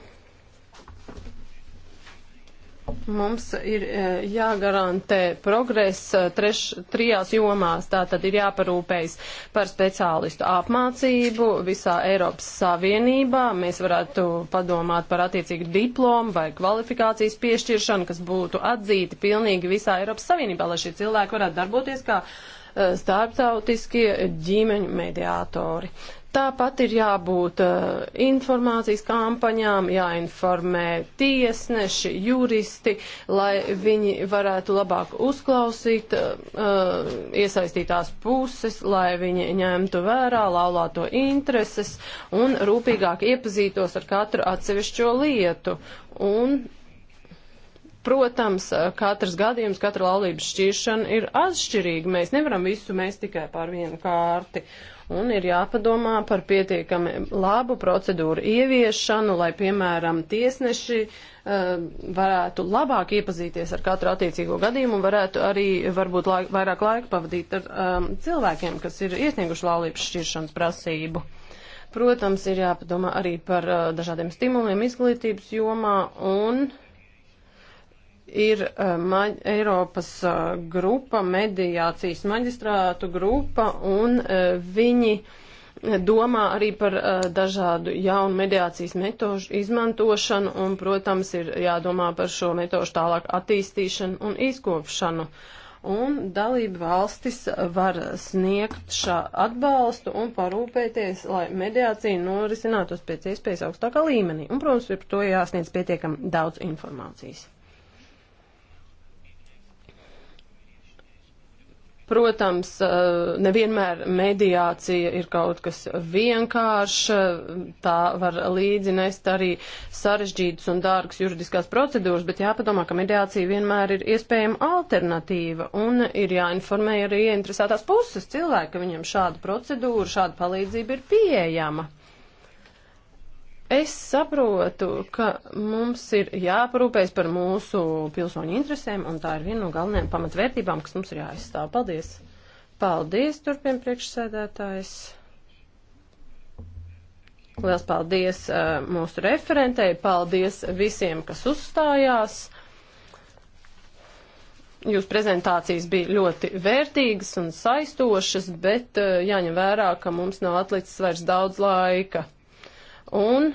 Speaker 1: Mums ir e, jāgarantē progress e, treš, trijās jomās. Tā tad ir jāparūpējas par speciālistu apmācību visā Eiropas Savienībā. Mēs varētu padomāt par attiecīgu diplomu vai kvalifikācijas piešķiršanu, kas būtu atzīti pilnīgi visā Eiropas Savienībā, lai šie cilvēki varētu darboties kā e, starptautiskie ģimeņu mediātori. Tāpat ir jābūt uh, informācijas kampaņām, jāinformē tiesneši, juristi, lai viņi varētu labāk uzklausīt uh, iesaistītās puses, lai viņi ņemtu vērā laulāto intereses un rūpīgāk iepazītos ar katru atsevišķo lietu. Un, protams, katrs gadījums, katra laulības šķiršana ir atšķirīga. Mēs nevaram visu mēs tikai par vienu kārti. Uh, un ir jāpadomā par pietiekami labu procedūru ieviešanu, lai, piemēram, tiesneši uh, varētu labāk iepazīties ar katru attiecīgo gadījumu un varētu arī varbūt laik, vairāk laika pavadīt ar um, cilvēkiem, kas ir iesnieguši laulības šķiršanas prasību. Protams, ir jāpadomā arī par uh, dažādiem stimuliem izglītības jomā un ir uh, ma Eiropas uh, grupa, mediācijas maģistrātu grupa, un uh, viņi domā arī par uh, dažādu jaunu mediācijas metožu izmantošanu, un, protams, ir jādomā par šo metožu tālāk attīstīšanu un izkopšanu. Un dalība valstis var sniegt šā atbalstu un parūpēties, lai mediācija norisinātos pēc iespējas augstākā līmenī. Un, protams, par to jāsniedz pietiekam daudz informācijas. Protams, eh, nevienmēr mediācija ir kaut kas vienkāršs, tā var līdzi nest arī sarežģītas un dārgas juridiskās procedūras, bet jāpadomā, ka mediācija vienmēr ir iespējama alternatīva un ir jāinformē arī ieinteresētās puses cilvēki, ka viņam šāda procedūra, šāda palīdzība ir pieejama. Es saprotu, ka mums ir jāparūpējas par mūsu pilsoņu interesēm, un tā ir viena no galvenajām pamatvērtībām, kas mums ir jāizstāv. Paldies! Paldies, turpiem priekšsēdētājs! Liels paldies uh, mūsu referentei, paldies visiem, kas uzstājās. Jūsu prezentācijas bija ļoti vērtīgas un saistošas, bet uh, jāņem vērā, ka mums nav atlicis vairs daudz laika. Un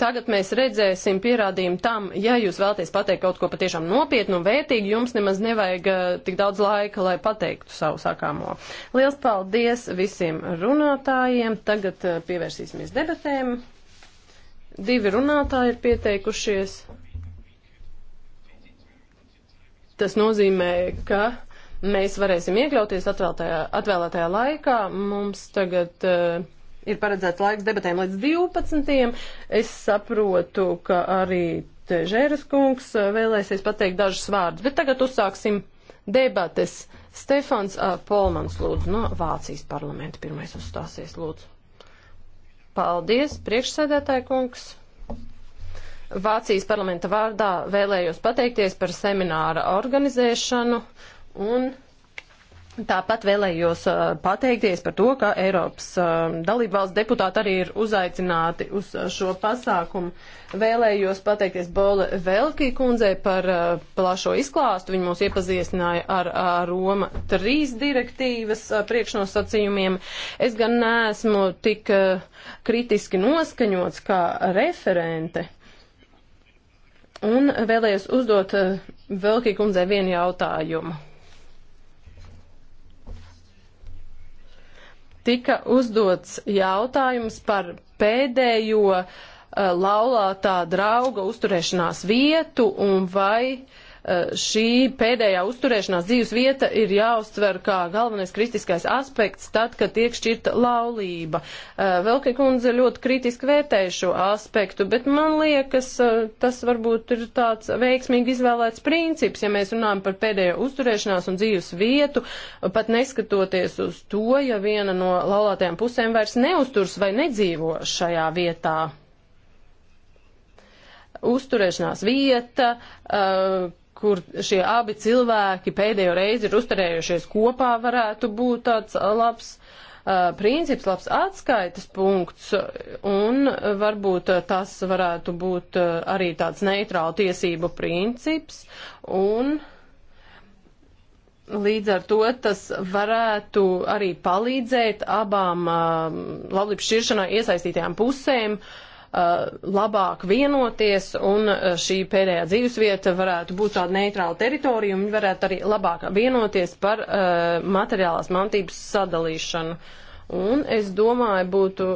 Speaker 1: Tagad mēs redzēsim pierādījumu tam, ja jūs vēlaties pateikt kaut ko patiešām nopietnu un vērtīgu, jums nemaz nevajag uh, tik daudz laika, lai pateiktu savu sakāmo. Liels paldies visiem runātājiem. Tagad uh, pievērsīsimies debatēm. Divi runātāji ir pieteikušies. Tas nozīmē, ka mēs varēsim iekļauties atvēlētajā, atvēlētajā laikā. Mums tagad. Uh, ir paredzēts laiks debatēm līdz 12. Es saprotu, ka arī Žēras kungs eh, vēlēsies pateikt dažus vārdus, bet tagad uzsāksim debates. Stefans eh, Polmans lūdzu no Vācijas parlamenta pirmais uzstāsies lūdzu. Paldies, priekšsēdētāji kungs. Vācijas parlamenta vārdā vēlējos pateikties par semināra organizēšanu un Tāpat vēlējos uh, pateikties par to, ka Eiropas uh, dalībvalsts deputāti arī ir uzaicināti uz uh, šo pasākumu. Vēlējos pateikties Bole Velkī kundzei par plašo izklāstu. Viņa mūs iepazīstināja ar, ar Roma 3 direktīvas priekšnosacījumiem. Es gan neesmu tik kritiski noskaņots kā referente. Un vēlējos uzdot Velkī kundzei vienu jautājumu. tika uzdots jautājums par pēdējo uh, laulātā drauga uzturēšanās vietu un vai uh, Eh, šī pēdējā uzturēšanās dzīves vieta ir jāuztver kā galvenais kritiskais aspekts, tad, kad tiek šķirta laulība. Eh, Velke kundze ļoti kritiski vērtēja šo aspektu, bet man liekas, eh, tas varbūt ir tāds veiksmīgi izvēlēts princips, ja mēs runājam par pēdējo uzturēšanās un dzīves vietu, pat neskatoties uz to, ja viena no laulātajām pusēm vairs neuzturs vai nedzīvo šajā vietā uzturēšanās vieta, kur šie abi cilvēki pēdējo reizi ir uzturējušies kopā, varētu būt tāds labs uh, princips, labs atskaites punkts, un varbūt tas varētu būt uh, arī tāds neitrāla tiesību princips, un līdz ar to tas varētu arī palīdzēt abām uh, laulības šķiršanā iesaistītajām pusēm uh, Uh, labāk vienoties un uh, šī pēdējā dzīvesvieta varētu būt tāda neitrāla teritorija un viņi varētu arī labāk vienoties par uh, materiālās mantības sadalīšanu. Un es domāju, būtu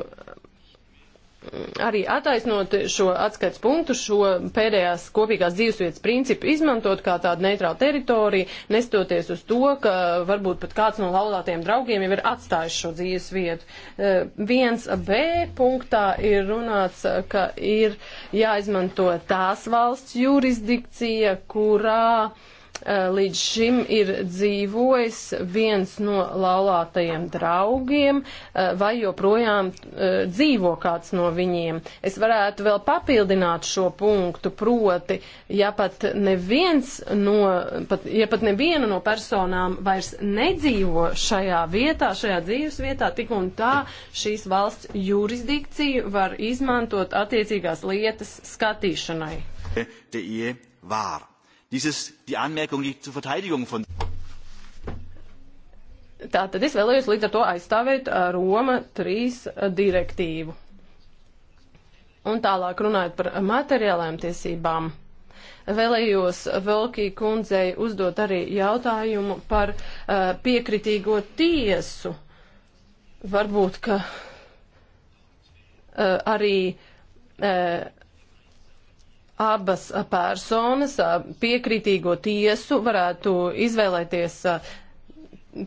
Speaker 1: arī attaisnot šo atskaits punktu, šo pēdējās kopīgās dzīvesvietas principu izmantot kā tādu neitrālu teritoriju, nestoties uz to, ka varbūt pat kāds no laulātiem draugiem jau ir atstājis šo dzīvesvietu. E, viens B punktā ir runāts, ka ir jāizmanto tās valsts jurisdikcija, kurā uh, līdz šim ir dzīvojis viens no laulātajiem draugiem, vai joprojām dzīvo kāds no viņiem. Es varētu vēl papildināt šo punktu, proti, ja pat neviens no, pat, ja pat neviena no personām vairs nedzīvo šajā vietā, šajā dzīves vietā, tik un tā šīs valsts jurisdikciju var izmantot attiecīgās lietas skatīšanai.
Speaker 3: Te, te, te, Dieses, die Anmerkung liegt zur Verteidigung von.
Speaker 1: Tā tad es vēlējos līdz ar to aizstāvēt Roma 3 direktīvu. Un tālāk runājot par materiālajām tiesībām, vēlējos Velkī kundzei uzdot arī jautājumu par uh, piekritīgo tiesu. Varbūt, ka uh, arī uh, abas personas piekritīgo tiesu varētu izvēlēties.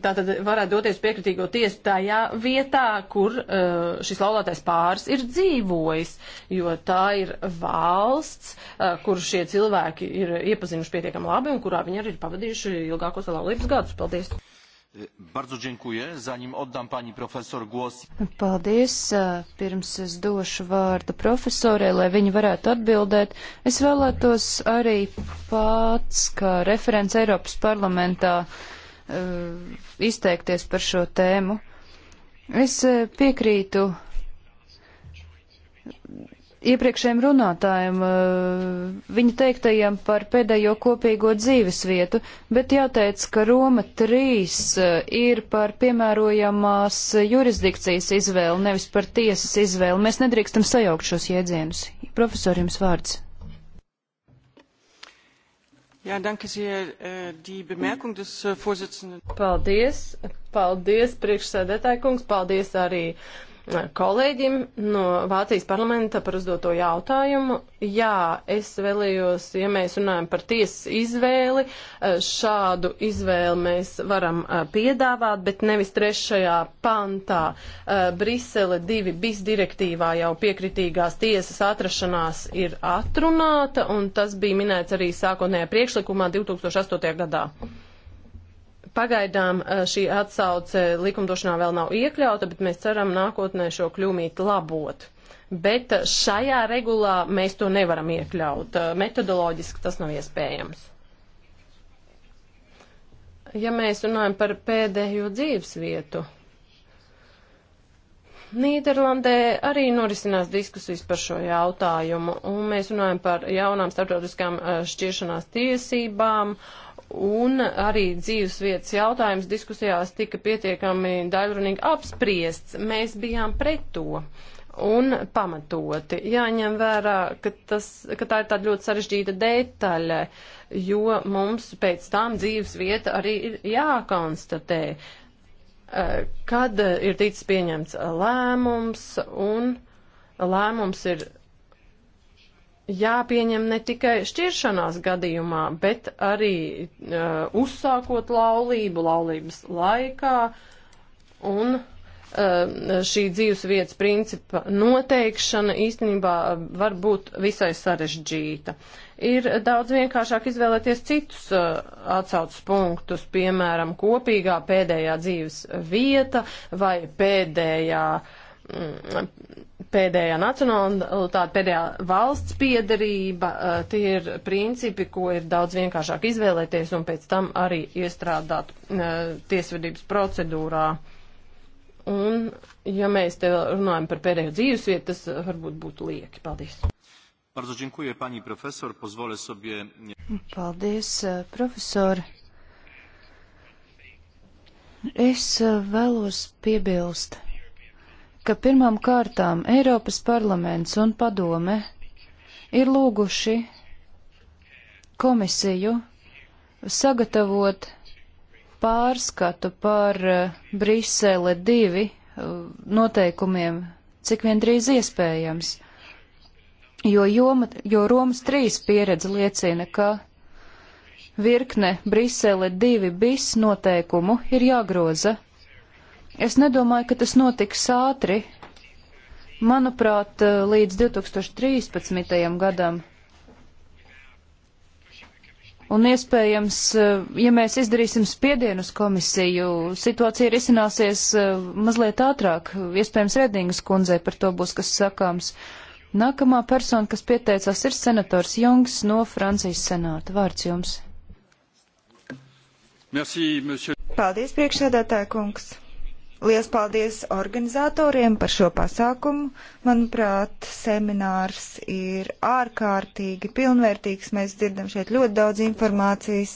Speaker 1: Tātad varētu doties piekritīgo tiesu tajā vietā, kur uh, šis laulātais pāris ir dzīvojis, jo tā ir valsts, uh, kur šie cilvēki ir iepazinuši pietiekami labi un kurā viņi arī ir pavadījuši ilgākos laulības gadus. Paldies! Bardzo dziękuję.
Speaker 2: Zanim oddam pani profesor głos. Paldies. Pirms es došu vārdu profesorai, lai viņi varētu atbildēt, es vēlētos arī pats, kā referents Eiropas parlamentā, eh, izteikties par šo tēmu. Es eh, piekrītu iepriekšējiem runātājiem, eh, viņa teiktajiem par pēdējo kopīgo dzīves vietu, bet jāteic, ka Roma 3 eh, ir par piemērojamās jurisdikcijas izvēli, nevis par tiesas izvēli. Mēs nedrīkstam sajaukt šos jēdzienus. Profesor, jums vārds.
Speaker 1: Jā, danke sehr, eh, die Bemerkung des Vorsitzenden. Paldies, paldies, priekšsēdētāji kungs, paldies arī uh, kolēģim no Vācijas parlamenta par uzdoto jautājumu. Jā, es vēlējos, ja mēs runājam par tiesas izvēli, eh, šādu izvēli mēs varam eh, piedāvāt, bet nevis trešajā pantā eh, Brisele 2 bis direktīvā jau piekritīgās tiesas atrašanās ir atrunāta, un tas bija minēts arī sākotnējā priekšlikumā 2008. gadā. Pagaidām eh, šī atsauce likumdošanā vēl nav iekļauta, bet mēs ceram nākotnē šo kļūmīti labot. Bet eh, šajā regulā mēs to nevaram iekļaut. Eh, metodoloģiski tas nav iespējams. Ja mēs runājam par pēdējo dzīves vietu, Nīderlandē arī norisinās diskusijas par šo jautājumu, un mēs runājam par jaunām starptautiskām šķiršanās tiesībām un arī dzīves vietas jautājums diskusijās tika pietiekami daļrunīgi apspriests. Mēs bijām pret to un pamatoti. Jāņem vērā, ka, tas, ka tā ir tāda ļoti sarežģīta detaļa, jo mums pēc tām dzīves vieta arī ir jākonstatē, eh, kad ir ticis pieņemts lēmums un lēmums ir jāpieņem ne tikai šķiršanās gadījumā, bet arī uh, uzsākot laulību, laulības laikā un uh, šī dzīves vietas principa noteikšana īstenībā uh, var būt visai sarežģīta. Ir daudz vienkāršāk izvēlēties citus uh, atsaucas punktus, piemēram, kopīgā pēdējā dzīves vieta vai pēdējā uh, pēdējā nacionāla, tāda pēdējā valsts piedarība, tie ir principi, ko ir daudz vienkāršāk izvēlēties un pēc tam arī iestrādāt tiesvedības procedūrā. Un, ja mēs te runājam par pēdējo dzīvesvietu, tas varbūt būtu lieki. Paldies!
Speaker 2: Bardzo dziękuję pani profesor. Pozwolę sobie.
Speaker 1: Paldies,
Speaker 2: profesor. Es vēlos piebilst, ka pirmām kārtām Eiropas parlaments un padome ir lūguši komisiju sagatavot pārskatu par eh, Brisele 2 eh, noteikumiem, cik vien drīz iespējams, jo, joma, jo Romas 3 pieredze liecina, ka virkne Brisele 2 bis noteikumu ir jāgroza Es nedomāju, ka tas notiks ātri. Manuprāt, eh, līdz 2013. gadam. Un iespējams, eh, ja mēs izdarīsim spiedienu uz komisiju, situācija risināsies eh, mazliet ātrāk. Iespējams, Redingas kundzei par to būs kas sakāms. Nākamā persona, kas pieteicās, ir senators Jungs no Francijas senāta. Vārds jums.
Speaker 3: Merci, monsieur. Paldies, priekšsēdētāja kungs. Lielas paldies organizatoriem par šo pasākumu. Manuprāt, seminārs ir ārkārtīgi pilnvērtīgs. Mēs dzirdam šeit ļoti daudz informācijas.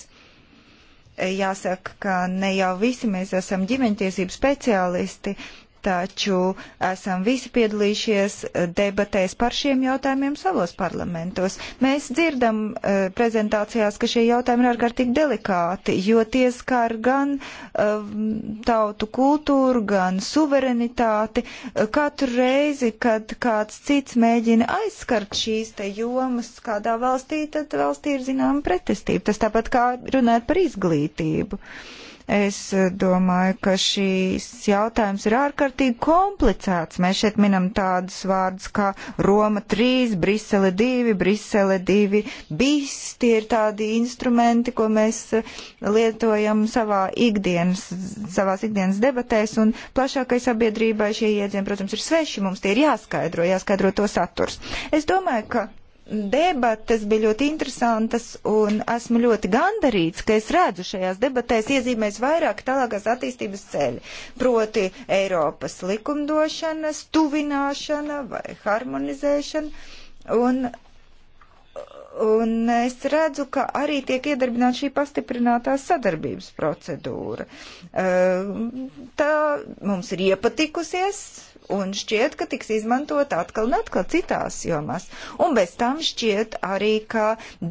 Speaker 3: Jāsaka, ka ne jau visi mēs esam ģimeņtiesību speciālisti, taču esam visi piedalījušies debatēs par šiem jautājumiem savos parlamentos. Mēs dzirdam uh, prezentācijās, ka šie jautājumi ir ārkārtīgi delikāti, jo tie skar gan uh, tautu kultūru, gan suverenitāti. Katru reizi, kad kāds cits mēģina aizskart šīs te jomas kādā valstī, tad valstī ir zināma pretestība. Tas tāpat kā runāt par izglītību. Uh, Es eh, domāju, ka šīs jautājums ir ārkārtīgi komplicēts. Mēs šeit minam tādus vārdus kā Roma 3, Brisele 2, Brisele 2, BIS. Tie ir tādi instrumenti, ko mēs eh, lietojam savā ikdienas, savās ikdienas debatēs, un plašākai sabiedrībai šie iedzieni, protams, ir sveši. Mums tie ir jāskaidro, jāskaidro to saturs. Es domāju, ka debates bija ļoti interesantas un esmu ļoti gandarīts, ka es redzu šajās debatēs iezīmēs vairāk tālākās attīstības ceļi, proti Eiropas likumdošanas, tuvināšana vai harmonizēšana. Un, un es redzu, ka arī tiek iedarbināta šī pastiprinātā sadarbības procedūra. Tā mums ir iepatikusies, un šķiet, ka tiks izmantot atkal un atkal citās jomās. Un bez tam šķiet arī, ka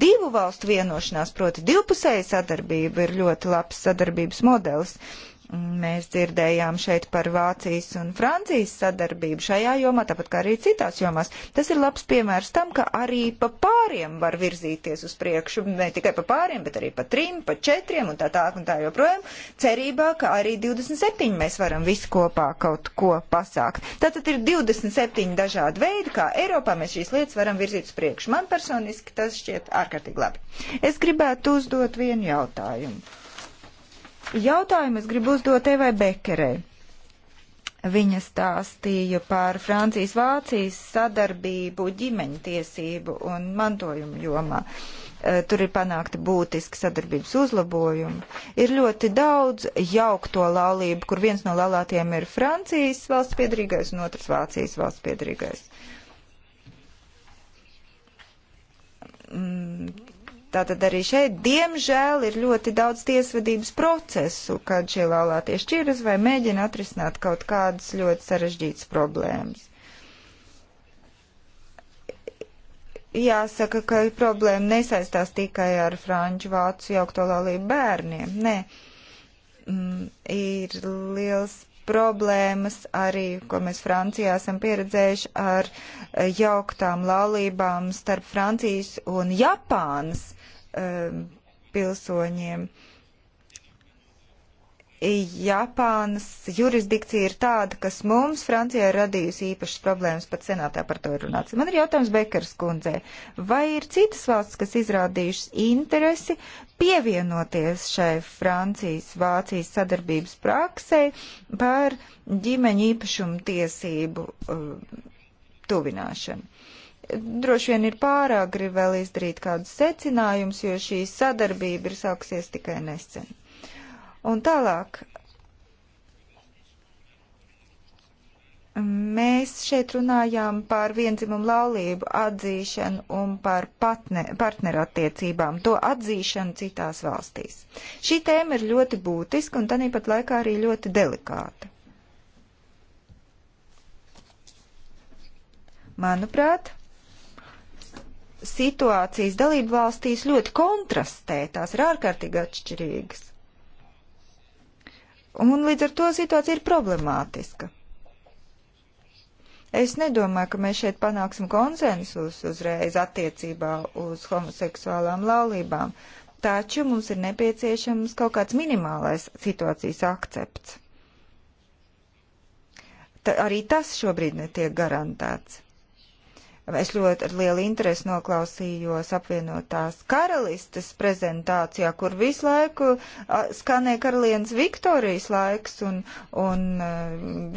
Speaker 3: divu valstu vienošanās, proti divpusēja sadarbība ir ļoti labs sadarbības modelis. Uh, Mēs dzirdējām šeit par Vācijas un Francijas sadarbību šajā jomā, tāpat kā arī citās jomās. Tas ir labs piemērs tam, ka arī pa pāriem var virzīties uz priekšu, ne tikai pa pāriem, bet arī pa trim, pa četriem un tā tālāk un tā joprojām, cerībā, ka arī 27 mēs varam visi kopā kaut ko pasākt. Tātad ir 27 dažādi veidi, kā Eiropā mēs šīs lietas varam virzīt uz priekšu. Man personiski tas šķiet ārkārtīgi labi. Es gribētu uzdot vienu jautājumu Jautājumu es gribu uzdot Evai Bekerei. Viņa stāstīja par Francijas-Vācijas sadarbību ģimeņu tiesību un mantojumu jomā. Eh, tur ir panākti būtiski sadarbības uzlabojumi. Ir ļoti daudz jaukto laulību, kur viens no laulātiem ir Francijas valsts piedrīgais un otrs Vācijas valsts piedrīgais. Mm, Tātad arī šeit, diemžēl, ir ļoti daudz tiesvedības procesu, kad šie laulātie šķiras vai mēģina atrisināt kaut kādas ļoti sarežģītas problēmas. Jāsaka, ka problēma nesaistās tikai ar franču, vācu jaukto laulību bērniem. Nē, mm, ir liels problēmas arī, ko mēs Francijā esam pieredzējuši ar jauktām laulībām starp Francijas un Japānas um, pilsoņiem. Japānas jurisdikcija ir tāda, kas mums Francijā ir radījusi īpašas problēmas, pat senātā par to ir runāts. Man ir jautājums Bekars kundzei, vai ir citas valsts, kas izrādījušas interesi pievienoties šai Francijas-Vācijas sadarbības praksē par ģimeņu īpašumu tiesību uh, tuvināšanu? Uh, droši vien ir pārāk grib vēl izdarīt kādus secinājumus, jo šī sadarbība ir sāksies tikai nesen. Un tālāk. Mēs šeit runājām par vienzimumu laulību atzīšanu un par patne, partnerattiecībām, to atzīšanu citās valstīs. Šī tēma ir ļoti būtiska un tāpat laikā arī ļoti delikāta. Manuprāt, situācijas dalību valstīs ļoti kontrastē, tās ir ārkārtīgi atšķirīgas. Un līdz ar to situācija ir problemātiska. Es nedomāju, ka mēs šeit panāksim konsensus uzreiz attiecībā uz homoseksuālām laulībām, taču mums ir nepieciešams kaut kāds minimālais situācijas akcepts. Ta, arī tas šobrīd netiek garantēts. Es ļoti ar lielu interesi noklausījos apvienotās karalistes prezentācijā, kur visu laiku skanēja karalienes Viktorijas laiks un, un e,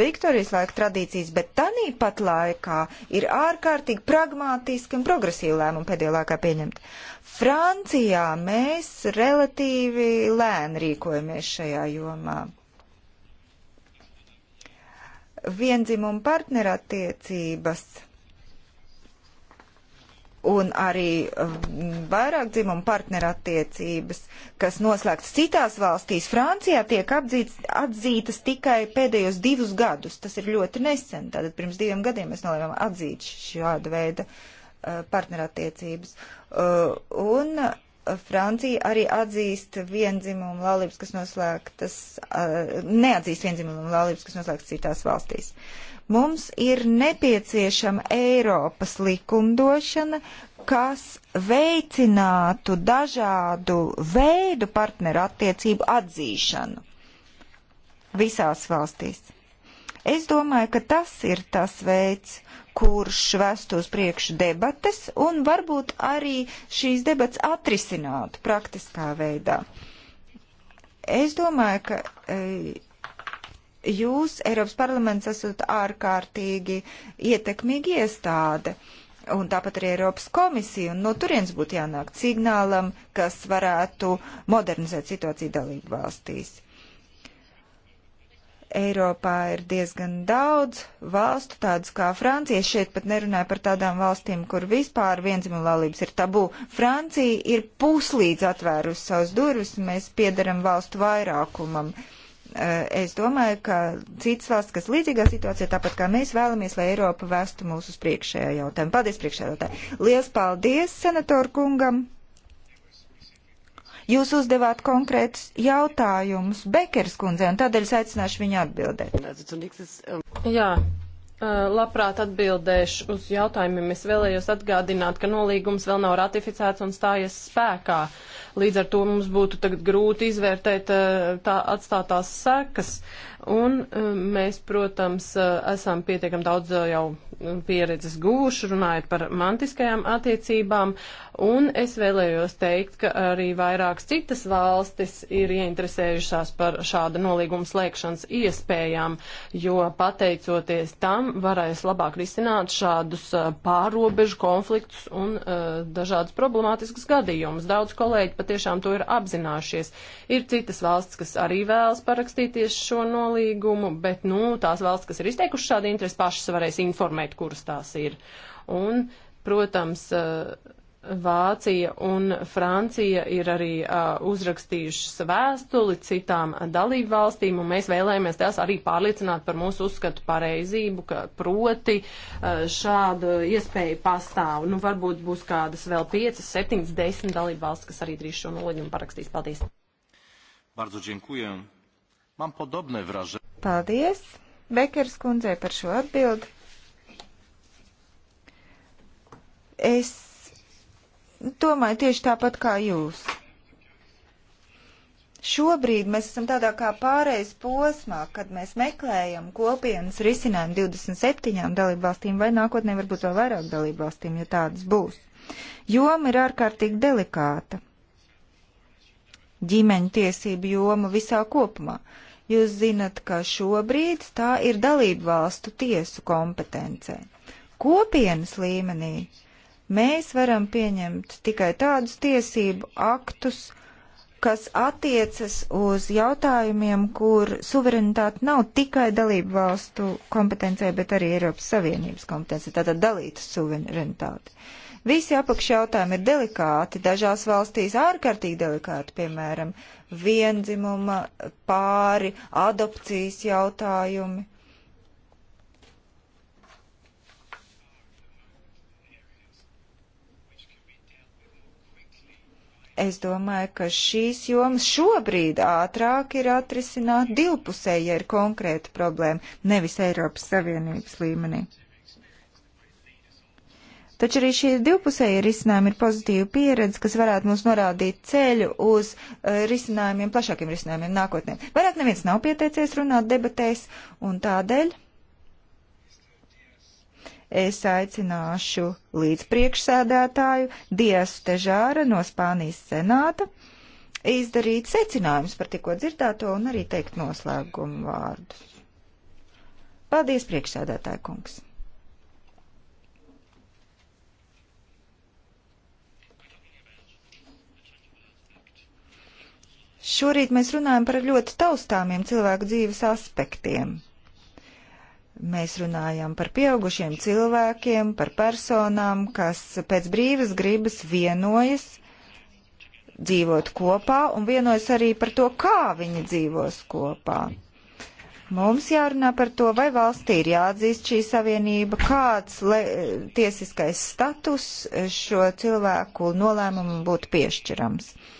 Speaker 3: Viktorijas laika tradīcijas, bet tanī pat laikā ir ārkārtīgi pragmātiski un progresīvi lēmumi pēdējā laikā pieņemti. Francijā mēs relatīvi lēni rīkojamies šajā jomā viendzimuma partnerattiecības un arī um, vairāk dzimumu partnerattiecības, kas noslēgts citās valstīs, Francijā tiek apdzīts, atzītas tikai pēdējos divus gadus. Tas ir ļoti nesen. Tātad pirms diviem gadiem mēs nolēmām atzīt šāda veida uh, partnerattiecības. Uh, un uh, Francija arī atzīst viendzimumu laulības, kas noslēgtas, neatzīst viendzimumu laulības, kas noslēgtas citās valstīs. Uh, Mums ir nepieciešama Eiropas likumdošana, kas veicinātu dažādu veidu partneru attiecību atzīšanu visās valstīs. Es domāju, ka tas ir tas veids, kurš vestu uz priekšu debates un varbūt arī šīs debates atrisinātu praktiskā veidā. Es domāju, ka. E, Jūs, Eiropas parlaments, esat ārkārtīgi ietekmīgi iestāde. Un tāpat arī Eiropas komisija, un no turienes būtu jānāk signālam, kas varētu modernizēt situāciju dalību valstīs. Eiropā ir diezgan daudz valstu, tādas kā Francija. Es šeit pat nerunāju par tādām valstīm, kur vispār vienzimulālības ir tabū. Francija ir puslīdz atvērusi savus durvis, mēs piedaram valstu vairākumam. Uh, Eh, es domāju, ka citas valsts, kas līdzīgā situācijā, tāpat kā mēs vēlamies, lai Eiropa vestu mūs uz priekšējā jautājuma. Paldies, priekšsēdētāji! Lielas paldies, senatoru kungam! Jūs uzdevāt konkrētus jautājumus Bekeras kundzei, un tādēļ es aicināšu viņu atbildēt.
Speaker 1: Um, Jā, Eh, labprāt atbildēšu uz jautājumiem. Es vēlējos atgādināt, ka nolīgums vēl nav ratificēts un stājies spēkā. Līdz ar to mums būtu tagad grūti izvērtēt eh, tā atstātās sekas. Uh, Un eh, mēs, protams, eh, esam pietiekam daudz eh, jau pieredzes guvuši, runājot par mantiskajām attiecībām, un es vēlējos teikt, ka arī vairākas citas valstis ir ieinteresējušās par šāda nolīguma slēgšanas iespējām, jo pateicoties tam varēs labāk risināt šādus pārobežu konfliktus un uh, dažādas problemātiskas gadījumus. Daudz kolēģi patiešām to ir apzinājušies. Ir citas valsts, kas arī vēlas parakstīties šo nolīgumu nolīgumu, bet nu, tās valsts, kas ir izteikušas šādu interesi, pašas varēs informēt, kuras tās ir. Un, protams, eh, Vācija un Francija ir arī uh, uzrakstījušas vēstuli citām dalību valstīm, un mēs vēlējāmies tās arī pārliecināt par mūsu uzskatu pareizību, ka proti uh, šāda iespēja pastāv. Nu, varbūt būs kādas vēl 5, 7, 10 dalību valsts, kas arī drīz šo noliņumu parakstīs. Paldies! Bardzo dziękuję. Man podobne vraže. Paldies
Speaker 3: Bekers kundzei par šo atbildi. Es domāju tieši tāpat kā jūs. Šobrīd mēs esam tādā kā pārejas posmā, kad mēs meklējam kopienas risinājumu 27 dalībvalstīm vai nākotnē varbūt vēl vairāk dalībvalstīm, ja tādas būs. Joma ir ārkārtīgi delikāta. Ģimeņu tiesību joma visā kopumā. Jūs zinat, ka šobrīd tā ir dalību valstu tiesu kompetencē. Kopienas līmenī mēs varam pieņemt tikai tādus tiesību aktus, kas attiecas uz jautājumiem, kur suverenitāte nav tikai dalību valstu kompetencē, bet arī Eiropas Savienības kompetencē, tātad dalīta suverenitāte. Uh, Visi apakšjautājumi ir delikāti, dažās valstīs ārkārtīgi delikāti, piemēram, vienzimuma pāri, adopcijas jautājumi. Es domāju, ka šīs jomas šobrīd ātrāk ir atrisināt divpusēji, ja ir konkrēta problēma, nevis Eiropas Savienības līmenī. Taču arī šie divpusējie risinājumi ir pozitīva pieredze, kas varētu mums norādīt ceļu uz uh, risinājumiem, plašākiem risinājumiem nākotnē. Vairāk neviens nav pieteicies runāt debatēs, un tādēļ es aicināšu līdz priekšsēdētāju Diesu Težāra no Spānijas senāta izdarīt secinājumus par tikko dzirdēto un arī teikt noslēgumu vārdus. Paldies, priekšsēdētāja kungs! Šorīt mēs runājam par ļoti taustāmiem cilvēku dzīves aspektiem. Mēs runājam par pieaugušiem cilvēkiem, par personām, kas pēc brīvas gribas vienojas dzīvot kopā un vienojas arī par to, kā viņi dzīvos kopā. Mums jārunā par to, vai valstī ir jāatzīst šī savienība, kāds le, tiesiskais status šo cilvēku nolēmumu būtu piešķirams. Uh,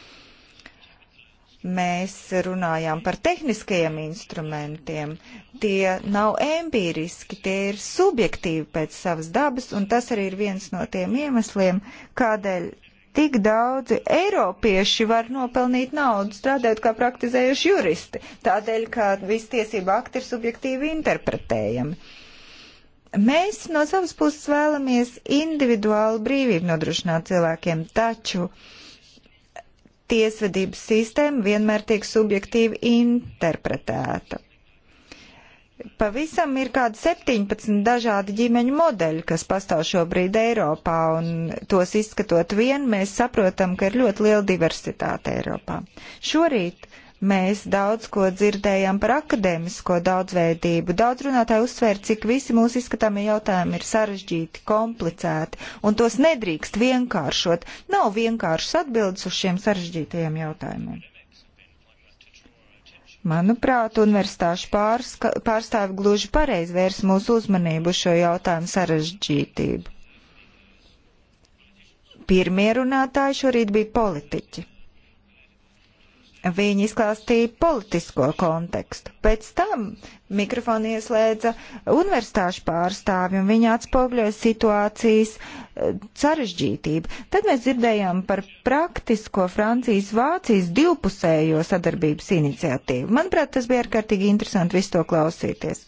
Speaker 3: Mēs runājām par tehniskajiem instrumentiem. Tie nav empīriski, tie ir subjektīvi pēc savas dabas, un tas arī ir viens no tiem iemesliem, kādēļ tik daudzi eiropieši var nopelnīt naudu strādājot kā praktizējuši juristi, tādēļ, ka visi tiesība akti ir subjektīvi interpretējami. Mēs no savas puses vēlamies individuālu brīvību nodrošināt cilvēkiem, taču uh, tiesvedības sistēma vienmēr tiek subjektīvi interpretēta. Pavisam ir kādi 17 dažādi ģimeņu modeļi, kas pastāv šobrīd Eiropā, un tos izskatot vien, mēs saprotam, ka ir ļoti liela diversitāte Eiropā. Šorīt Mēs daudz ko dzirdējām par akadēmisko daudzveidību. Daudz runātāji uzsver, cik visi mūsu izskatāmie jautājumi ir sarežģīti, komplicēti, un tos nedrīkst vienkāršot. Nav vienkāršas atbildes uz šiem sarežģītajiem jautājumiem. Manuprāt, universitāšu pārstāvi gluži pareizi vērs mūsu uzmanību šo jautājumu sarežģītību. Pirmie runātāji šorīt bija politiķi. Viņi izklāstīja politisko kontekstu. Pēc tam mikrofonu ieslēdza universitāšu pārstāvi un viņi atspogļoja situācijas eh, sarežģītību. Tad mēs dzirdējām par praktisko Francijas-Vācijas divpusējo sadarbības iniciatīvu. Manuprāt, tas bija ārkārtīgi interesanti visu to klausīties.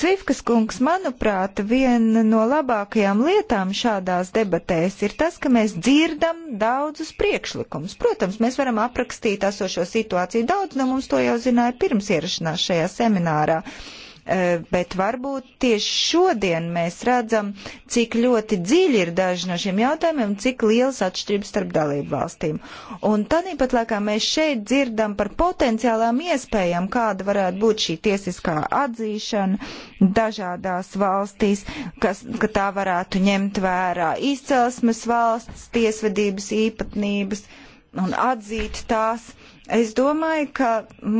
Speaker 3: Cifkas kungs, manuprāt, viena no labākajām lietām šādās debatēs ir tas, ka mēs dzirdam daudzus priekšlikumus. Protams, mēs varam aprakstīt esošo situāciju. Daudz no mums to jau zināja pirms ierašanās šajā seminārā. Uh, Eh, bet varbūt tieši šodien mēs redzam, cik ļoti dziļi ir daži no šiem jautājumiem un cik liels atšķirības starp dalību valstīm. Un tādīpat laikā mēs šeit dzirdam par potenciālām iespējām, kāda varētu būt šī tiesiskā atzīšana dažādās valstīs, kas, ka tā varētu ņemt vērā izcelsmes valsts tiesvedības īpatnības un atzīt tās. Uh, Es domāju, ka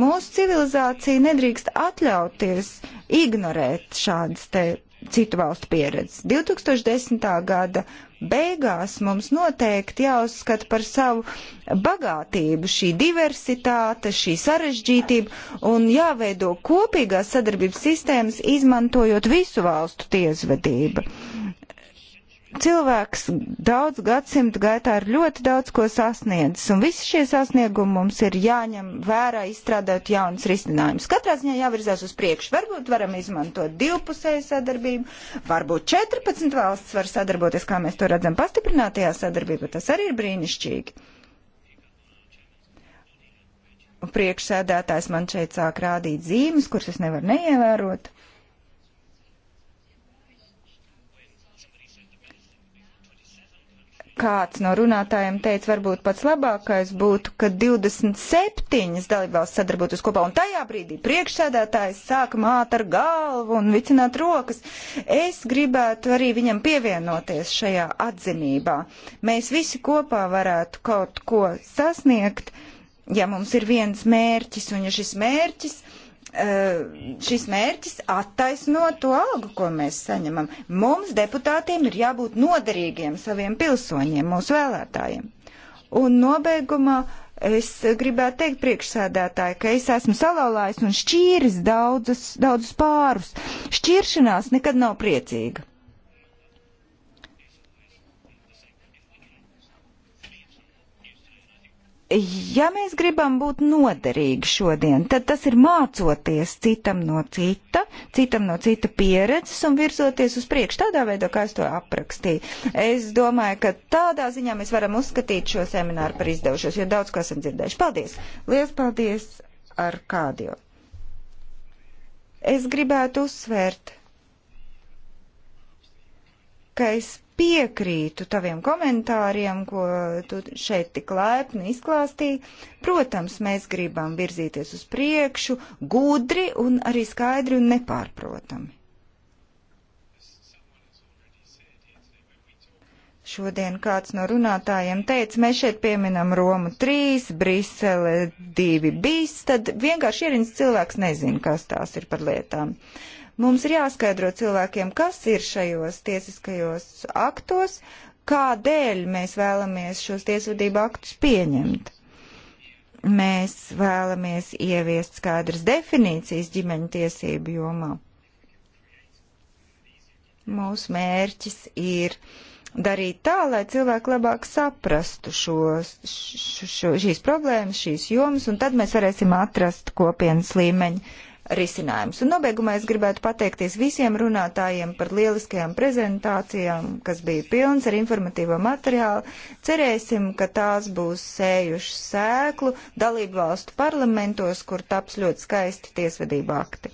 Speaker 3: mūsu civilizācija nedrīkst atļauties ignorēt šādas te citu valstu pieredzes. 2010. gada beigās mums noteikti jāuzskata par savu bagātību, šī diversitāte, šī sarežģītība un jāveido kopīgās sadarbības sistēmas, izmantojot visu valstu tiesvedību cilvēks daudz gadsimtu gaitā ir ļoti daudz ko sasniedzis, un visi šie sasniegumi mums ir jāņem vērā, izstrādāt jaunas risinājumus. Katrā ziņā jāvirzās uz priekšu. Varbūt varam izmantot divpusēju sadarbību, varbūt 14 valsts var sadarboties, kā mēs to redzam pastiprinātajā sadarbībā. Tas arī ir brīnišķīgi. Priekšsēdētājs man šeit sāk rādīt zīmes, kuras es nevaru neievērot. kāds no runātājiem teica, varbūt pats labākais būtu, ka 27 dalībvalsts sadarbotos kopā, un tajā brīdī priekšsēdētājs sāka māt ar galvu un vicināt rokas. Es gribētu arī viņam pievienoties šajā atzinībā. Mēs visi kopā varētu kaut ko sasniegt, ja mums ir viens mērķis, un ja šis mērķis Eh, šis mērķis attaisno to algu, ko mēs saņemam. Mums, deputātiem, ir jābūt noderīgiem saviem pilsoņiem, mūsu vēlētājiem. Un nobeigumā es gribētu teikt priekšsēdētāji, ka es esmu salauzājis un šķīris daudzus, daudzus pārus. Šķiršanās nekad nav priecīga. ja mēs gribam būt noderīgi šodien, tad tas ir mācoties citam no cita, citam no cita pieredzes un virzoties uz priekšu tādā veidā, kā es to aprakstīju. Es domāju, ka tādā ziņā mēs varam uzskatīt šo semināru par izdevušos, jo daudz ko esam dzirdējuši. Paldies! Lielas paldies ar kādio! Es gribētu uzsvērt, ka es piekrītu taviem komentāriem, ko tu šeit tik laipni izklāstīji. Protams, mēs gribam virzīties uz priekšu gudri un arī skaidri un nepārprotami. Šodien kāds no runātājiem teica, mēs šeit pieminam Romu 3, Brisele 2 bis, tad vienkārši ierins cilvēks nezina, kas tās ir par lietām. Uh, Mums ir jāskaidro cilvēkiem, kas ir šajos tiesiskajos aktos, kādēļ mēs vēlamies šos tiesvedību aktus pieņemt. Mēs vēlamies ieviest skaidras definīcijas ģimeņu tiesību jomā. Mūsu mērķis ir darīt tā, lai cilvēki labāk saprastu šos, šo, šīs problēmas, šīs jomas, un tad mēs varēsim atrast kopienas līmeņa risinājumus. Un nobeigumā es gribētu pateikties visiem runātājiem par lieliskajām prezentācijām, kas bija pilns ar informatīvo materiālu. Cerēsim, ka tās būs sējušas sēklu dalību valstu parlamentos, kur taps ļoti skaisti tiesvedību akti.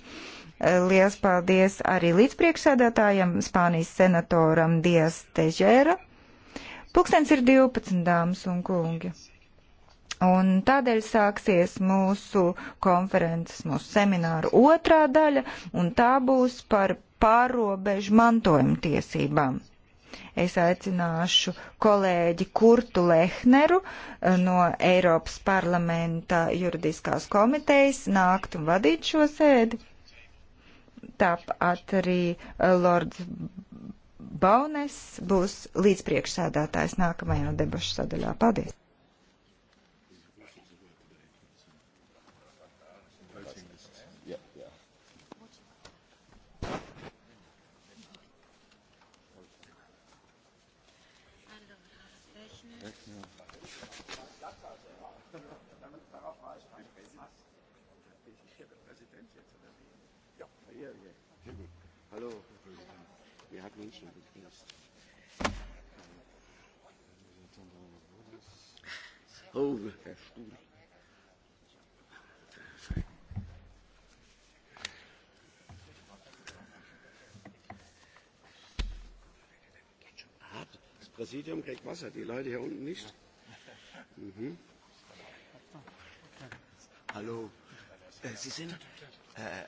Speaker 3: Eh, Lielas paldies arī līdzpriekšsēdētājam, Spānijas senatoram Dias Težēra. Pūkstens ir 12, dāmas un kungi. Un tādēļ sāksies mūsu konferences, mūsu semināru otrā daļa, un tā būs par pārobežu mantojuma tiesībām. Es aicināšu kolēģi Kurtu Lehneru eh, no Eiropas parlamenta juridiskās komitejas nākt un vadīt šo sēdi. Tāpat arī eh, Lords Baunes būs līdzpriekšsēdētājs nākamajā debašu sadaļā. Paldies!
Speaker 1: Over, Herr Stuhl. Das Präsidium kriegt Wasser, die Leute hier unten nicht. Mhm.
Speaker 3: Hallo. Äh, Sie sind. Äh, äh,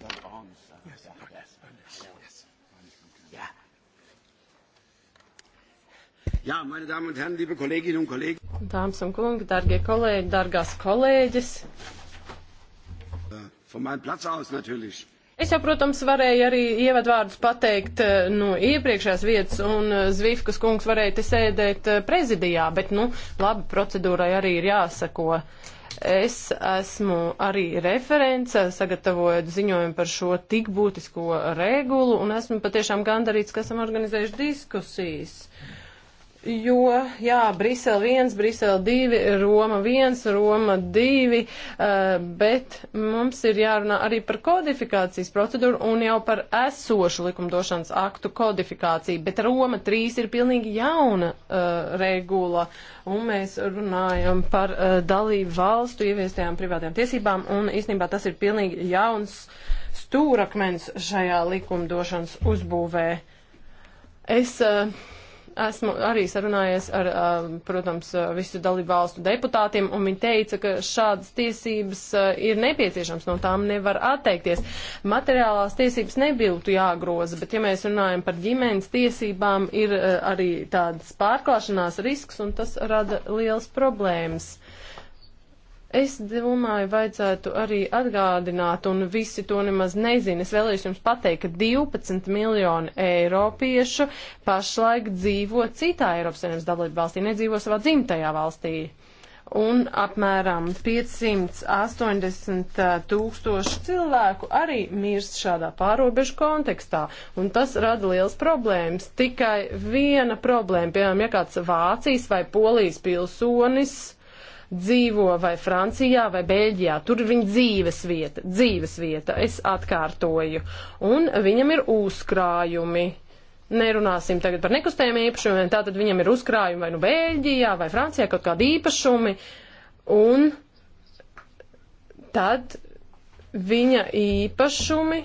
Speaker 3: Lord äh, Arms.
Speaker 1: Yes. Yes. Yes. Ja. Jā, meine Damen un Herren, liebe Kolleginnen un Kollegen. Dāmas un kungi, dargie kolēģi, dargās kolēģis. Äh, von meinem Platz aus natürlich. Es jau, protams, varēju arī ievadvārdus pateikt eh, no nu, iepriekšējās vietas, un eh, Zvifkas kungs varēja te sēdēt eh, prezidijā, bet, nu, labi, procedūrai arī ir jāsako. Es esmu arī referents, sagatavoju ziņojumu par šo tik būtisko regulu, un esmu patiešām gandarīts, ka esam organizējuši diskusijas. Uh, Jo, jā, Brisele 1, Brisele 2, Roma 1, Roma 2, eh, bet mums ir jārunā arī par kodifikācijas procedūru un jau par esošu likumdošanas aktu kodifikāciju, bet Roma 3 ir pilnīgi jauna uh, regula, un mēs runājam par uh, dalību valstu ieviestajām privātajām tiesībām, un īstenībā tas ir pilnīgi jauns stūrakmens šajā likumdošanas uzbūvē. Es, uh, Esmu arī sarunājies ar, um, protams, visu dalību valstu deputātiem, un viņi teica, ka šādas tiesības uh, ir nepieciešams, no tām nevar atteikties. Materiālās tiesības nebūtu jāgroza, bet, ja mēs runājam par ģimenes tiesībām, ir uh, arī tādas pārklāšanās risks, un tas rada liels problēmas. Es domāju, vajadzētu arī atgādināt, un visi to nemaz nezina. Es vēlēšu jums pateikt, ka 12 miljoni eiropiešu pašlaik dzīvo citā Eiropas Savienības dalību valstī, nedzīvo savā dzimtajā valstī. Un apmēram 580 tūkstoši cilvēku arī mirst šādā pārobežu kontekstā. Un tas rada liels problēmas. Tikai viena problēma, piemēram, ja kāds Vācijas vai Polijas pilsonis dzīvo vai Francijā vai Bēļģijā. Tur ir viņa dzīves vieta, dzīves vieta, es atkārtoju. Un viņam ir uzkrājumi. Nerunāsim tagad par nekustējumiem īpašumiem, tātad viņam ir uzkrājumi vai nu Bēļģijā vai Francijā kaut kādi īpašumi. Un tad viņa īpašumi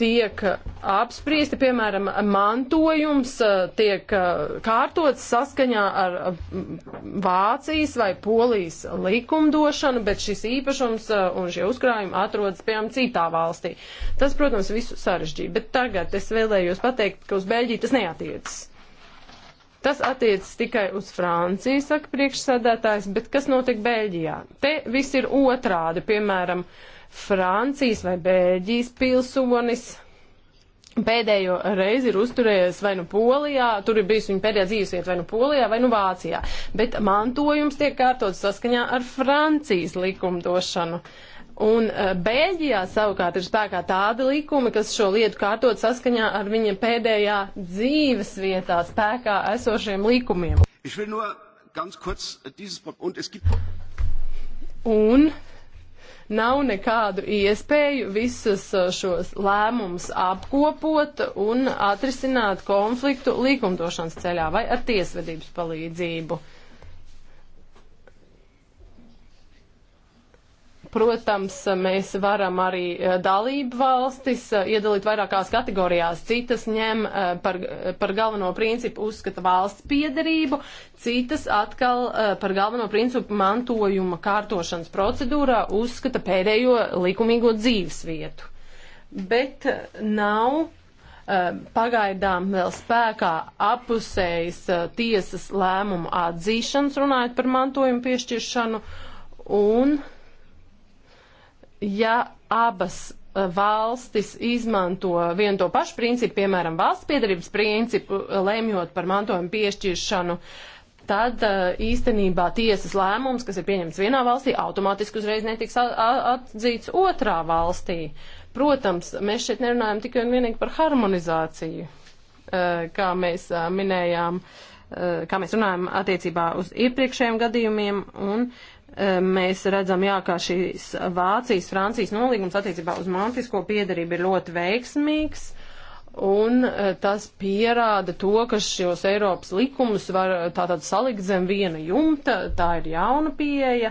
Speaker 1: tiek apspriesti, piemēram, mantojums eh, tiek eh, kārtots saskaņā ar mm, Vācijas vai Polijas likumdošanu, bet šis īpašums eh, un šie uzkrājumi atrodas, piemēram, citā valstī. Tas, protams, visu sarežģīja, bet tagad es vēlējos pateikt, ka uz Beļģiju tas neatiecas. Tas attiecas tikai uz Franciju, saka priekšsēdētājs, bet kas notiek Beļģijā? Te viss ir otrādi, piemēram, uh, Francijas vai Bēļģijas pilsonis pēdējo reizi ir uzturējies vai nu Polijā, tur ir bijusi viņa pēdējā dzīvesvieta vai nu Polijā vai nu Vācijā, bet mantojums tiek kārtots saskaņā ar Francijas likumdošanu. Un e, Bēļģijā savukārt ir spēkā tādi likumi, kas šo lietu kārtot saskaņā ar viņa pēdējā dzīves vietā spēkā esošiem likumiem. Un nav nekādu iespēju visus uh, šos lēmumus apkopot un atrisināt konfliktu likumdošanas ceļā vai ar tiesvedības palīdzību. Protams, mēs varam arī eh, dalību valstis eh, iedalīt vairākās kategorijās. Citas ņem eh, par, par galveno principu uzskata valsts piederību, citas atkal par galveno principu mantojuma kārtošanas procedūrā uzskata pēdējo likumīgo dzīvesvietu. Bet nav pagaidām vēl spēkā apusējas tiesas lēmumu atzīšanas runājot par mantojumu piešķiršanu un uh, ja abas eh, valstis izmanto vienu to pašu principu, piemēram, valsts piedarības principu, eh, lemjot par mantojumu piešķiršanu, tad eh, īstenībā tiesas lēmums, kas ir pieņemts vienā valstī, automātiski uzreiz netiks atzīts otrā valstī. Protams, mēs šeit nerunājam tikai un vienīgi par harmonizāciju, kā mēs minējām, kā mēs runājam attiecībā uz iepriekšējiem gadījumiem, un uh, mēs redzam, jā, kā šīs Vācijas, Francijas nolīgums attiecībā uz mantisko piedarību ir ļoti veiksmīgs. Un e, tas pierāda to, ka šos Eiropas likumus var e, tātad salikt zem viena jumta, tā ir jauna pieeja,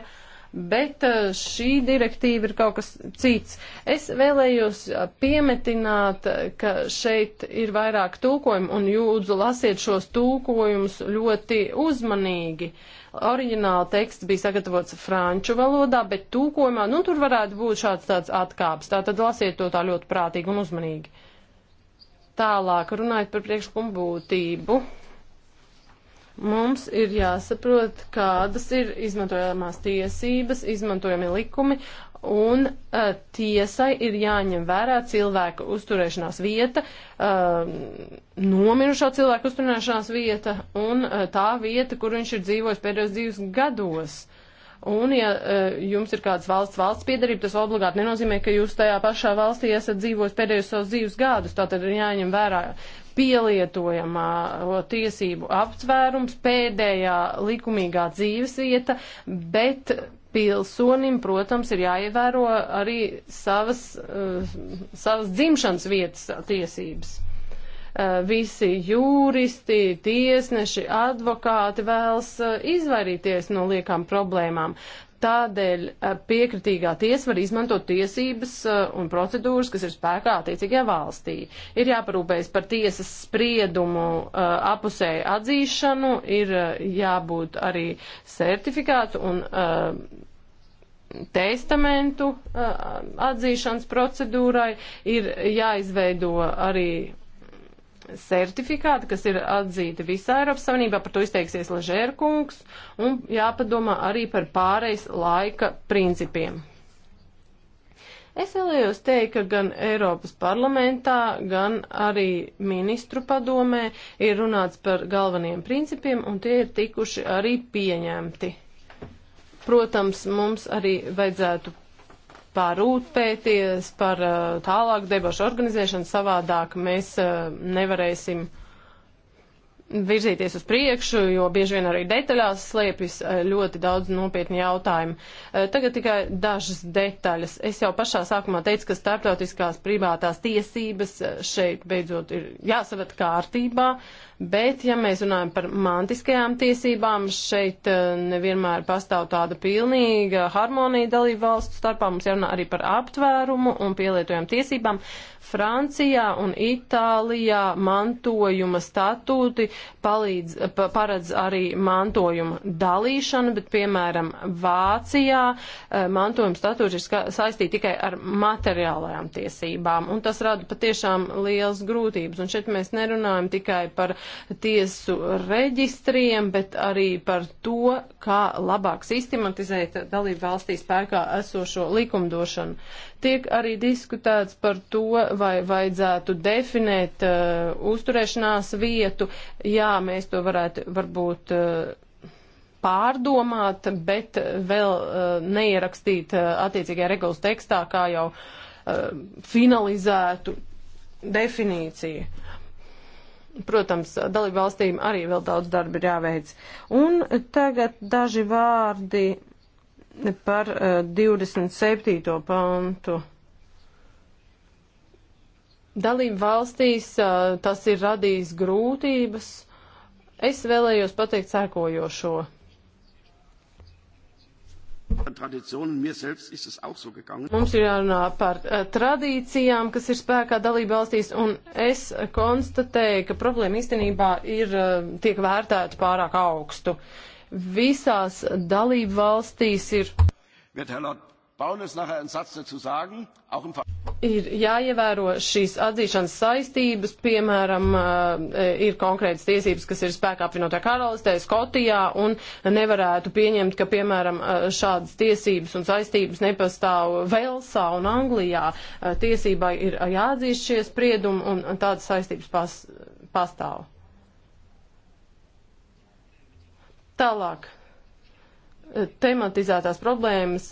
Speaker 1: bet e, šī direktīva ir kaut kas cits. Es vēlējos piemetināt, ka šeit ir vairāk tūkojumu un jūdzu lasiet šos tūkojumus ļoti uzmanīgi. Uh, Oriģināla teksts bija sagatavots franču valodā, bet tūkojumā, nu, tur varētu būt šāds tāds atkāps. Tātad lasiet to tā ļoti prātīgi un uzmanīgi. Tālāk runājot par priekšlikumu būtību. Mums ir jāsaprot, kādas ir izmantojamās tiesības, izmantojami likumi un uh, tiesai ir jāņem vērā cilvēka uzturēšanās vieta, uh, nomirušā cilvēka uzturēšanās vieta un uh, tā vieta, kur viņš ir dzīvojis pēdējos dzīves gados. Un, ja uh, jums ir kāds valsts valsts piedarība, tas obligāti nenozīmē, ka jūs tajā pašā valstī esat dzīvojis pēdējos savus dzīves gadus. Tātad ir jāņem vērā pielietojamā uh, tiesību aptvērums, pēdējā likumīgā dzīves vieta, bet pilsonim, protams, ir jāievēro arī savas, uh, savas dzimšanas vietas tiesības. Uh, visi juristi, tiesneši, advokāti vēlas uh, izvairīties no liekām problēmām. Tādēļ eh, piekritīgā tiesa var izmantot tiesības eh, un procedūras, kas ir spēkā attiecīgajā valstī. Ir jāparūpējas par tiesas spriedumu eh, apusēju atzīšanu, ir jābūt arī certifikātu un testamentu atzīšanas procedūrai, ir jāizveido arī certifikāti, kas ir atzīti visā Eiropas Savienībā, par to izteiksies Ležērkungs, un jāpadomā arī par pārejas laika principiem. Es vēlējos teikt, ka gan Eiropas parlamentā, gan arī ministru padomē ir runāts par galveniem principiem, un tie ir tikuši arī pieņemti. Protams, mums arī vajadzētu parūpēties par uh, tālāku debašu organizēšanu, savādāk mēs uh, nevarēsim virzīties uz priekšu, jo bieži vien arī detaļās slēpjas eh, ļoti daudz nopietni jautājumu. Eh, tagad tikai dažas detaļas. Es jau pašā sākumā teicu, ka starptautiskās privātās tiesības eh, šeit beidzot ir jāsavet kārtībā, bet ja mēs runājam par mantiskajām tiesībām, šeit nevienmēr pastāv tāda pilnīga harmonija dalību valstu starpā. Mums jārunā arī par aptvērumu un pielietojām tiesībām. Francijā un Itālijā mantojuma statūti palīdz, paredz arī mantojuma dalīšanu, bet, piemēram, Vācijā eh, mantojuma statūts ir saistīts tikai ar materiālajām tiesībām, un tas rada patiešām liels grūtības. Un šeit mēs nerunājam tikai par tiesu reģistriem, bet arī par to, kā labāk sistematizēt dalību valstīs spēkā esošo likumdošanu. Tiek arī diskutēts par to, vai vajadzētu definēt uh, uzturēšanās vietu, jā, mēs to varētu varbūt eh, pārdomāt, bet vēl eh, neierakstīt eh, attiecīgajā regulas tekstā, kā jau finalizētu definīciju. Protams, dalību valstīm arī vēl daudz darba ir jāveic. Un tagad daži vārdi par 27. pantu. Dalību valstīs tas ir radījis grūtības. Es vēlējos pateikt sēkojošo.
Speaker 3: Mums ir jārunā par
Speaker 1: tradīcijām, kas ir spēkā dalība valstīs, un es konstatēju, ka problēma īstenībā ir, tiek vērtēta pārāk augstu. Visās dalība valstīs ir.
Speaker 2: Viet, Baunes nachher einen Satz dazu sagen, auch im Ver
Speaker 1: Ir jāievēro šīs atzīšanas saistības, piemēram, ir konkrētas tiesības, kas ir spēkā apvienotā karalistē, Skotijā, un nevarētu pieņemt, ka, piemēram, šādas tiesības un saistības nepastāv Velsā un Anglijā. Tiesībai ir jāatzīst šie spriedumi, un tādas saistības pas, pastāv. Tālāk tematizētās problēmas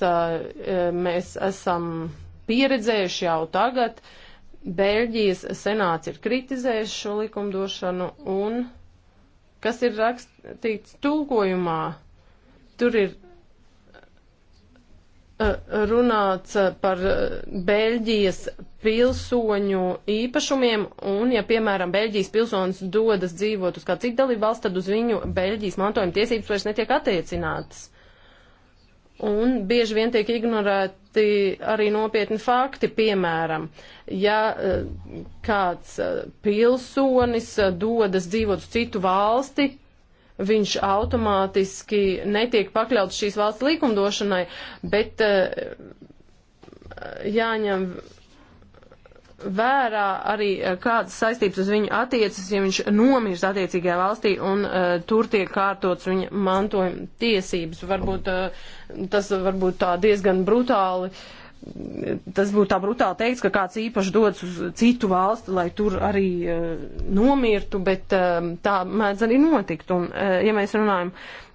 Speaker 1: mēs esam pieredzējuši jau tagad. Bēļģijas senāts ir kritizējis šo likumdošanu un kas ir rakstīts tulkojumā, tur ir runāts par Beļģijas pilsoņu īpašumiem, un ja, piemēram, Beļģijas pilsonis dodas dzīvot uz kā citu dalību valsts, tad uz viņu Beļģijas mantojuma tiesības vairs netiek attiecinātas. Uh, un bieži vien tiek ignorēti arī nopietni fakti, piemēram, ja eh, kāds eh, pilsonis eh, dodas dzīvot uz citu valsti, viņš automātiski netiek pakļauts šīs valsts likumdošanai, bet jāņem vērā arī eh, kādas saistības uz viņu attiecas, ja viņš nomirst attiecīgajā valstī un uh, tur tiek kārtots viņa mantojuma tiesības. Varbūt uh, tas varbūt tā diezgan brutāli. Tas būtu tā brutāli teikt, ka kāds īpaši dodas uz citu valsti, lai tur arī uh, nomirtu, bet uh, tā mēdz arī notikt. Un, uh, ja mēs runājam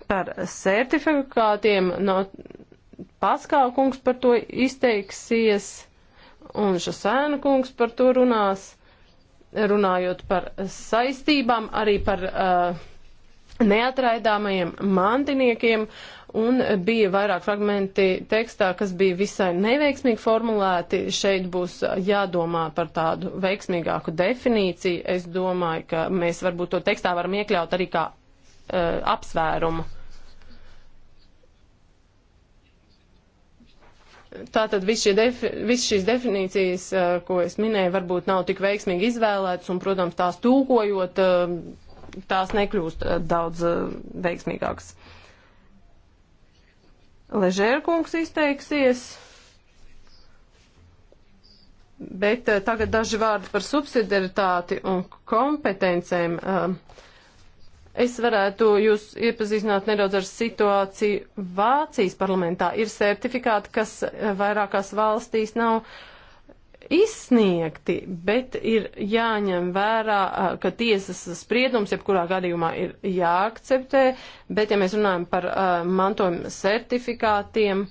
Speaker 1: par certifikātiem, no, Paskāl kungs par to izteiksies un Šasēna kungs par to runās, runājot par saistībām, arī par uh, neatraidāmajiem mantiniekiem, un bija vairāk fragmenti tekstā, kas bija visai neveiksmīgi formulēti. Šeit būs jādomā par tādu veiksmīgāku definīciju. Es domāju, ka mēs varbūt to tekstā varam iekļaut arī kā uh, apsvērumu. Tātad viss šie defi vis šīs definīcijas, eh, ko es minēju, varbūt nav tik veiksmīgi izvēlētas, un, protams, tās tūkojot, eh, tās nekļūst eh, daudz veiksmīgākas. Ležērkungs izteiksies, bet tagad daži vārdi par subsidiaritāti un kompetencēm. Uh, Es varētu jūs iepazīstināt nedaudz ar situāciju Vācijas parlamentā. Ir certifikāti, kas vairākās valstīs nav izsniegti, bet ir jāņem vērā, ka tiesas spriedums jebkurā gadījumā ir jāakceptē, bet ja mēs runājam par uh, mantojuma certifikātiem,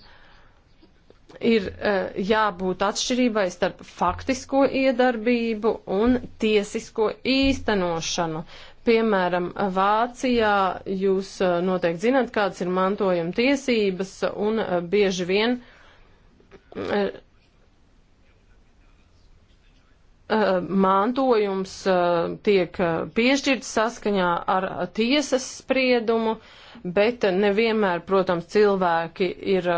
Speaker 1: ir uh, jābūt atšķirībai starp faktisko iedarbību un tiesisko īstenošanu Piemēram, Vācijā jūs eh, noteikti zināt, kādas ir mantojuma tiesības un eh, bieži vien eh, mantojums tiek piešķirts saskaņā ar tiesas spriedumu, bet nevienmēr, protams, cilvēki ir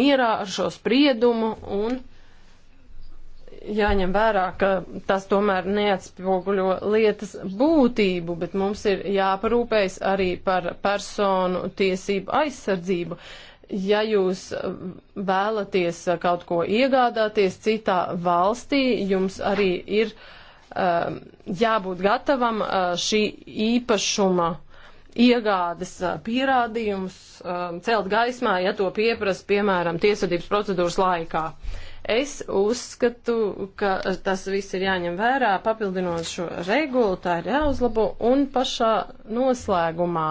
Speaker 1: mierā ar šo spriedumu un jāņem vērā, ka tas tomēr neatspoguļo lietas būtību, bet mums ir jāparūpējas arī par personu tiesību aizsardzību. Ja jūs vēlaties kaut ko iegādāties citā valstī, jums arī ir um, jābūt gatavam uh, šī īpašuma iegādes uh, pierādījumus um, celt gaismā, ja to pieprasa, piemēram, tiesvedības procedūras laikā. Uh, Es uzskatu, ka tas viss ir jāņem vērā, papildinot šo regulu, tā ir jāuzlabo un pašā noslēgumā.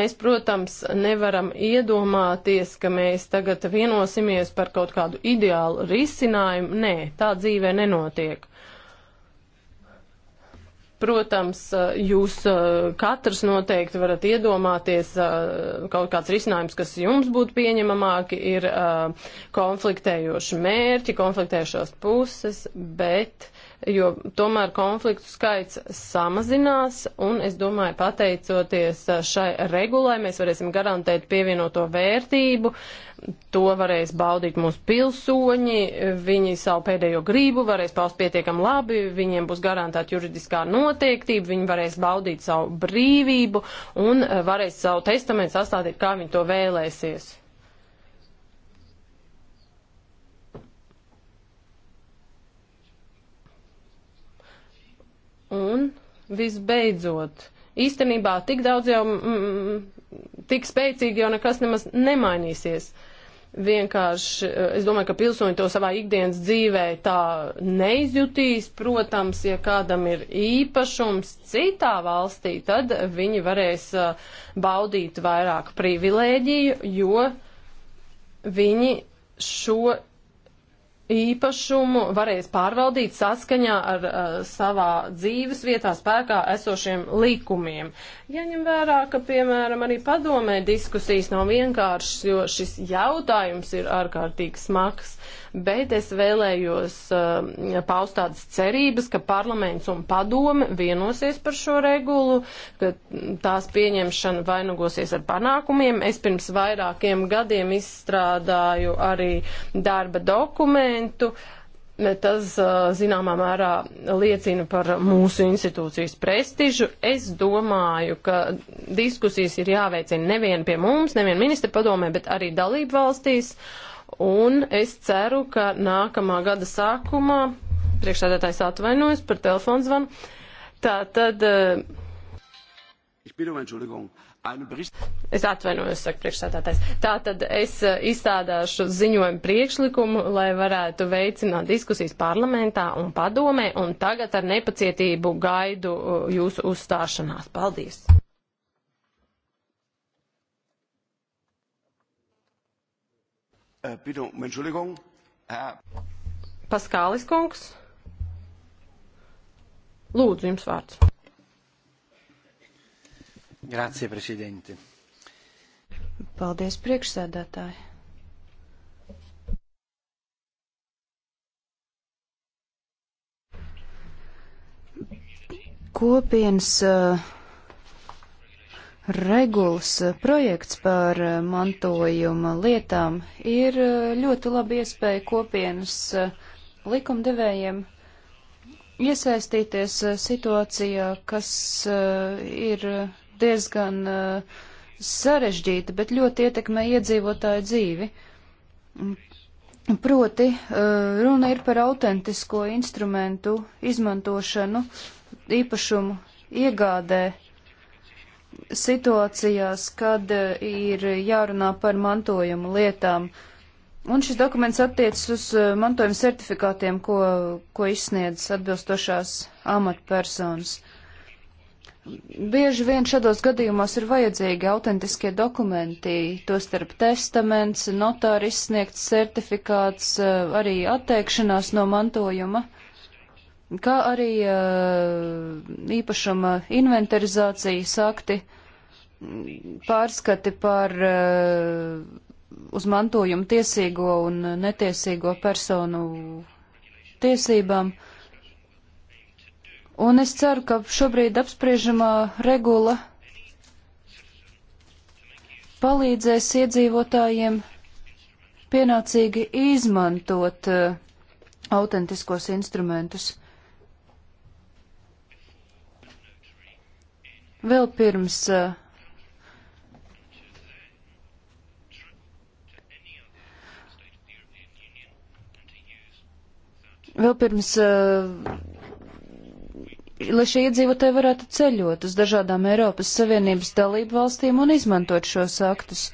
Speaker 1: Mēs, protams, nevaram iedomāties, ka mēs tagad vienosimies par kaut kādu ideālu risinājumu. Nē, tā dzīvē nenotiek. Protams, jūs katrs noteikti varat iedomāties kaut kāds risinājums, kas jums būtu pieņemamāki, ir konfliktējoši mērķi, konfliktējošās puses, bet jo tomēr konfliktu skaits samazinās, un es domāju, pateicoties uh, šai regulai, mēs varēsim garantēt pievienoto vērtību, to varēs baudīt mūsu pilsoņi, viņi savu pēdējo grību varēs paust pietiekam labi, viņiem būs garantēta juridiskā noteiktība, viņi varēs baudīt savu brīvību un uh, varēs savu testamentu sastādīt, kā viņi to vēlēsies. Un visbeidzot, īstenībā tik daudz jau, mm, mm, mm, tik spēcīgi jau nekas nemaz nemainīsies. Vienkārši eh, es domāju, ka pilsoņi to savā ikdienas dzīvē tā neizjutīs. Protams, ja kādam ir īpašums citā valstī, tad viņi varēs eh, baudīt vairāk privilēģiju, jo viņi šo īpašumu varēs pārvaldīt saskaņā ar uh, savā dzīves vietā spēkā esošiem likumiem. Jaņem vērā, ka, piemēram, arī padomē diskusijas nav vienkāršas, jo šis jautājums ir ārkārtīgi smags. Uh, bet es vēlējos uh, paust tādas cerības, ka parlaments un padome vienosies par šo regulu, ka tās pieņemšana vainagosies ar panākumiem. Es pirms vairākiem gadiem izstrādāju arī darba dokumentu. Tas, eh, zināmā mērā, liecina par mūsu institūcijas prestižu. Es domāju, ka diskusijas ir jāveicina nevien pie mums, nevien ministra padomē, bet arī dalību valstīs. Uh, Un es ceru, ka nākamā gada sākumā priekšsēdētājs atvainojas par telefonu zvanu. Tā tad. Eh, um es atvainojos, saka priekšsēdētājs. Tā tad es eh, izstādāšu ziņojumu priekšlikumu, lai varētu veicināt diskusijas parlamentā un padomē, un tagad ar nepacietību gaidu eh, jūsu uzstāšanās. Paldies!
Speaker 2: Äh, bitte um Entschuldigung. Herr
Speaker 1: Paskālis kungs. Lūdzu, jums vārds.
Speaker 2: Grazie, prezidente.
Speaker 1: Paldies, priekšsēdētāji.
Speaker 2: Kopienas uh, regulas eh, projekts par eh, mantojuma lietām ir eh, ļoti laba iespēja kopienas likumdevējiem iesaistīties situācijā, kas ir diezgan sarežģīta, bet ļoti ietekmē iedzīvotāju dzīvi. Proti, runa ir par autentisko instrumentu izmantošanu īpašumu iegādē situācijās, kad eh, ir jārunā par mantojuma lietām. Un šis dokuments attiecas uz eh, mantojuma certifikātiem, ko, ko izsniedz atbilstošās amatpersonas. Bieži vien šādos gadījumos ir vajadzīgi autentiskie dokumenti, tostarp testaments, notāri izsniegts certifikāts, eh, arī atteikšanās no mantojuma kā arī eh, īpašuma inventarizācijas akti, pārskati par eh, uz mantojumu tiesīgo un netiesīgo personu tiesībām. Un es ceru, ka šobrīd apspriežamā regula palīdzēs iedzīvotājiem pienācīgi izmantot uh, autentiskos instrumentus. Uh, Vēl pirms uh, vēl pirms, eh, lai šie iedzīvotāji varētu ceļot uz dažādām Eiropas Savienības dalību valstīm un izmantot šos aktus.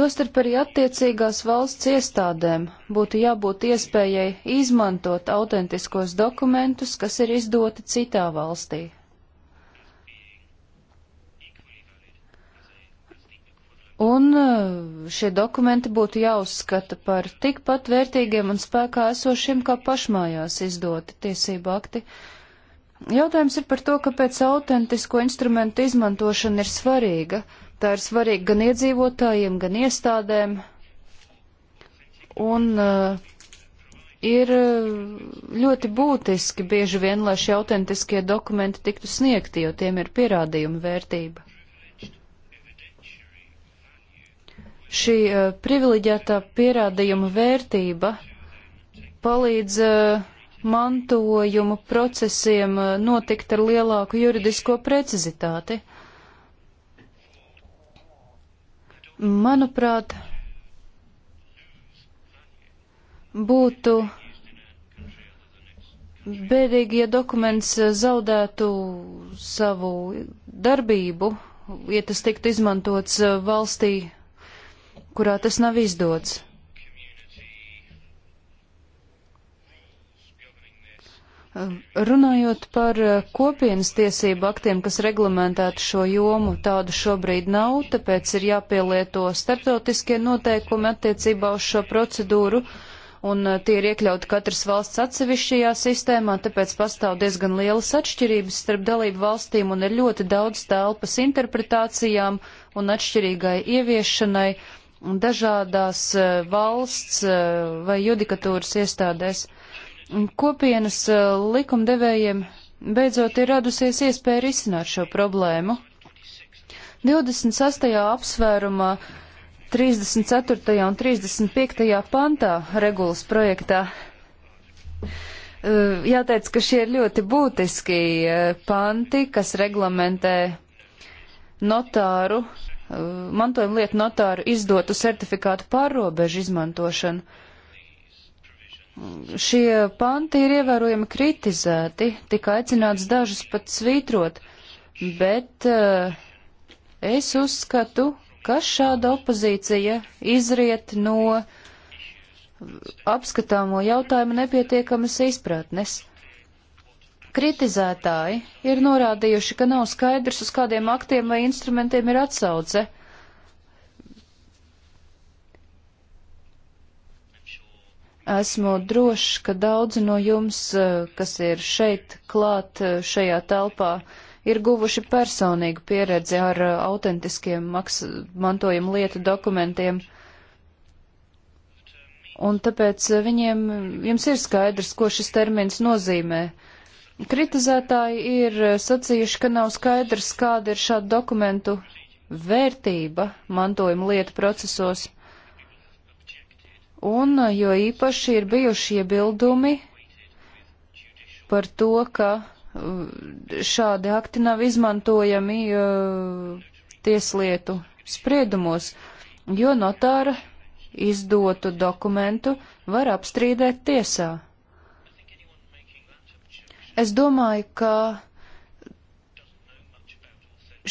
Speaker 2: Tostarp arī attiecīgās valsts iestādēm būtu jābūt iespējai izmantot autentiskos dokumentus, kas ir izdoti citā valstī. Un uh, šie dokumenti būtu jāuzskata par tikpat vērtīgiem un spēkā esošiem kā pašmājās izdoti tiesību akti. Jautājums ir par to, kāpēc autentisko instrumentu izmantošana ir svarīga. Tā ir svarīga gan iedzīvotājiem, gan iestādēm. Un uh, ir uh, ļoti būtiski bieži vien, lai šie autentiskie dokumenti tiktu sniegti, jo tiem ir pierādījuma vērtība. šī uh, privileģētā pierādījuma vērtība palīdz uh, mantojumu procesiem uh, notikt ar lielāku juridisko precizitāti. Manuprāt, būtu bēdīgi, ja dokuments zaudētu savu darbību, ja tas tiktu izmantots valstī kurā tas nav izdots. Um, runājot par uh, kopienas tiesību aktiem, kas reglamentētu šo jomu, tādu šobrīd nav, tāpēc ir jāpielieto starptautiskie noteikumi attiecībā uz šo procedūru, un uh, tie ir iekļauti katras valsts atsevišķajā sistēmā, tāpēc pastāv diezgan lielas atšķirības starp dalību valstīm un ir ļoti daudz telpas interpretācijām un atšķirīgai ieviešanai. Uh, dažādās eh, valsts eh, vai judikatūras iestādēs. Kopienas eh, likumdevējiem beidzot ir radusies iespēja risināt šo problēmu. 26. apsvērumā 34. un 35. pantā regulas projektā jāteic, ka šie ir ļoti būtiski panti, kas reglamentē notāru Eh, mantojuma lietu notāru izdotu certifikātu pārrobežu izmantošanu. Šie panti ir ievērojami kritizēti, tika aicināts dažus pat svītrot, bet uh, es uzskatu, ka šāda opozīcija izriet no eh, apskatāmo jautājumu nepietiekamas izpratnes. Kritizētāji ir norādījuši, ka nav skaidrs, uz kādiem aktiem vai instrumentiem ir atsauce. Esmu drošs, ka daudzi no jums, eh, kas ir šeit klāt eh, šajā telpā, ir guvuši personīgu pieredzi ar eh, autentiskiem mantojuma lietu dokumentiem un tāpēc viņiem, jums ir skaidrs, ko šis termins nozīmē. Kritizētāji ir eh, sacījuši, ka nav skaidrs, kāda ir šādu dokumentu vērtība mantojuma lietu procesos, un eh, jo īpaši ir bijuši iebildumi par to, ka eh, šādi akti nav izmantojami tieslietu spriedumos, jo notāra izdotu dokumentu var apstrīdēt tiesā. Es domāju, ka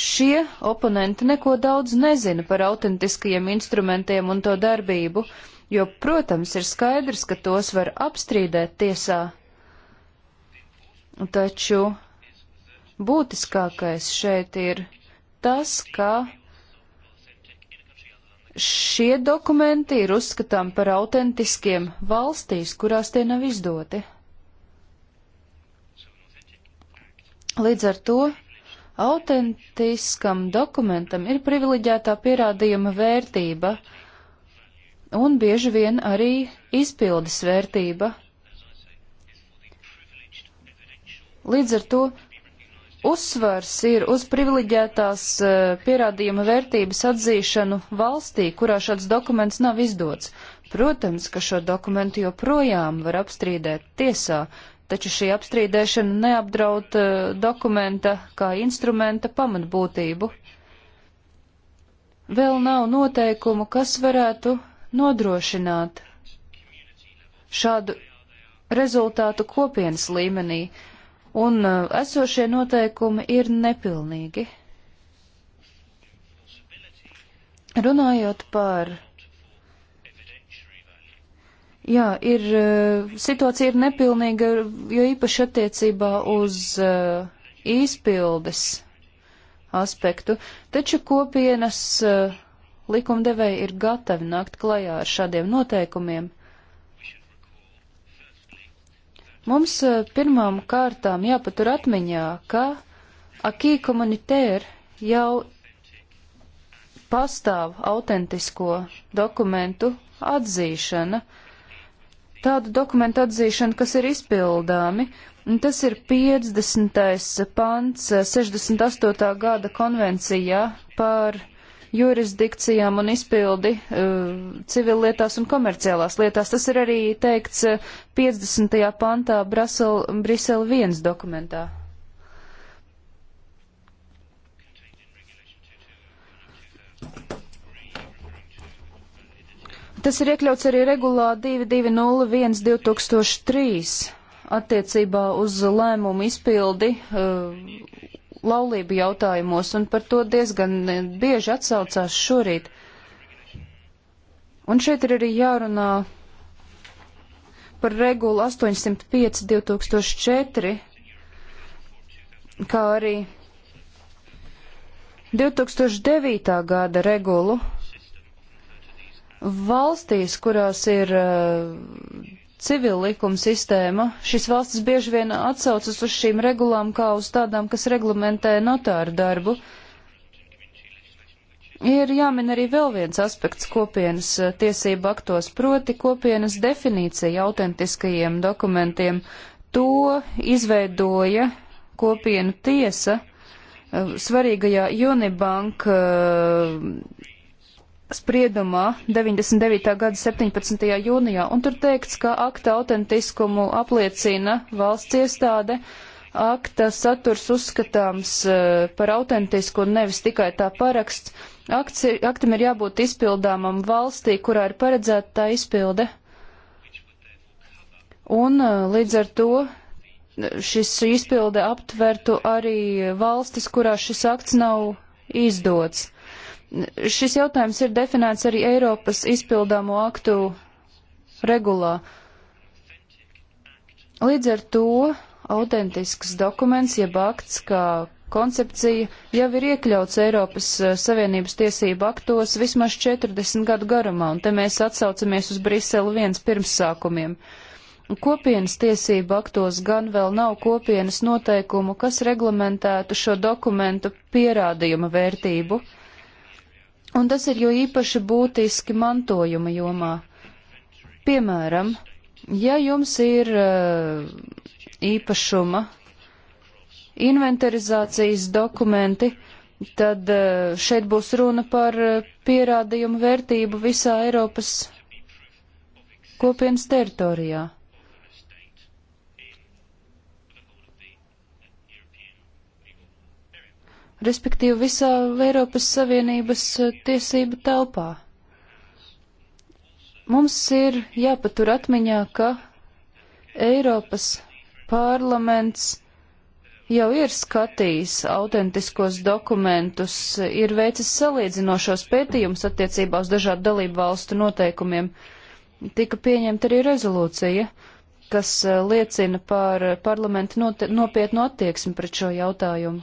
Speaker 2: šie oponenti neko daudz nezina par autentiskajiem instrumentiem un to darbību, jo, protams, ir skaidrs, ka tos var apstrīdēt tiesā. Taču būtiskākais šeit ir tas, ka šie dokumenti ir uzskatām par autentiskiem valstīs, kurās tie nav izdoti. Līdz ar to autentiskam dokumentam ir privileģētā pierādījuma vērtība un bieži vien arī izpildes vērtība. Līdz ar to uzsvars ir uz privileģētās eh, pierādījuma vērtības atzīšanu valstī, kurā šāds dokuments nav izdots. Protams, ka šo dokumentu joprojām var apstrīdēt tiesā, taču šī apstrīdēšana neapdraud eh, dokumenta kā instrumenta pamatbūtību. Vēl nav noteikumu, kas varētu nodrošināt šādu rezultātu kopienas līmenī, un eh, esošie noteikumi ir nepilnīgi. Runājot par Jā, ir, eh, situācija ir nepilnīga, jo īpaši attiecībā uz uh, izpildes aspektu, taču kopienas uh, likumdevēji ir gatavi nākt klajā ar šādiem noteikumiem. Mums uh, pirmām kārtām jāpatur atmiņā, ka akī komunitēri jau pastāv autentisko dokumentu atzīšana. Uh, tādu dokumentu atzīšanu, kas ir izpildāmi. Tas ir 50. pants 68. Eh, gada konvencijā par jurisdikcijām un izpildi eh, civillietās un komerciālās lietās. Tas ir arī teikts 50. Eh, pantā Brisel 1 dokumentā. Tas ir iekļauts arī regulā 2201-2003 attiecībā uz lēmumu izpildi uh, laulību jautājumos, un par to diezgan bieži atsaucās šorīt. Un šeit ir arī jārunā par regulu 805-2004, kā arī 2009. gada regulu 805-2004. Valstīs, kurās ir uh, eh, civila likuma sistēma, šīs valstis bieži vien atsaucas uz šīm regulām kā uz tādām, kas reglamentē notāru darbu. Ir jāmin arī vēl viens aspekts kopienas eh, tiesību aktos, proti kopienas definīcija autentiskajiem dokumentiem. To izveidoja kopienu tiesa eh, svarīgajā Unibank spriedumā 99. gada 17. jūnijā, un tur teikts, ka akta autentiskumu apliecina valsts iestāde, akta saturs uzskatāms e, par autentisku un nevis tikai tā paraksts. Akts ir, aktam ir jābūt izpildāmam valstī, kurā ir paredzēta tā izpilde. Un e, līdz ar to e, šis izpilde aptvertu arī valstis, kurā šis akts nav izdots. Šis jautājums ir definēts arī Eiropas izpildāmo aktu regulā. Līdz ar to autentisks dokuments, jeb akts, kā koncepcija, jau ir iekļauts Eiropas eh, Savienības tiesību aktos vismaz 40 gadu garumā, un te mēs atsaucamies uz Briseli viens pirmsākumiem. Kopienas tiesību aktos gan vēl nav kopienas noteikumu, kas reglamentētu šo dokumentu pierādījuma vērtību un tas ir jo īpaši būtiski mantojuma jomā. Piemēram, ja jums ir uh, īpašuma inventarizācijas dokumenti, tad uh, šeit būs runa par uh, pierādījumu vērtību visā Eiropas kopienas teritorijā. respektīvi visā Eiropas Savienības eh, tiesību telpā. Mums ir jāpatur atmiņā, ka Eiropas parlaments jau ir skatījis autentiskos dokumentus, ir veicis salīdzinošos pētījumus attiecībā uz dažādu dalību valstu noteikumiem. Tika pieņemta arī rezolūcija, kas eh, liecina par eh, parlamentu nopietnu attieksmi pret šo jautājumu.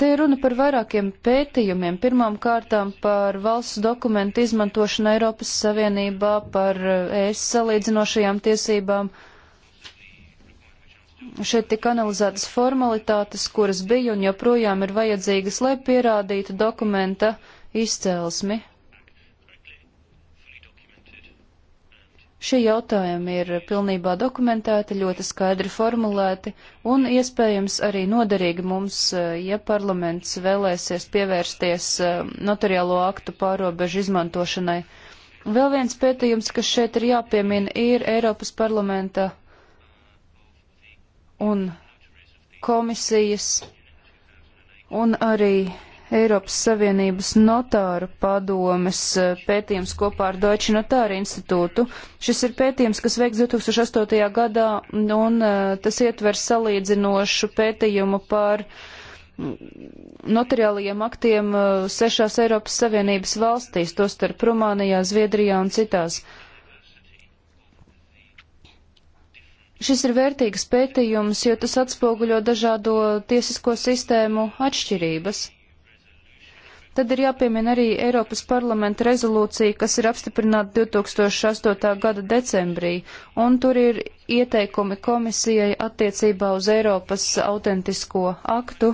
Speaker 2: Te ir runa par vairākiem pētījumiem. Pirmām kārtām par valsts dokumentu izmantošanu Eiropas Savienībā, par ES eh, salīdzinošajām tiesībām. Šeit tika analizētas formalitātes, kuras bija un joprojām ir vajadzīgas, lai pierādītu dokumenta izcēlesmi. Šie jautājumi ir pilnībā dokumentēti, ļoti skaidri formulēti un iespējams arī noderīgi mums, eh, ja parlaments vēlēsies pievērsties eh, notariālo aktu pārobežu izmantošanai. Vēl viens pētījums, kas šeit ir jāpiemina, ir Eiropas parlamenta un komisijas un arī Eiropas Savienības notāru padomes eh, pētījums kopā ar Deutsche Notāru institūtu. Šis ir pētījums, kas veikts 2008. gadā, un eh, tas ietver salīdzinošu pētījumu par mm, notariālajiem aktiem eh, sešās Eiropas Savienības valstīs, tostarp Rumānijā, Zviedrijā un citās. Šis ir vērtīgs pētījums, jo tas atspoguļo dažādo tiesisko sistēmu atšķirības. Tad ir jāpiemina arī Eiropas parlamenta rezolūcija, kas ir apstiprināta 2008. gada decembrī, un tur ir ieteikumi komisijai attiecībā uz Eiropas autentisko aktu,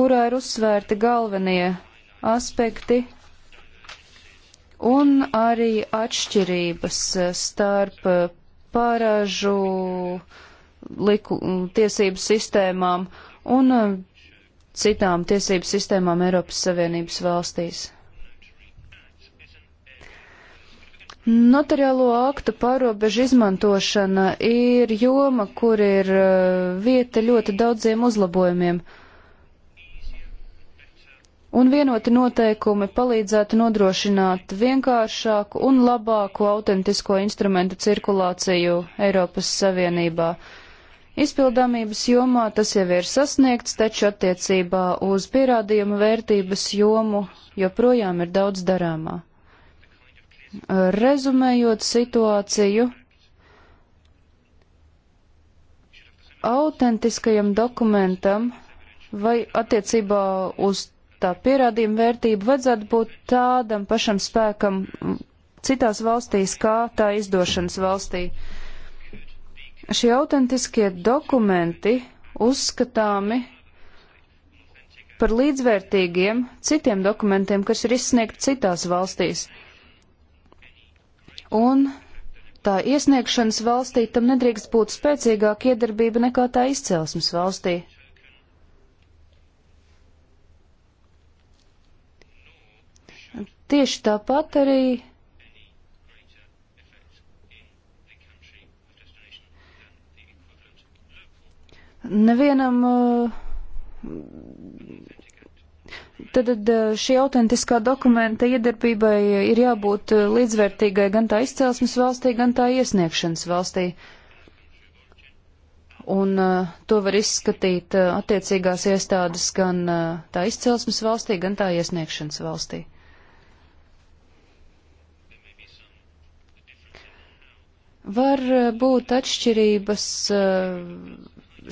Speaker 2: kurā ir uzsvērti galvenie aspekti un arī atšķirības starp pārāžu liku, tiesību sistēmām un citām tiesību sistēmām Eiropas Savienības valstīs. Notariālo aktu pārobežu izmantošana ir joma, kur ir uh, vieta ļoti daudziem uzlabojumiem un vienoti noteikumi palīdzētu nodrošināt vienkāršāku un labāku autentisko instrumentu cirkulāciju Eiropas Savienībā. Izpildāmības jomā tas jau ir sasniegts, taču attiecībā uz pierādījumu vērtības jomu joprojām ir daudz darāmā. Rezumējot situāciju, autentiskajam dokumentam vai attiecībā uz tā pierādījuma vērtību vajadzētu būt tādam pašam spēkam citās valstīs, kā tā izdošanas valstī. Uh, Šie autentiskie dokumenti uzskatāmi par līdzvērtīgiem citiem dokumentiem, kas ir izsniegti citās valstīs. Un tā iesniegšanas valstī tam nedrīkst būt spēcīgāka iedarbība nekā tā izcelsmes valstī. Tieši tāpat arī nevienam. Uh, tad uh, šī autentiskā dokumenta iedarbībai ir jābūt uh, līdzvērtīgai gan tā izcelsmes valstī, gan tā iesniegšanas valstī. Un to var izskatīt attiecīgās iestādes gan tā izcelsmes valstī, gan tā iesniegšanas valstī. Var būt atšķirības. Uh,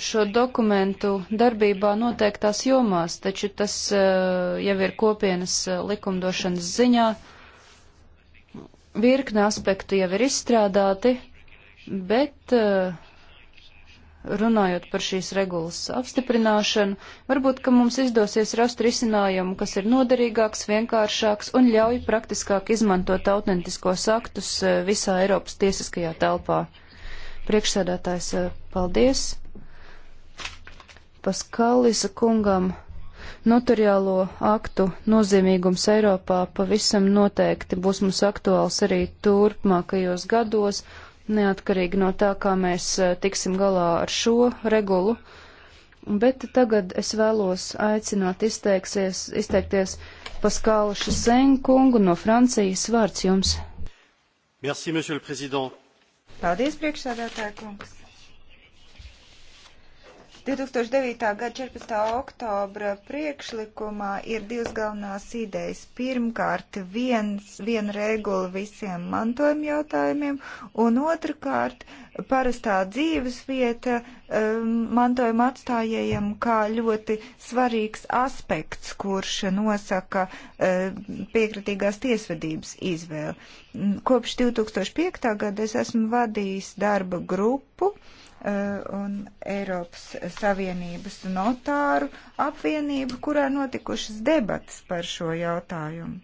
Speaker 2: šo dokumentu darbībā noteiktās jomās, taču tas eh, jau ir kopienas eh, likumdošanas ziņā. Virkne aspektu jau ir izstrādāti, bet eh, runājot par šīs regulas apstiprināšanu, varbūt, ka mums izdosies rast risinājumu, kas ir noderīgāks, vienkāršāks un ļauj praktiskāk izmantot autentiskos aktus visā Eiropas tiesiskajā telpā. Priekšsēdētājs, paldies! Paskalisa kungam notariālo aktu nozīmīgums Eiropā pavisam noteikti būs mums aktuāls arī turpmākajos gados, neatkarīgi no tā, kā mēs eh, tiksim galā ar šo regulu. Bet tagad es vēlos aicināt izteikties Paskāla Šasēn kungu no Francijas vārds jums.
Speaker 3: Merci, Paldies, priekšsādātāja kungs. 2009. gada 14. oktobra priekšlikumā ir divas galvenās idejas. Pirmkārt, viens, viena regula visiem mantojuma jautājumiem, un otrkārt, parastā dzīvesvieta um, mantojuma atstājējiem kā ļoti svarīgs aspekts, kurš nosaka um, piekritīgās tiesvedības izvēli. Kopš 2005. gada es esmu vadījis darba grupu, uh, Eh, un Eiropas Savienības notāru apvienību, kurā notikušas debatas par šo jautājumu.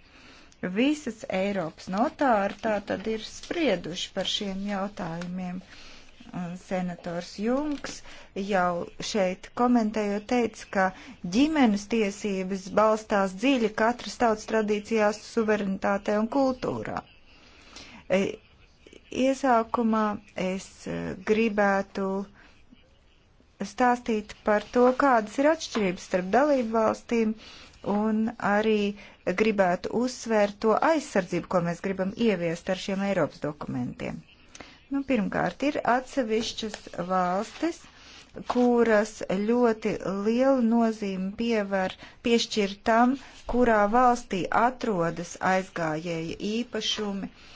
Speaker 3: Visas Eiropas notāri tā tad ir sprieduši par šiem jautājumiem. Un senators Junks jau šeit komentējot teica, ka ģimenes tiesības balstās dziļi katras tautas tradīcijās, suverenitātē un kultūrā eh, Iesākumā es eh, gribētu stāstīt par to, kādas ir atšķirības starp dalību valstīm un arī gribētu uzsvērt to aizsardzību, ko mēs gribam ieviest ar šiem Eiropas dokumentiem. Nu, pirmkārt, ir atsevišķas valstis, kuras ļoti lielu nozīmi pievar piešķir tam, kurā valstī atrodas aizgājēja īpašumi. Uh,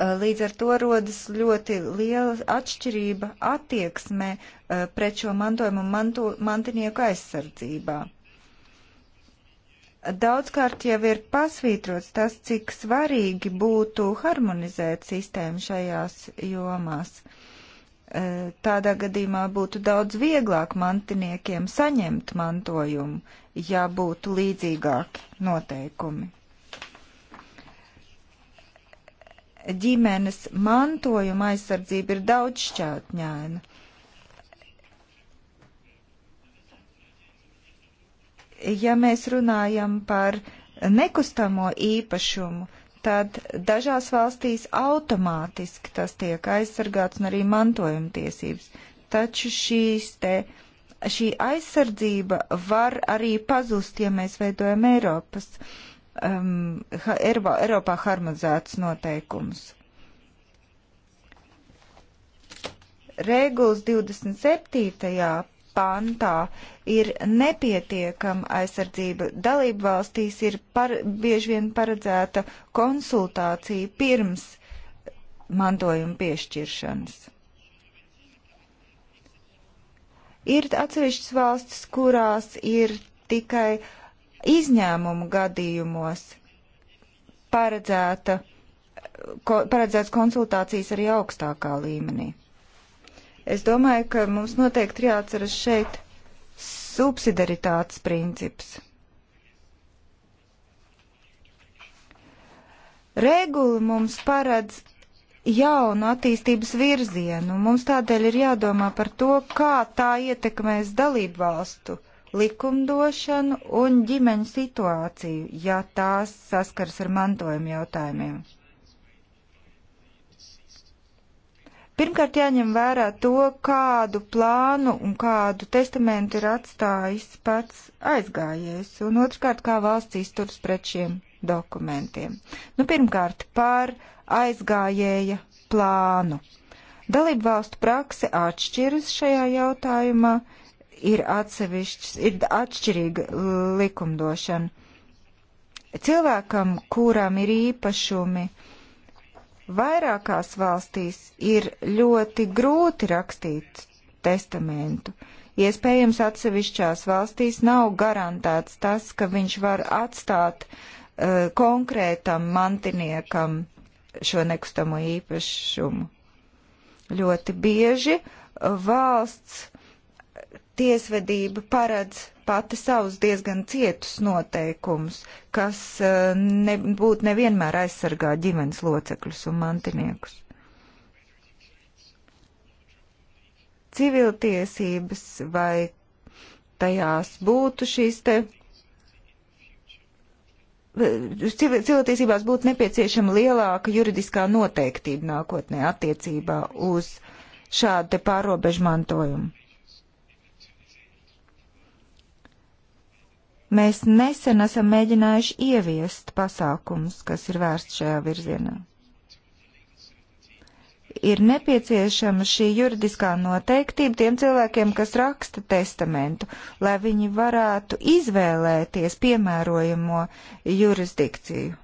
Speaker 3: Uh, līdz ar to rodas ļoti liela atšķirība attieksmē uh, pret šo mantojumu un mantu, mantinieku aizsardzībā. Daudzkārt jau ir pasvītrots tas, cik svarīgi būtu harmonizēt sistēmu šajās jomās. Uh, tādā gadījumā būtu daudz vieglāk mantiniekiem saņemt mantojumu, ja būtu līdzīgāki noteikumi. ģimenes mantojuma aizsardzība ir daudzšķautņaina. Ja mēs runājam par nekustamo īpašumu, tad dažās valstīs automātiski tas tiek aizsargāts un arī mantojuma tiesības. Taču šīs te, šī aizsardzība var arī pazust, ja mēs veidojam Eiropas uh, um, Eiropā, Eiropā harmonizētus noteikumus. Regulas 27. pantā ir nepietiekama aizsardzība. Dalību valstīs ir par, bieži vien paredzēta konsultācija pirms mantojuma piešķiršanas. Ir atsevišķas valstis, kurās ir tikai uh, Izņēmumu gadījumos paredzēta, ko, paredzēts konsultācijas arī augstākā līmenī. Es domāju, ka mums noteikti ir jāatceras šeit subsidaritātes princips. Regula mums paredz jaunu attīstības virzienu, un mums tādēļ ir jādomā par to, kā tā ietekmēs dalību valstu likumdošanu un ģimeņu situāciju, ja tās saskars ar mantojuma jautājumiem. Pirmkārt, jāņem vērā to, kādu plānu un kādu testamentu ir atstājis pats aizgājies, un otrkārt, kā valsts izturs pret šiem dokumentiem. Nu, pirmkārt, par aizgājēja plānu. Dalību valstu prakse atšķiras šajā jautājumā. Uh, ir atsevišķs, ir atšķirīga likumdošana. Cilvēkam, kuram ir īpašumi, vairākās valstīs ir ļoti grūti rakstīt testamentu. Iespējams, atsevišķās valstīs nav garantēts tas, ka viņš var atstāt uh, konkrētam mantiniekam šo nekustamo īpašumu. Ļoti bieži valsts tiesvedība paredz pati savus diezgan cietus noteikumus, kas e, nebūtu nevienmēr aizsargā ģimenes locekļus un mantiniekus. Civiltiesības vai tajās būtu šīs te e, cilvēktiesībās būtu nepieciešama lielāka juridiskā noteiktība nākotnē attiecībā uz šādu te pārobežu mantojumu. Mēs nesen esam mēģinājuši ieviest pasākumus, kas ir vērsts šajā virzienā. Ir nepieciešama šī juridiskā noteiktība tiem cilvēkiem, kas raksta testamentu, lai viņi varētu izvēlēties piemērojamo jurisdikciju.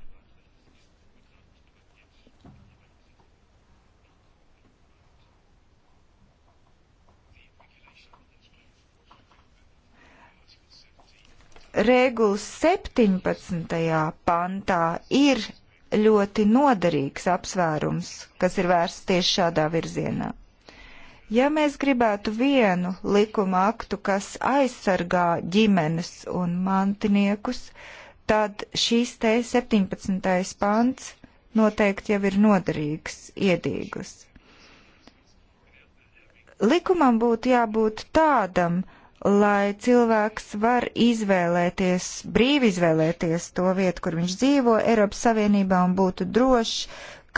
Speaker 3: regulas 17. pantā ir ļoti noderīgs apsvērums, kas ir vērsts tieši šādā virzienā. Ja mēs gribētu vienu likuma aktu, kas aizsargā ģimenes un mantiniekus, tad šīs te 17. pants noteikti jau ir noderīgs, iedīgus. Likumam būtu jābūt tādam, uh, lai cilvēks var izvēlēties, brīvi izvēlēties to vietu, kur viņš dzīvo Eiropas Savienībā un būtu drošs,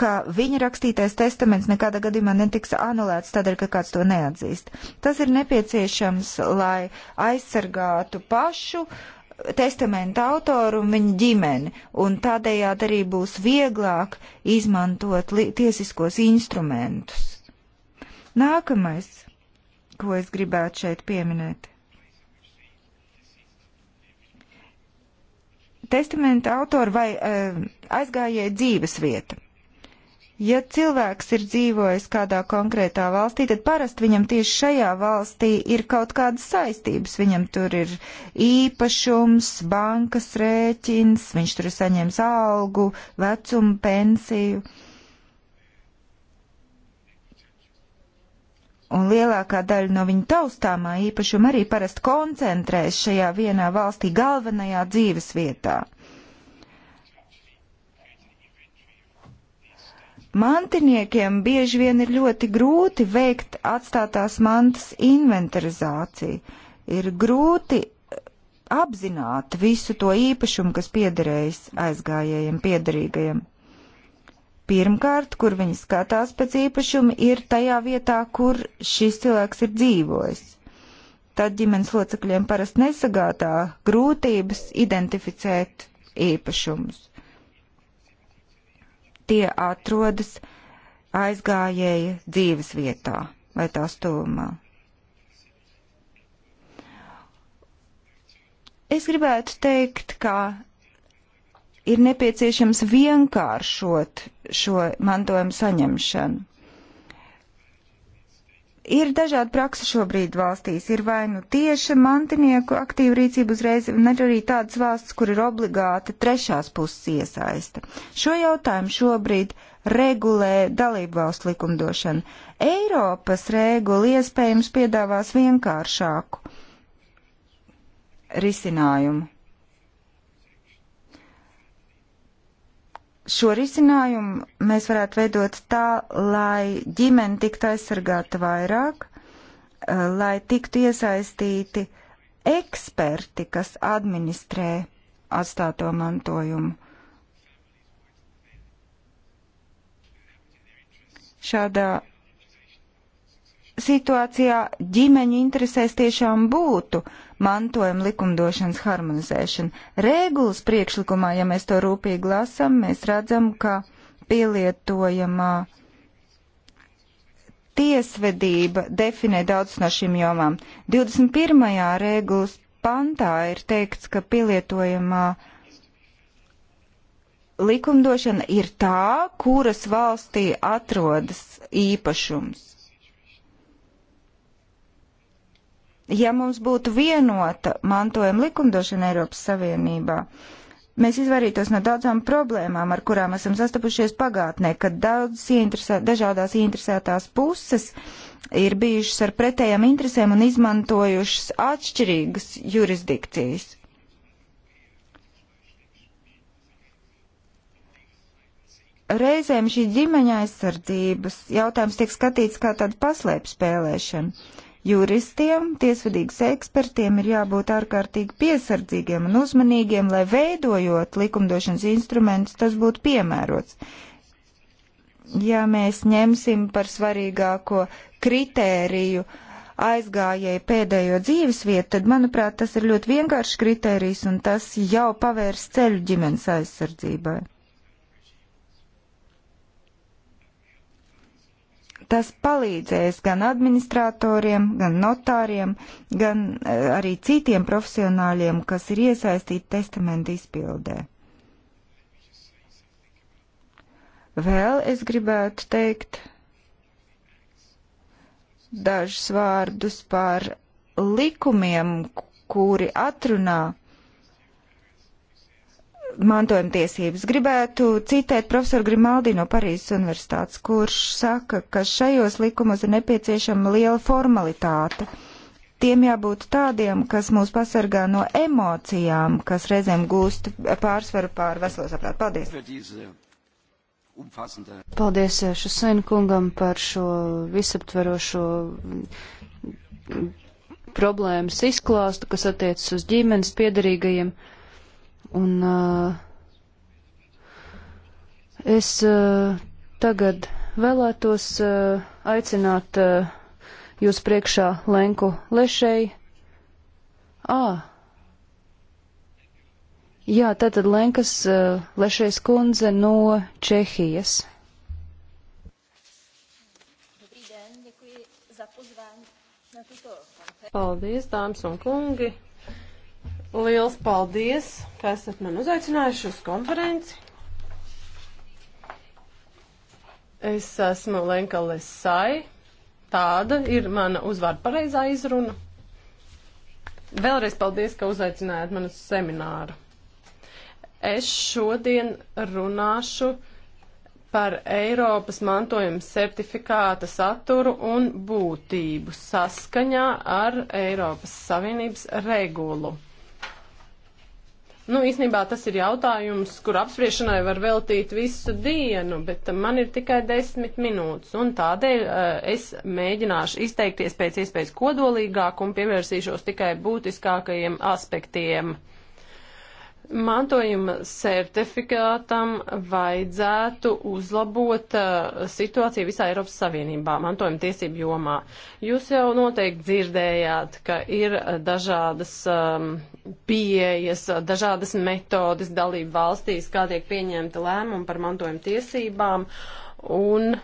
Speaker 3: ka viņa rakstītais testaments nekādā gadījumā netiks anulēts tādēļ, ka kāds to neatzīst. Tas ir nepieciešams, lai aizsargātu pašu testamenta autoru un viņa ģimeni, un tādējādi arī būs vieglāk izmantot tiesiskos instrumentus. Nākamais ko es gribētu šeit pieminēt. Testamenta autora vai eh, aizgājēja dzīves vieta. Ja cilvēks ir dzīvojis kādā konkrētā valstī, tad parasti viņam tieši šajā valstī ir kaut kādas saistības. Viņam tur ir īpašums, bankas rēķins, viņš tur ir saņēmis algu, vecumu, pensiju. Uh, un lielākā daļa no viņa taustāmā īpašuma arī parasti koncentrēs šajā vienā valstī galvenajā dzīves vietā. Mantiniekiem bieži vien ir ļoti grūti veikt atstātās mantas inventarizāciju. Ir grūti eh, apzināti visu to īpašumu, kas piederējis aizgājējiem, piederīgajiem. Pirmkārt, kur viņi skatās pēc īpašuma, ir tajā vietā, kur šis cilvēks ir dzīvojis. Tad ģimenes locekļiem parasti nesagādā grūtības identificēt īpašumus. Tie atrodas aizgājēja dzīves vietā vai tās tuvumā. Es gribētu teikt, ka ir nepieciešams vienkāršot šo mantojumu saņemšanu. Ir dažādi praksa šobrīd valstīs. Ir vai nu tieša mantinieku aktīva rīcība uzreiz, un arī tādas valsts, kur ir obligāta trešās puses iesaista. Šo jautājumu šobrīd regulē dalību valstu likumdošana. Eiropas regula iespējams piedāvās vienkāršāku risinājumu. šo risinājumu mēs varētu veidot tā, lai ģimene tiktu aizsargāta vairāk, eh, lai tiktu iesaistīti eksperti, kas administrē atstāto mantojumu. Šādā situācijā ģimeņa interesēs tiešām būtu mantojuma likumdošanas harmonizēšana. Regulas priekšlikumā, ja mēs to rūpīgi lasam, mēs redzam, ka pielietojamā tiesvedība definē daudz no šīm jomām. 21. regulas pantā ir teikts, ka pielietojamā likumdošana ir tā, kuras valstī atrodas īpašums Ja mums būtu vienota mantojuma likumdošana Eiropas Savienībā, mēs izvairītos no daudzām problēmām, ar kurām esam sastapušies pagātnē, kad daudzas ieinteresē, dažādās ieinteresētās puses ir bijušas ar pretējām interesēm un izmantojušas atšķirīgas jurisdikcijas. Reizēm šī ģimeņa aizsardzības jautājums tiek skatīts kā tāda paslēpspēlēšana. Juristiem, tiesvedīgas ekspertiem ir jābūt ārkārtīgi piesardzīgiem un uzmanīgiem, lai veidojot likumdošanas instrumentus, tas būtu piemērots. Ja mēs ņemsim par svarīgāko kritēriju aizgājēju pēdējo dzīves vietu, tad, manuprāt, tas ir ļoti vienkāršs kritērijs un tas jau pavērs ceļu ģimenes aizsardzībai. Tas palīdzēs gan administratoriem, gan notāriem, gan e, arī citiem profesionāļiem, kas ir iesaistīti testamentu izpildē. Vēl es gribētu teikt dažus vārdus par likumiem, kuri atrunā mantojumtiesības. Gribētu citēt profesoru Grimaldi no Parīzes universitātes, kurš saka, ka šajos likumos ir nepieciešama liela formalitāte. Tiem jābūt tādiem, kas mūs pasargā no emocijām, kas reizēm gūst pārsvaru pār veselo saprātu. Paldies! Paldies
Speaker 2: eh, Šusvin kungam par šo visaptverošo mm, mm, problēmas izklāstu, kas attiecas uz ģimenes piedarīgajiem. Un uh, es uh, tagad vēlētos uh, aicināt uh, jūs priekšā Lenku Lešēju. Ā, jā, tātad Lenkas uh, Lešējas kundze no Čehijas.
Speaker 1: Paldies, dāmas un kungi! Liels paldies, ka esat man uzaicinājuši uz konferenci. Es esmu Lenka Lesai. Tāda ir mana uzvārda pareizā izruna. Vēlreiz paldies, ka uzaicinājāt mani uz semināru. Es šodien runāšu par Eiropas mantojuma certifikāta saturu un būtību saskaņā ar Eiropas Savienības regulu. Nu, īsnībā tas ir jautājums, kur apspriešanai var veltīt visu dienu, bet man ir tikai desmit minūtes, un tādēļ uh, es mēģināšu izteikties pēc iespējas kodolīgāk un pievērsīšos tikai būtiskākajiem aspektiem. Uh, mantojuma sertifikātam vajadzētu uzlabot uh, situāciju visā Eiropas Savienībā mantojuma tiesību jomā. Jūs jau noteikti dzirdējāt, ka ir dažādas um, pieejas, dažādas metodas dalību valstīs, kā tiek pieņemta lēmuma par mantojuma tiesībām. Un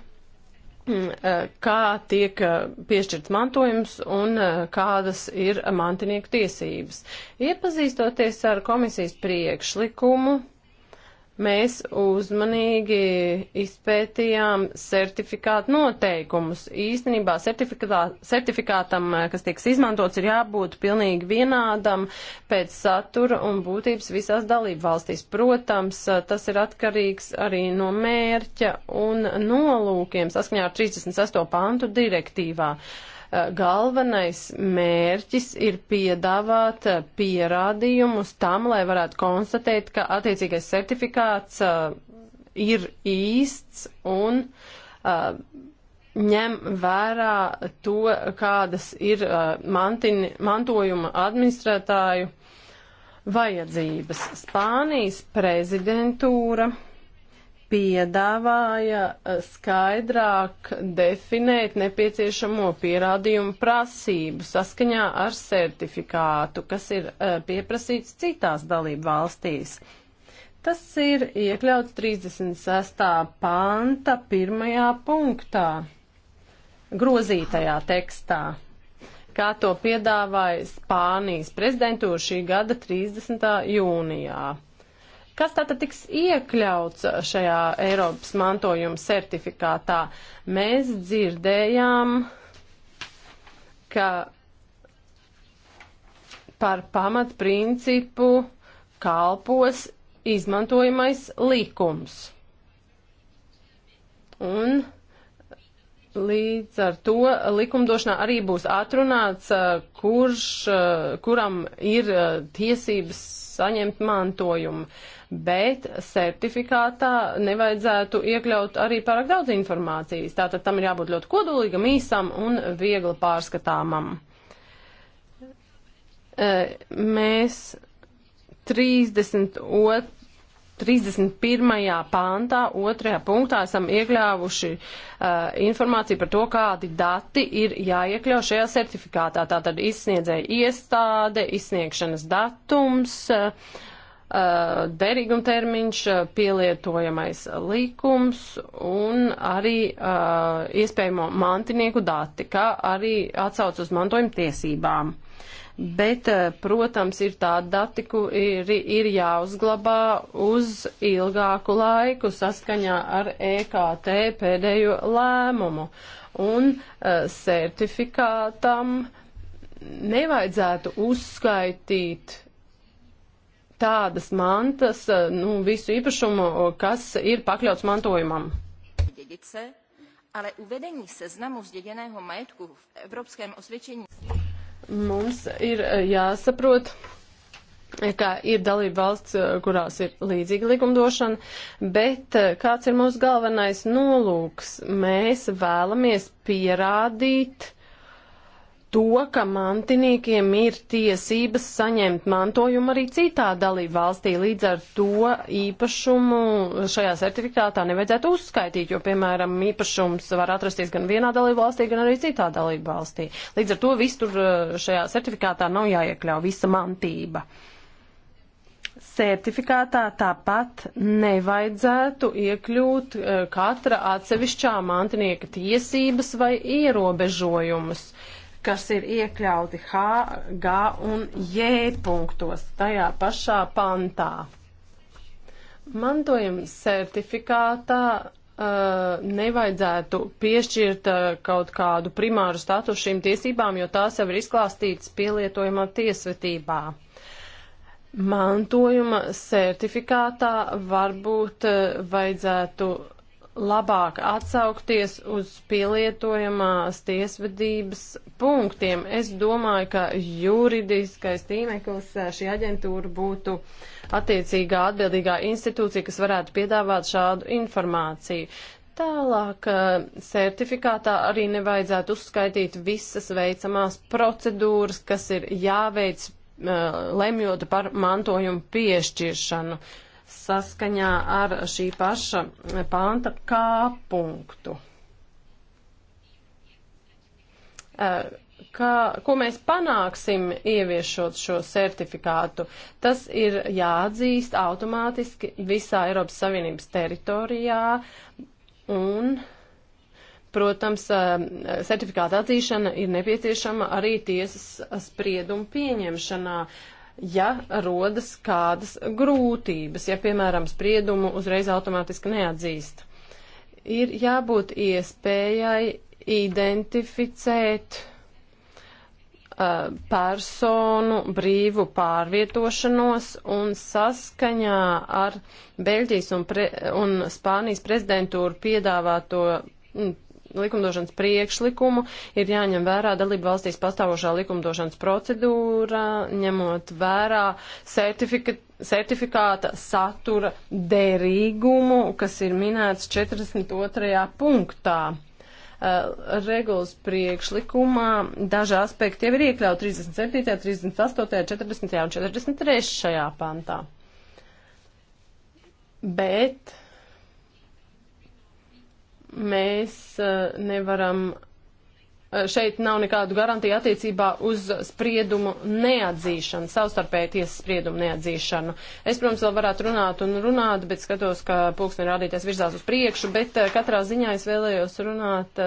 Speaker 1: Mm, eh, kā tiek eh, piešķirts mantojums un eh, kādas ir mantinieku tiesības. Iepazīstoties ar komisijas priekšlikumu, mēs uzmanīgi izpētījām certifikātu noteikumus. Īstenībā certifikā, certifikātam, eh, kas tiks izmantots, ir jābūt pilnīgi vienādam pēc satura un būtības visās dalību valstīs. Protams, eh, tas ir atkarīgs arī no mērķa un nolūkiem saskaņā ar 38. pantu direktīvā. Uh, galvenais mērķis ir piedāvāt pierādījumus tam, lai varētu konstatēt, ka attiecīgais certifikāts uh, ir īsts un uh, ņem vērā to, kādas ir uh, mantini, mantojuma administrētāju vajadzības. Spānijas prezidentūra piedāvāja eh, skaidrāk definēt nepieciešamo pierādījumu prasību saskaņā ar certifikātu, kas ir eh, pieprasīts citās dalību valstīs. Tas ir iekļauts 36. panta pirmajā punktā, grozītajā tekstā, kā to piedāvāja Spānijas prezidentūra šī gada 30. jūnijā. Kas tātad tiks iekļauts šajā Eiropas mantojuma certifikātā? Mēs dzirdējām, ka par pamatprincipu kalpos izmantojamais likums. Un Līdz ar to likumdošanā arī būs atrunāts, eh, kurš, eh, kuram ir eh, tiesības saņemt mantojumu bet certifikātā nevajadzētu iekļaut arī pārāk daudz informācijas. Tātad tam ir jābūt ļoti kodolīgam, īsam un viegli pārskatāmam. E, mēs 32. 31. pāntā, 2. punktā esam iekļāvuši uh, informāciju par to, kādi dati ir jāiekļau šajā certifikātā. Tātad izsniedzēja iestāde, izsniegšanas datums. Uh, Uh, derīguma termiņš, uh, pielietojamais likums un arī uh, iespējamo mantinieku dati, kā arī atsauc uz mantojuma tiesībām. Bet, uh, protams, ir tādi dati, kuri ir, ir jāuzglabā uz ilgāku laiku saskaņā ar EKT pēdējo lēmumu. Un uh, certifikātam nevajadzētu uzskaitīt tādas mantas, eh, nu, visu īpašumu, eh, kas ir pakļauts mantojumam.
Speaker 2: Dědice, ale uvedení seznamu zděděného majetku v evropském osvědčení.
Speaker 1: Mums ir eh, jāsaprot, ka ir dalība valsts, kurās ir līdzīga likumdošana, bet kāds ir mūsu galvenais nolūks? Mēs vēlamies pierādīt, to, ka mantiniekiem ir tiesības saņemt mantojumu arī citā dalība valstī. Līdz ar to īpašumu šajā certifikātā nevajadzētu uzskaitīt, jo, piemēram, īpašums var atrasties gan vienā dalība valstī, gan arī citā dalība valstī. Līdz ar to viss tur eh, šajā certifikātā nav jāiekļauj, visa mantība. Certifikātā tāpat nevajadzētu iekļūt eh, katra atsevišķā mantinieka tiesības vai ierobežojumus. Uh, kas ir iekļauti H, G un J punktos tajā pašā pantā. Mantojuma certifikātā uh, nevajadzētu piešķirt uh, kaut kādu primāru statusu šīm tiesībām, jo tās jau ir izklāstītas pielietojumā tiesvetībā. Mantojuma certifikātā varbūt uh, vajadzētu uh, labāk atsaukties uz pielietojamās tiesvedības punktiem. Es domāju, ka juridiskais tīmeklis eh, šī aģentūra būtu attiecīgā atbildīgā institūcija, kas varētu piedāvāt šādu informāciju. Tālāk eh, certifikātā arī nevajadzētu uzskaitīt visas veicamās procedūras, kas ir jāveic eh, lemjot par mantojumu piešķiršanu. Uh, saskaņā ar šī paša panta K punktu. Kā, ko mēs panāksim ieviešot šo certifikātu? Tas ir jāatzīst automātiski visā Eiropas Savienības teritorijā un Protams, certifikāta atzīšana ir nepieciešama arī tiesas sprieduma pieņemšanā ja rodas kādas grūtības, ja, piemēram, spriedumu uzreiz automātiski neatzīst. Ir jābūt iespējai identificēt uh, personu brīvu pārvietošanos un saskaņā ar Beļģijas un, pre, un Spānijas prezidentūru piedāvāto mm, likumdošanas priekšlikumu ir jāņem vērā dalību valstīs pastāvošā likumdošanas procedūra, ņemot vērā certifikāta satura derīgumu, kas ir minēts 42. punktā. Uh, regulas priekšlikumā daži aspekti jau ir iekļauti 37., 38., 40. un 43. pantā. Bet mēs eh, nevaram eh, šeit nav nekādu garantiju attiecībā uz spriedumu neatzīšanu, savstarpēju tiesas spriedumu neatzīšanu. Es, protams, vēl varētu runāt un runāt, bet skatos, ka pulksten rādītājs virzās uz priekšu, bet eh, katrā ziņā es vēlējos runāt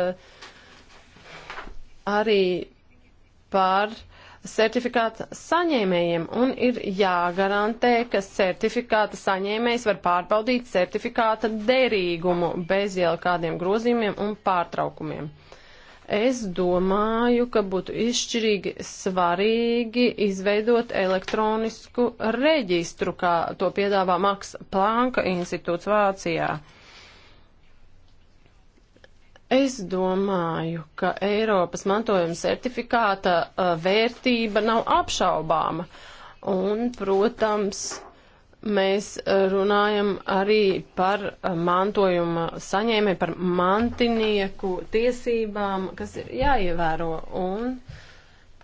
Speaker 1: arī par certifikāta saņēmējiem un ir jāgarantē, ka certifikāta saņēmējs var pārbaudīt certifikāta derīgumu bez jau kādiem grozījumiem un pārtraukumiem. Es domāju, ka būtu izšķirīgi svarīgi izveidot elektronisku reģistru, kā to piedāvā Maks Planka institūts Vācijā. Uh, Es domāju, ka Eiropas mantojuma certifikāta uh, vērtība nav apšaubāma. Un, protams, mēs uh, runājam arī par uh, mantojuma saņēmē, par mantinieku tiesībām, kas ir jāievēro. Un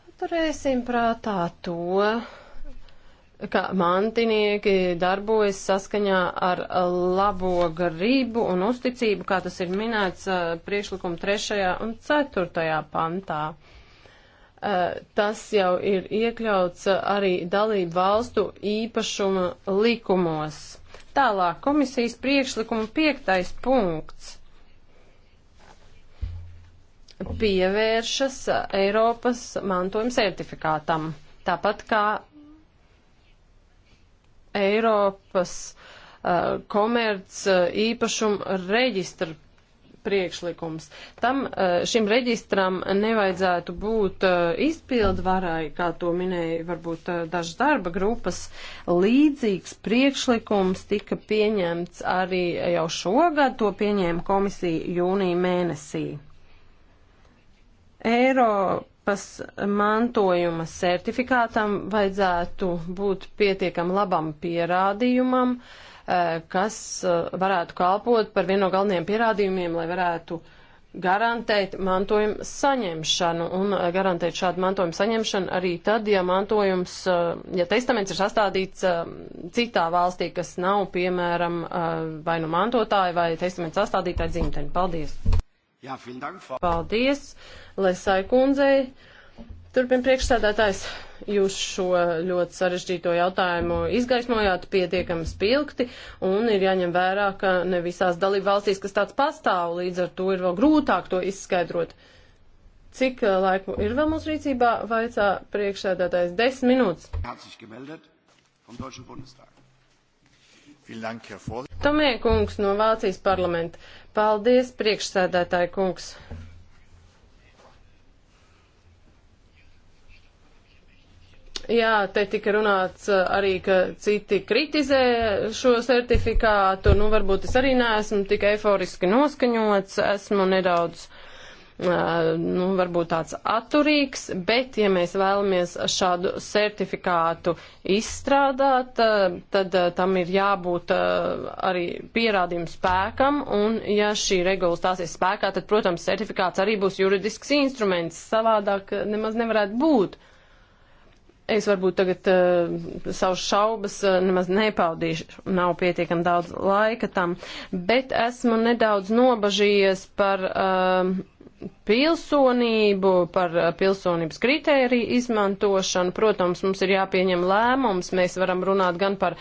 Speaker 1: paturēsim prātā to, ka mantinieki darbojas saskaņā ar labo garību un uzticību, kā tas ir minēts uh, priekšlikuma 3. un 4. pantā. Uh, tas jau ir iekļauts arī dalību valstu īpašuma likumos. Tālāk komisijas priekšlikuma 5. punkts pievēršas Eiropas mantojuma certifikātam, tāpat kā Eiropas uh, komerc uh, īpašuma reģistra priekšlikums. Tam, uh, šim reģistram nevajadzētu būt uh, izpildvarai, kā to minēja varbūt uh, dažas darba grupas. Līdzīgs priekšlikums tika pieņemts arī jau šogad, to pieņēma komisija jūnija mēnesī. Eiropa Eiropas mantojuma certifikātam vajadzētu būt pietiekam labam pierādījumam, eh, kas eh, varētu kalpot par vienu no galvenajiem pierādījumiem, lai varētu garantēt mantojuma saņemšanu un eh, garantēt šādu mantojuma saņemšanu arī tad, ja mantojums, ja testaments ir sastādīts citā valstī, kas nav, piemēram, vai nu mantotāja vai testaments sastādītāja dzimteni. Paldies! Jā, dank, Frau... Paldies, Lesai kundzei. Turpin priekšsēdētājs, jūs šo ļoti sarežģīto jautājumu izgaismojāt pietiekami spilgti, un ir jāņem vērā, ka ne visās dalību valstīs, kas tāds pastāv, līdz ar to ir vēl grūtāk to izskaidrot. Cik eh, laiku ir vēl mūsu rīcībā, vaicā priekšsēdētājs? Desmit minūtes. Tomē kungs no Vācijas parlamenta. Paldies, priekšsēdētāji kungs. Jā, te tika runāts uh, arī, ka citi kritizē šo certifikātu. Nu, varbūt es arī neesmu tik eiforiski noskaņots, esmu nedaudz uh, nu, varbūt tāds atturīgs, bet ja mēs vēlamies šādu certifikātu izstrādāt, tad tam ir jābūt arī pierādījumu spēkam, un ja šī regula stāsies spēkā, tad, protams, certifikāts arī būs juridisks instruments, savādāk nemaz nevarētu būt es varbūt tagad uh, savus šaubas uh, nemaz nepaudīšu, nav pietiekami daudz laika tam, bet esmu nedaudz nobažījies par uh, pilsonību, par eh, pilsonības kritēriju izmantošanu. Protams, mums ir jāpieņem lēmums. Mēs varam runāt gan par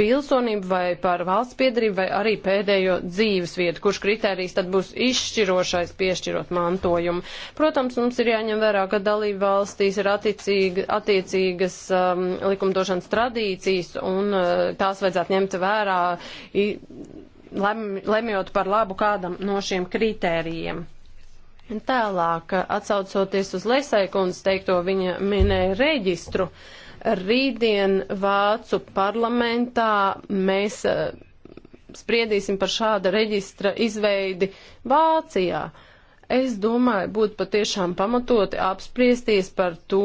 Speaker 1: pilsonību vai par valsts piedarību vai arī pēdējo dzīves vietu, kurš kritērijs tad būs izšķirošais piešķirot mantojumu. Protams, mums ir jāņem vērā, ka dalība valstīs ir attiecīga, attiecīgas um, likumdošanas tradīcijas un uh, tās vajadzētu ņemt vērā, i, lem, lemjot par labu kādam no šiem kritērijiem. Tālāk, atsaucoties uz Lesaikundas teikto, viņa minēja reģistru. Rītdien Vācu parlamentā mēs eh, spriedīsim par šāda reģistra izveidi Vācijā. Uh, Es domāju, būtu patiešām pamatoti apspriesties par to,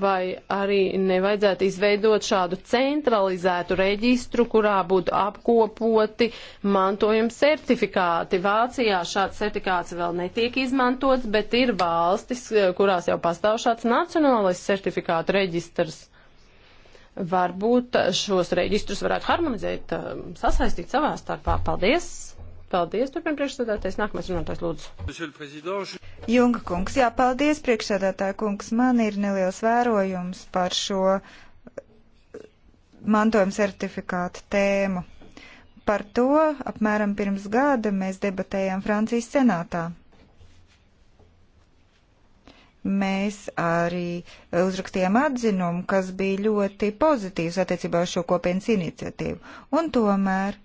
Speaker 1: vai arī nevajadzētu izveidot šādu centralizētu reģistru, kurā būtu apkopoti mantojuma certifikāti. Vācijā šāds certifikāts vēl netiek izmantots, bet ir valstis, kurās jau pastāv šāds nacionālais certifikātu reģistrs varbūt šos reģistrus varētu harmonizēt, um, sasaistīt savā starpā. Paldies! Paldies, turpin priekšsēdētājs. Nākamais runātājs lūdzu. Junga kungs,
Speaker 3: jā, paldies, priekšsēdētāja kungs. Man ir neliels vērojums par šo mantojuma certifikātu tēmu. Par to apmēram pirms gada mēs debatējām Francijas senātā. Mēs arī uzrakstījām atzinumu, kas bija ļoti pozitīvs attiecībā uz šo kopienas iniciatīvu. Un tomēr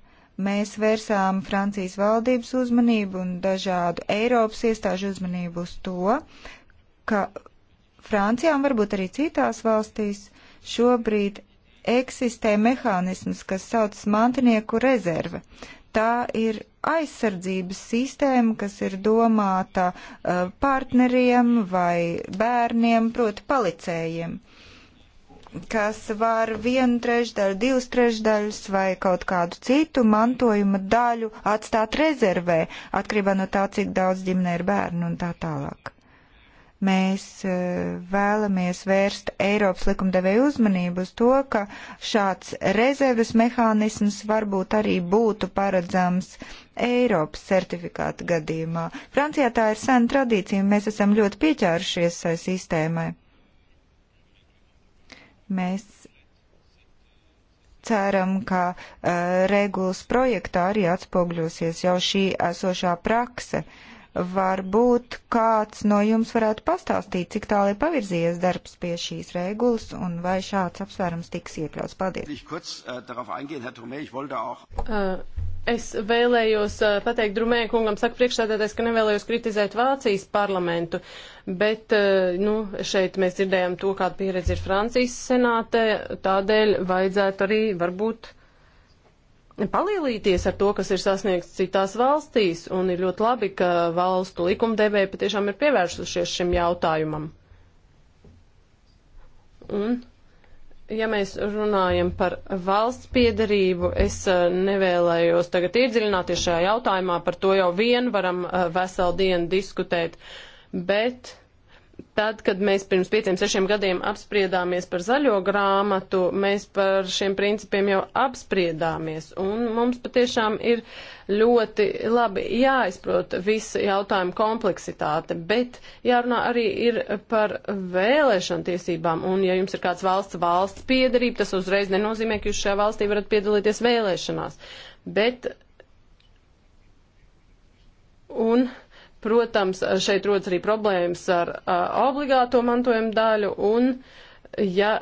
Speaker 3: Mēs vērsām Francijas valdības uzmanību un dažādu Eiropas iestāžu uzmanību uz to, ka Francijā un varbūt arī citās valstīs šobrīd eksistē mehānisms, kas saucas mantinieku rezerve. Tā ir aizsardzības sistēma, kas ir domāta uh, partneriem vai bērniem, proti palicējiem kas var vienu trešdaļu, divas trešdaļas vai kaut kādu citu mantojuma daļu atstāt rezervē, atkarībā no tā, cik daudz ģimenē ir bērnu un tā tālāk. Mēs eh, vēlamies vērst Eiropas likumdevēju uzmanību uz to, ka šāds rezerves mehānisms varbūt arī būtu paredzams Eiropas certifikāta gadījumā. Francijā tā ir sena tradīcija, un mēs esam ļoti pieķērušies sistēmai. Mēs ceram, ka uh, regulas projektā arī atspogļosies jau šī esošā prakse. Varbūt kāds no jums varētu pastāstīt, cik tālu ir pavirzījies darbs pie
Speaker 1: šīs regulas un vai šāds apsvērums tiks iekļauts. Paldies! Uh, Es vēlējos uh, pateikt Drumēja kungam, saka priekšstādātais, ka nevēlējos kritizēt Vācijas parlamentu, bet uh, nu, šeit mēs dzirdējām to, kāda pieredze ir Francijas senātē, tādēļ vajadzētu arī varbūt palielīties ar to, kas ir sasniegts citās valstīs, un ir ļoti labi, ka valstu likumdevēji patiešām ir pievērsušies šim jautājumam. Un ja mēs runājam par valsts piedarību, es eh, nevēlējos tagad iedziļināties šajā jautājumā, par to jau vien varam eh, veselu dienu diskutēt, bet Tad, kad mēs pirms pieciem, sešiem gadiem apspriedāmies par zaļo grāmatu, mēs par šiem principiem jau apspriedāmies. Un mums patiešām ir ļoti labi jāizprot visa jautājuma kompleksitāte, bet jārunā arī ir par vēlēšanu tiesībām. Un ja jums ir kāds valsts valsts piedarība, tas uzreiz nenozīmē, ka jūs šajā valstī varat piedalīties vēlēšanās. Bet un Protams, šeit rodas arī problēmas ar uh, obligāto mantojumu daļu un, ja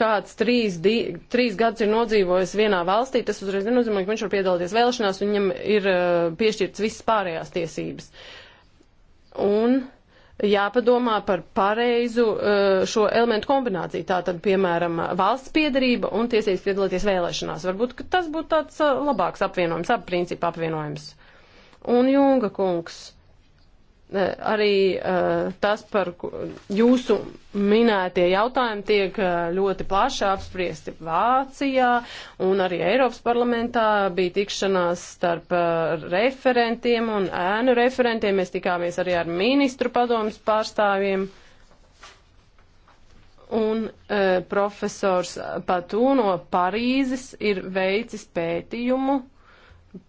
Speaker 1: kāds trīs, di, trīs gadus ir nodzīvojis vienā valstī, tas uzreiz nenozīmē, ka viņš var piedalīties vēlēšanās, un viņam ir piešķirts visas pārējās tiesības. Un jāpadomā par pareizu šo elementu kombināciju. Tātad, piemēram, valsts piedarība un tiesības piedalīties vēlēšanās. Varbūt, ka tas būtu tāds labāks apvienojums, ap principu apvienojums. Un Junga kungs. Uh, arī eh, tas, par jūsu minētie jautājumi tiek eh, ļoti plaši apspriesti Vācijā un arī Eiropas parlamentā bija tikšanās starp eh, referentiem un ēnu referentiem. Mēs tikāmies arī ar ministru padomus pārstāvjiem. Un e, profesors Patū no Parīzes ir veicis pētījumu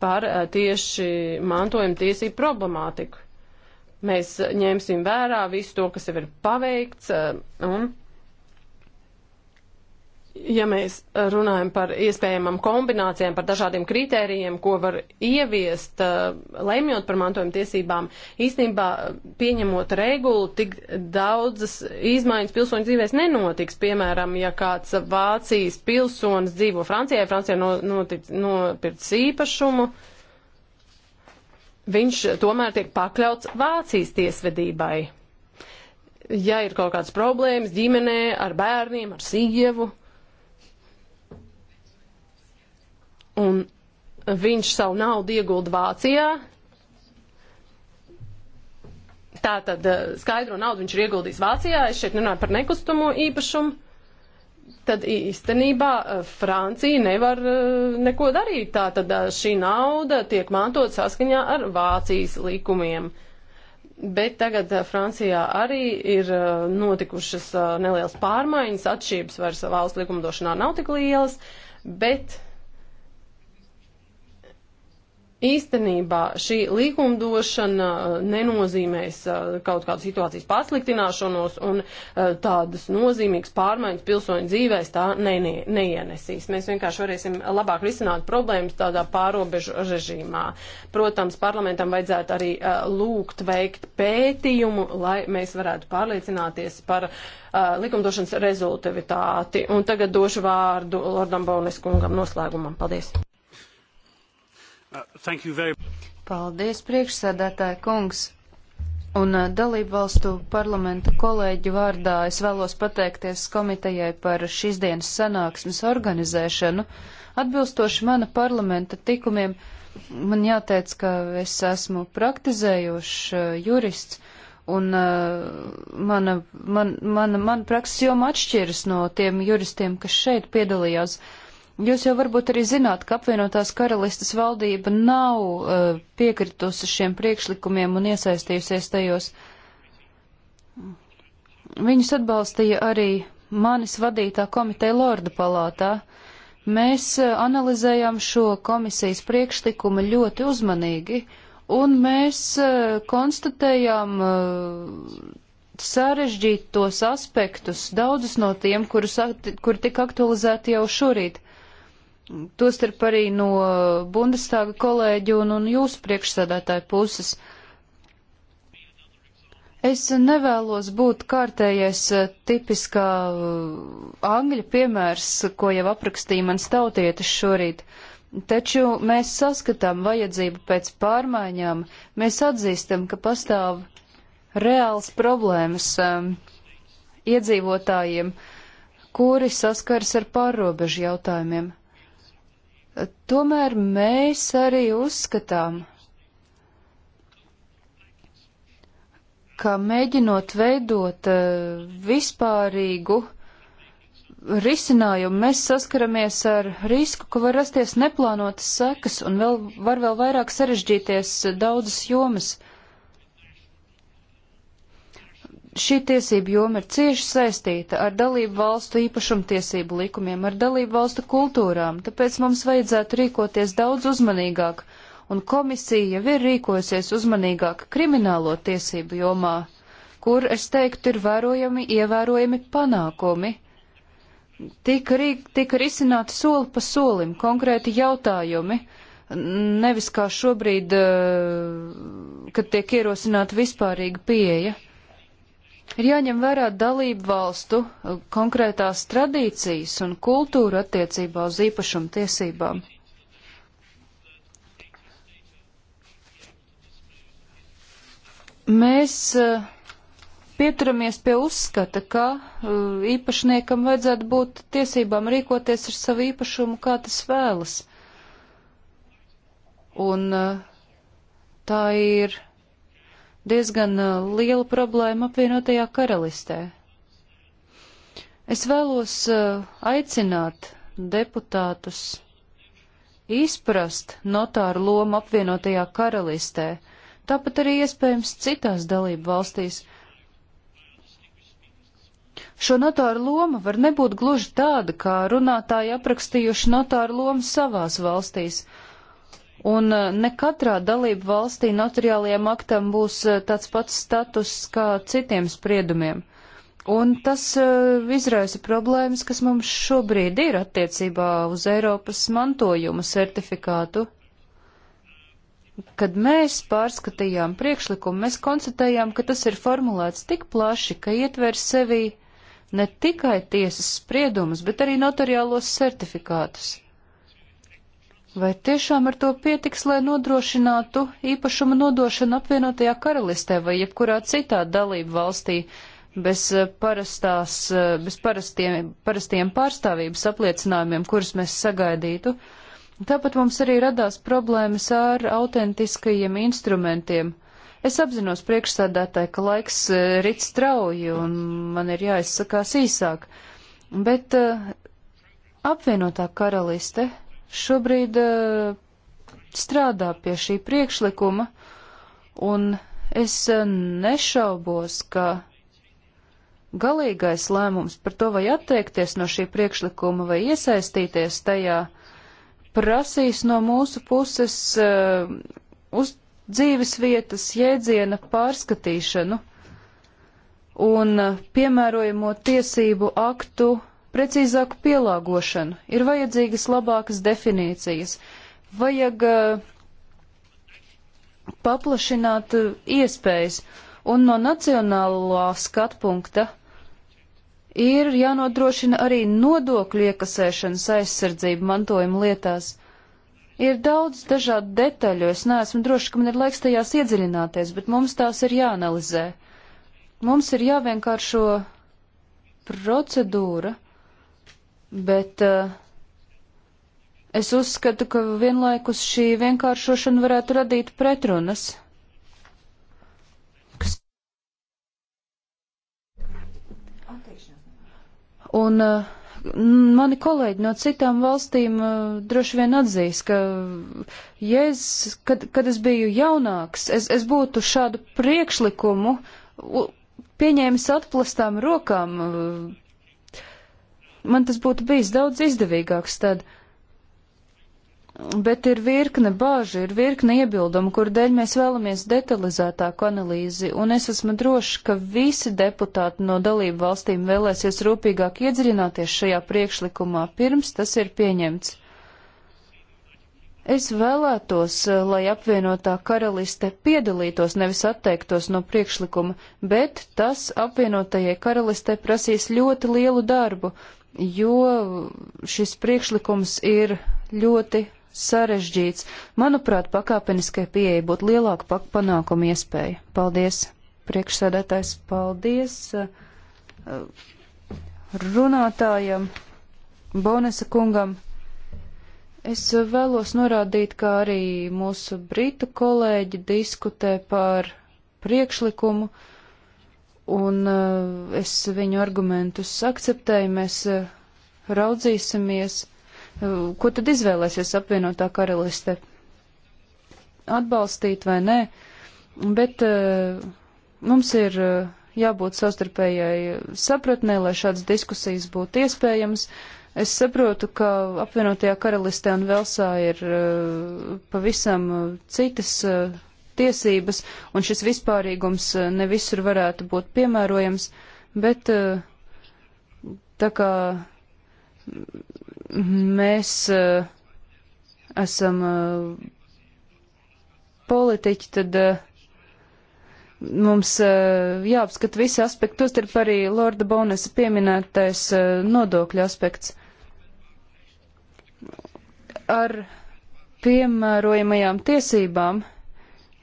Speaker 1: par e, tieši mantojuma tiesību problemātiku. Mēs ņemsim vērā visu to, kas jau ir paveikts. Eh, un, ja mēs runājam par iespējamām kombinācijām, par dažādiem kritērijiem, ko var ieviest, eh, lemjot par mantojuma tiesībām, īstenībā eh, pieņemot regulu, tik daudzas izmaiņas pilsoņu dzīvēs nenotiks. Piemēram, ja kāds Vācijas pilsonis dzīvo Francijā, Francijā notic, nopircis īpašumu, uh, viņš tomēr tiek pakļauts Vācijas tiesvedībai. Ja ir kaut kādas problēmas ģimenē, ar bērniem, ar sievu, un viņš savu naudu iegulda Vācijā, tā tad eh, skaidro naudu viņš ir ieguldījis Vācijā, es šeit runāju par nekustamo īpašumu, tad īstenībā e, Francija nevar e, neko darīt. Tātad e, šī nauda tiek mantot saskaņā ar Vācijas likumiem. Bet tagad Francijā arī ir notikušas nelielas pārmaiņas, atšķirības vairs valsts likumdošanā nav tik lielas, bet Īstenībā šī likumdošana uh, nenozīmēs uh, kaut kādu situācijas pasliktināšanos un uh, tādas nozīmīgas pārmaiņas pilsoņu dzīvēs tā ne, ne, neienesīs. Mēs vienkārši varēsim labāk risināt problēmas tādā pārobežu režīmā. Protams, parlamentam vajadzētu arī lūgt veikt pētījumu, lai mēs varētu pārliecināties par likumdošanas rezultatāti. Un tagad došu vārdu Lordam Baunes kungam noslēgumam. Paldies! Very... Paldies, priekšsēdētāja kungs.
Speaker 2: Un uh, dalību valstu parlamentu kolēģu vārdā es vēlos pateikties komitejai par šīs dienas sanāksmes organizēšanu. Atbilstoši mana parlamenta tikumiem, man jāteic, ka es esmu praktizējošs uh, jurists, un uh, mana, man, mana, mana prakses joma atšķiras no tiem juristiem, kas šeit piedalījās. Uh, Jūs jau varbūt arī zināt, ka apvienotās karalistas valdība nav uh, piekritusi šiem priekšlikumiem un iesaistījusies tajos. Viņus atbalstīja arī manis vadītā komiteja Lorda palātā. Mēs uh, analizējām šo komisijas priekšlikumu ļoti uzmanīgi, un mēs uh, konstatējām uh, sarežģītos aspektus, daudzus no tiem, kurus, kuri tika aktualizēti jau šorīt tostarp arī no Bundestāga kolēģi un, un jūsu priekšsēdētāju puses. Es nevēlos būt kārtējais eh, tipiskā eh, angļu piemērs, ko jau aprakstīja mans tautietis šorīt, taču mēs saskatām vajadzību pēc pārmaiņām, mēs atzīstam, ka pastāv reāls problēmas um, iedzīvotājiem, kuri saskars ar pārrobežu jautājumiem. Tomēr mēs arī uzskatām, ka mēģinot veidot eh, vispārīgu risinājumu, mēs saskaramies ar risku, ka var rasties neplānotas sekas un vēl, var vēl vairāk sarežģīties daudzas jomas. Šī tiesība joma ir cieši saistīta ar dalību valstu īpašumtiesību likumiem, ar dalību valstu kultūrām, tāpēc mums vajadzētu rīkoties daudz uzmanīgāk, un komisija jau ir rīkojusies uzmanīgāk kriminālo tiesību jomā, kur, es teiktu, ir vērojami ievērojami panākumi tika, rī, tika risināti soli pa solim konkrēti jautājumi, nevis kā šobrīd, eh, kad tiek ierosināta vispārīga pieeja. Ir jāņem vērā dalību valstu uh, konkrētās tradīcijas un kultūra attiecībā uz īpašumu tiesībām. Mēs uh, pieturamies pie uzskata, ka uh, īpašniekam vajadzētu būt tiesībām rīkoties ar savu īpašumu, kā tas vēlas. Un uh, tā ir diezgan uh, liela problēma apvienotajā karalistē. Es vēlos uh, aicināt deputātus izprast notāru lomu apvienotajā karalistē, tāpat arī iespējams citās dalību valstīs. Šo notāru loma var nebūt gluži tāda, kā runātāji aprakstījuši notāru lomu savās valstīs. Un eh, ne katrā dalību valstī notariālajiem aktam būs eh, tāds pats status kā citiem spriedumiem. Un tas uh, izraisa problēmas, kas mums šobrīd ir attiecībā uz Eiropas mantojuma certifikātu. Kad mēs pārskatījām priekšlikumu, mēs konstatējām, ka tas ir formulēts tik plaši, ka ietver sevi ne tikai tiesas spriedumus, bet arī notariālos certifikātus. Vai tiešām ar to pietiks, lai nodrošinātu īpašuma nodošanu apvienotajā karalistē vai jebkurā citā dalību valstī bez, eh, parastās, eh, bez parastiem, parastiem pārstāvības apliecinājumiem, kurus mēs sagaidītu? Tāpat mums arī radās problēmas ar autentiskajiem instrumentiem. Es apzinos priekšsādātāji, ka laiks eh, rit strauji un man ir jāizsakās īsāk, bet apvienotā karaliste šobrīd eh, strādā pie šī priekšlikuma, un es eh, nešaubos, ka galīgais lēmums par to, vai atteikties no šī priekšlikuma vai iesaistīties tajā, prasīs no mūsu puses uh, uz dzīves vietas jēdziena pārskatīšanu un piemērojamo tiesību aktu uh, precīzāku pielāgošanu, ir vajadzīgas labākas definīcijas, vajag eh, paplašināt eh, iespējas, un no nacionālā skatpunkta ir jānodrošina arī nodokļu iekasēšanas aizsardzība mantojuma lietās. Ir daudz dažādu detaļu, es neesmu droši, ka man ir laiks tajās iedziļināties, bet mums tās ir jāanalizē. Mums ir jāvienkāršo procedūra, bet uh, es uzskatu, ka vienlaikus šī vienkāršošana varētu radīt pretrunas. Kas... Un uh, mani kolēģi no citām valstīm uh, droši vien atzīs, ka, ja es, kad, kad es biju jaunāks, es, es būtu šādu priekšlikumu pieņēmis atplastām rokām, uh, man tas būtu bijis daudz izdevīgāks tad. Bet ir virkne bāžu, ir virkne iebildumu, kur dēļ mēs vēlamies detalizētāku analīzi, un es esmu drošs, ka visi deputāti no dalību valstīm vēlēsies rūpīgāk iedziļināties šajā priekšlikumā, pirms tas ir pieņemts. Es vēlētos, lai apvienotā karaliste piedalītos, nevis atteiktos no priekšlikuma, bet tas apvienotajai karalistei prasīs ļoti lielu darbu, jo šis priekšlikums ir ļoti sarežģīts. Manuprāt, pakāpeniskai pieeja būtu lielāka panākuma iespēja. Paldies, priekšsēdētājs, paldies eh, runātājam, Bonesa kungam. Es vēlos norādīt, ka arī mūsu britu kolēģi diskutē par priekšlikumu, uh, un eh, es viņu argumentus akceptēju, mēs eh, raudzīsimies, eh, ko tad izvēlēsies apvienotā karaliste - atbalstīt vai nē, bet mums ir jābūt savstarpējai sapratnē, lai šādas diskusijas būtu iespējams. Es saprotu, ka apvienotajā karalistē un Velsā ir pavisam citas tiesības, un šis vispārīgums eh, ne visur varētu būt piemērojams, bet eh, tā kā mēs eh, esam politiķi, tad mums jāapskata visi aspekti, tostarp arī Lorda Bonesa pieminētais nodokļu aspekts. Ar piemērojamajām tiesībām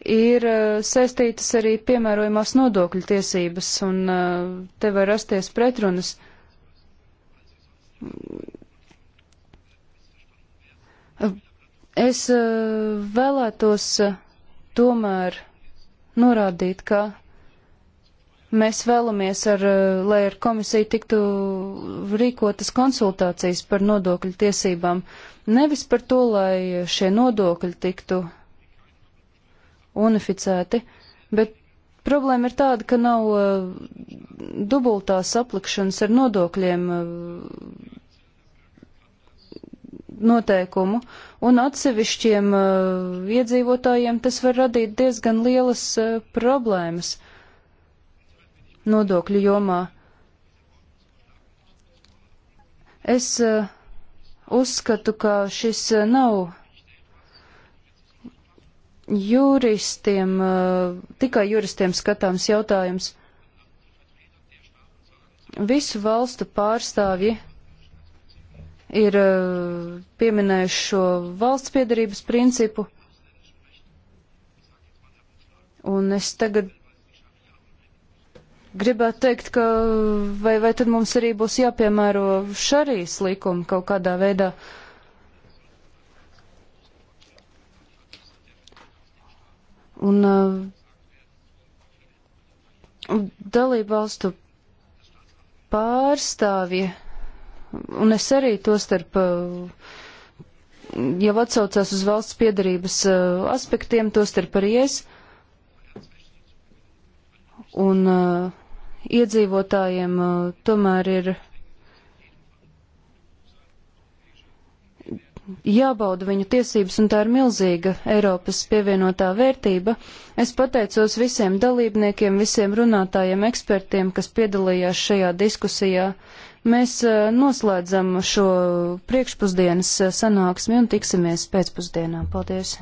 Speaker 2: ir eh, saistītas arī piemērojumās nodokļu tiesības, un eh, te var rasties pretrunas. Es eh, vēlētos tomēr norādīt, ka mēs vēlamies, ar, lai ar komisiju tiktu rīkotas konsultācijas par nodokļu tiesībām, nevis par to, lai šie nodokļi tiktu unificēti, bet problēma ir tāda, ka nav uh, dubultās aplikšanas ar nodokļiem uh, noteikumu, un atsevišķiem uh, iedzīvotājiem tas var radīt diezgan lielas uh, problēmas nodokļu jomā. Es uh, uzskatu, ka šis uh, nav juristiem, eh, tikai juristiem skatāms jautājums. Visu valstu pārstāvji ir eh, pieminējuši šo valsts piedarības principu, un es tagad gribētu teikt, ka vai, vai tad mums arī būs jāpiemēro šarijas likuma kaut kādā veidā. Uh, Un uh, dalībvalstu pārstāvji, un es arī to starp uh, jau atsaucās uz valsts piedarības uh, aspektiem, to starp arī es. Un uh, iedzīvotājiem uh, tomēr ir jābauda viņu tiesības, un tā ir milzīga Eiropas pievienotā vērtība. Es pateicos visiem dalībniekiem, visiem runātājiem, ekspertiem, kas piedalījās šajā diskusijā. Mēs eh, noslēdzam šo priekšpusdienas eh, sanāksmi un tiksimies pēcpusdienā. Paldies!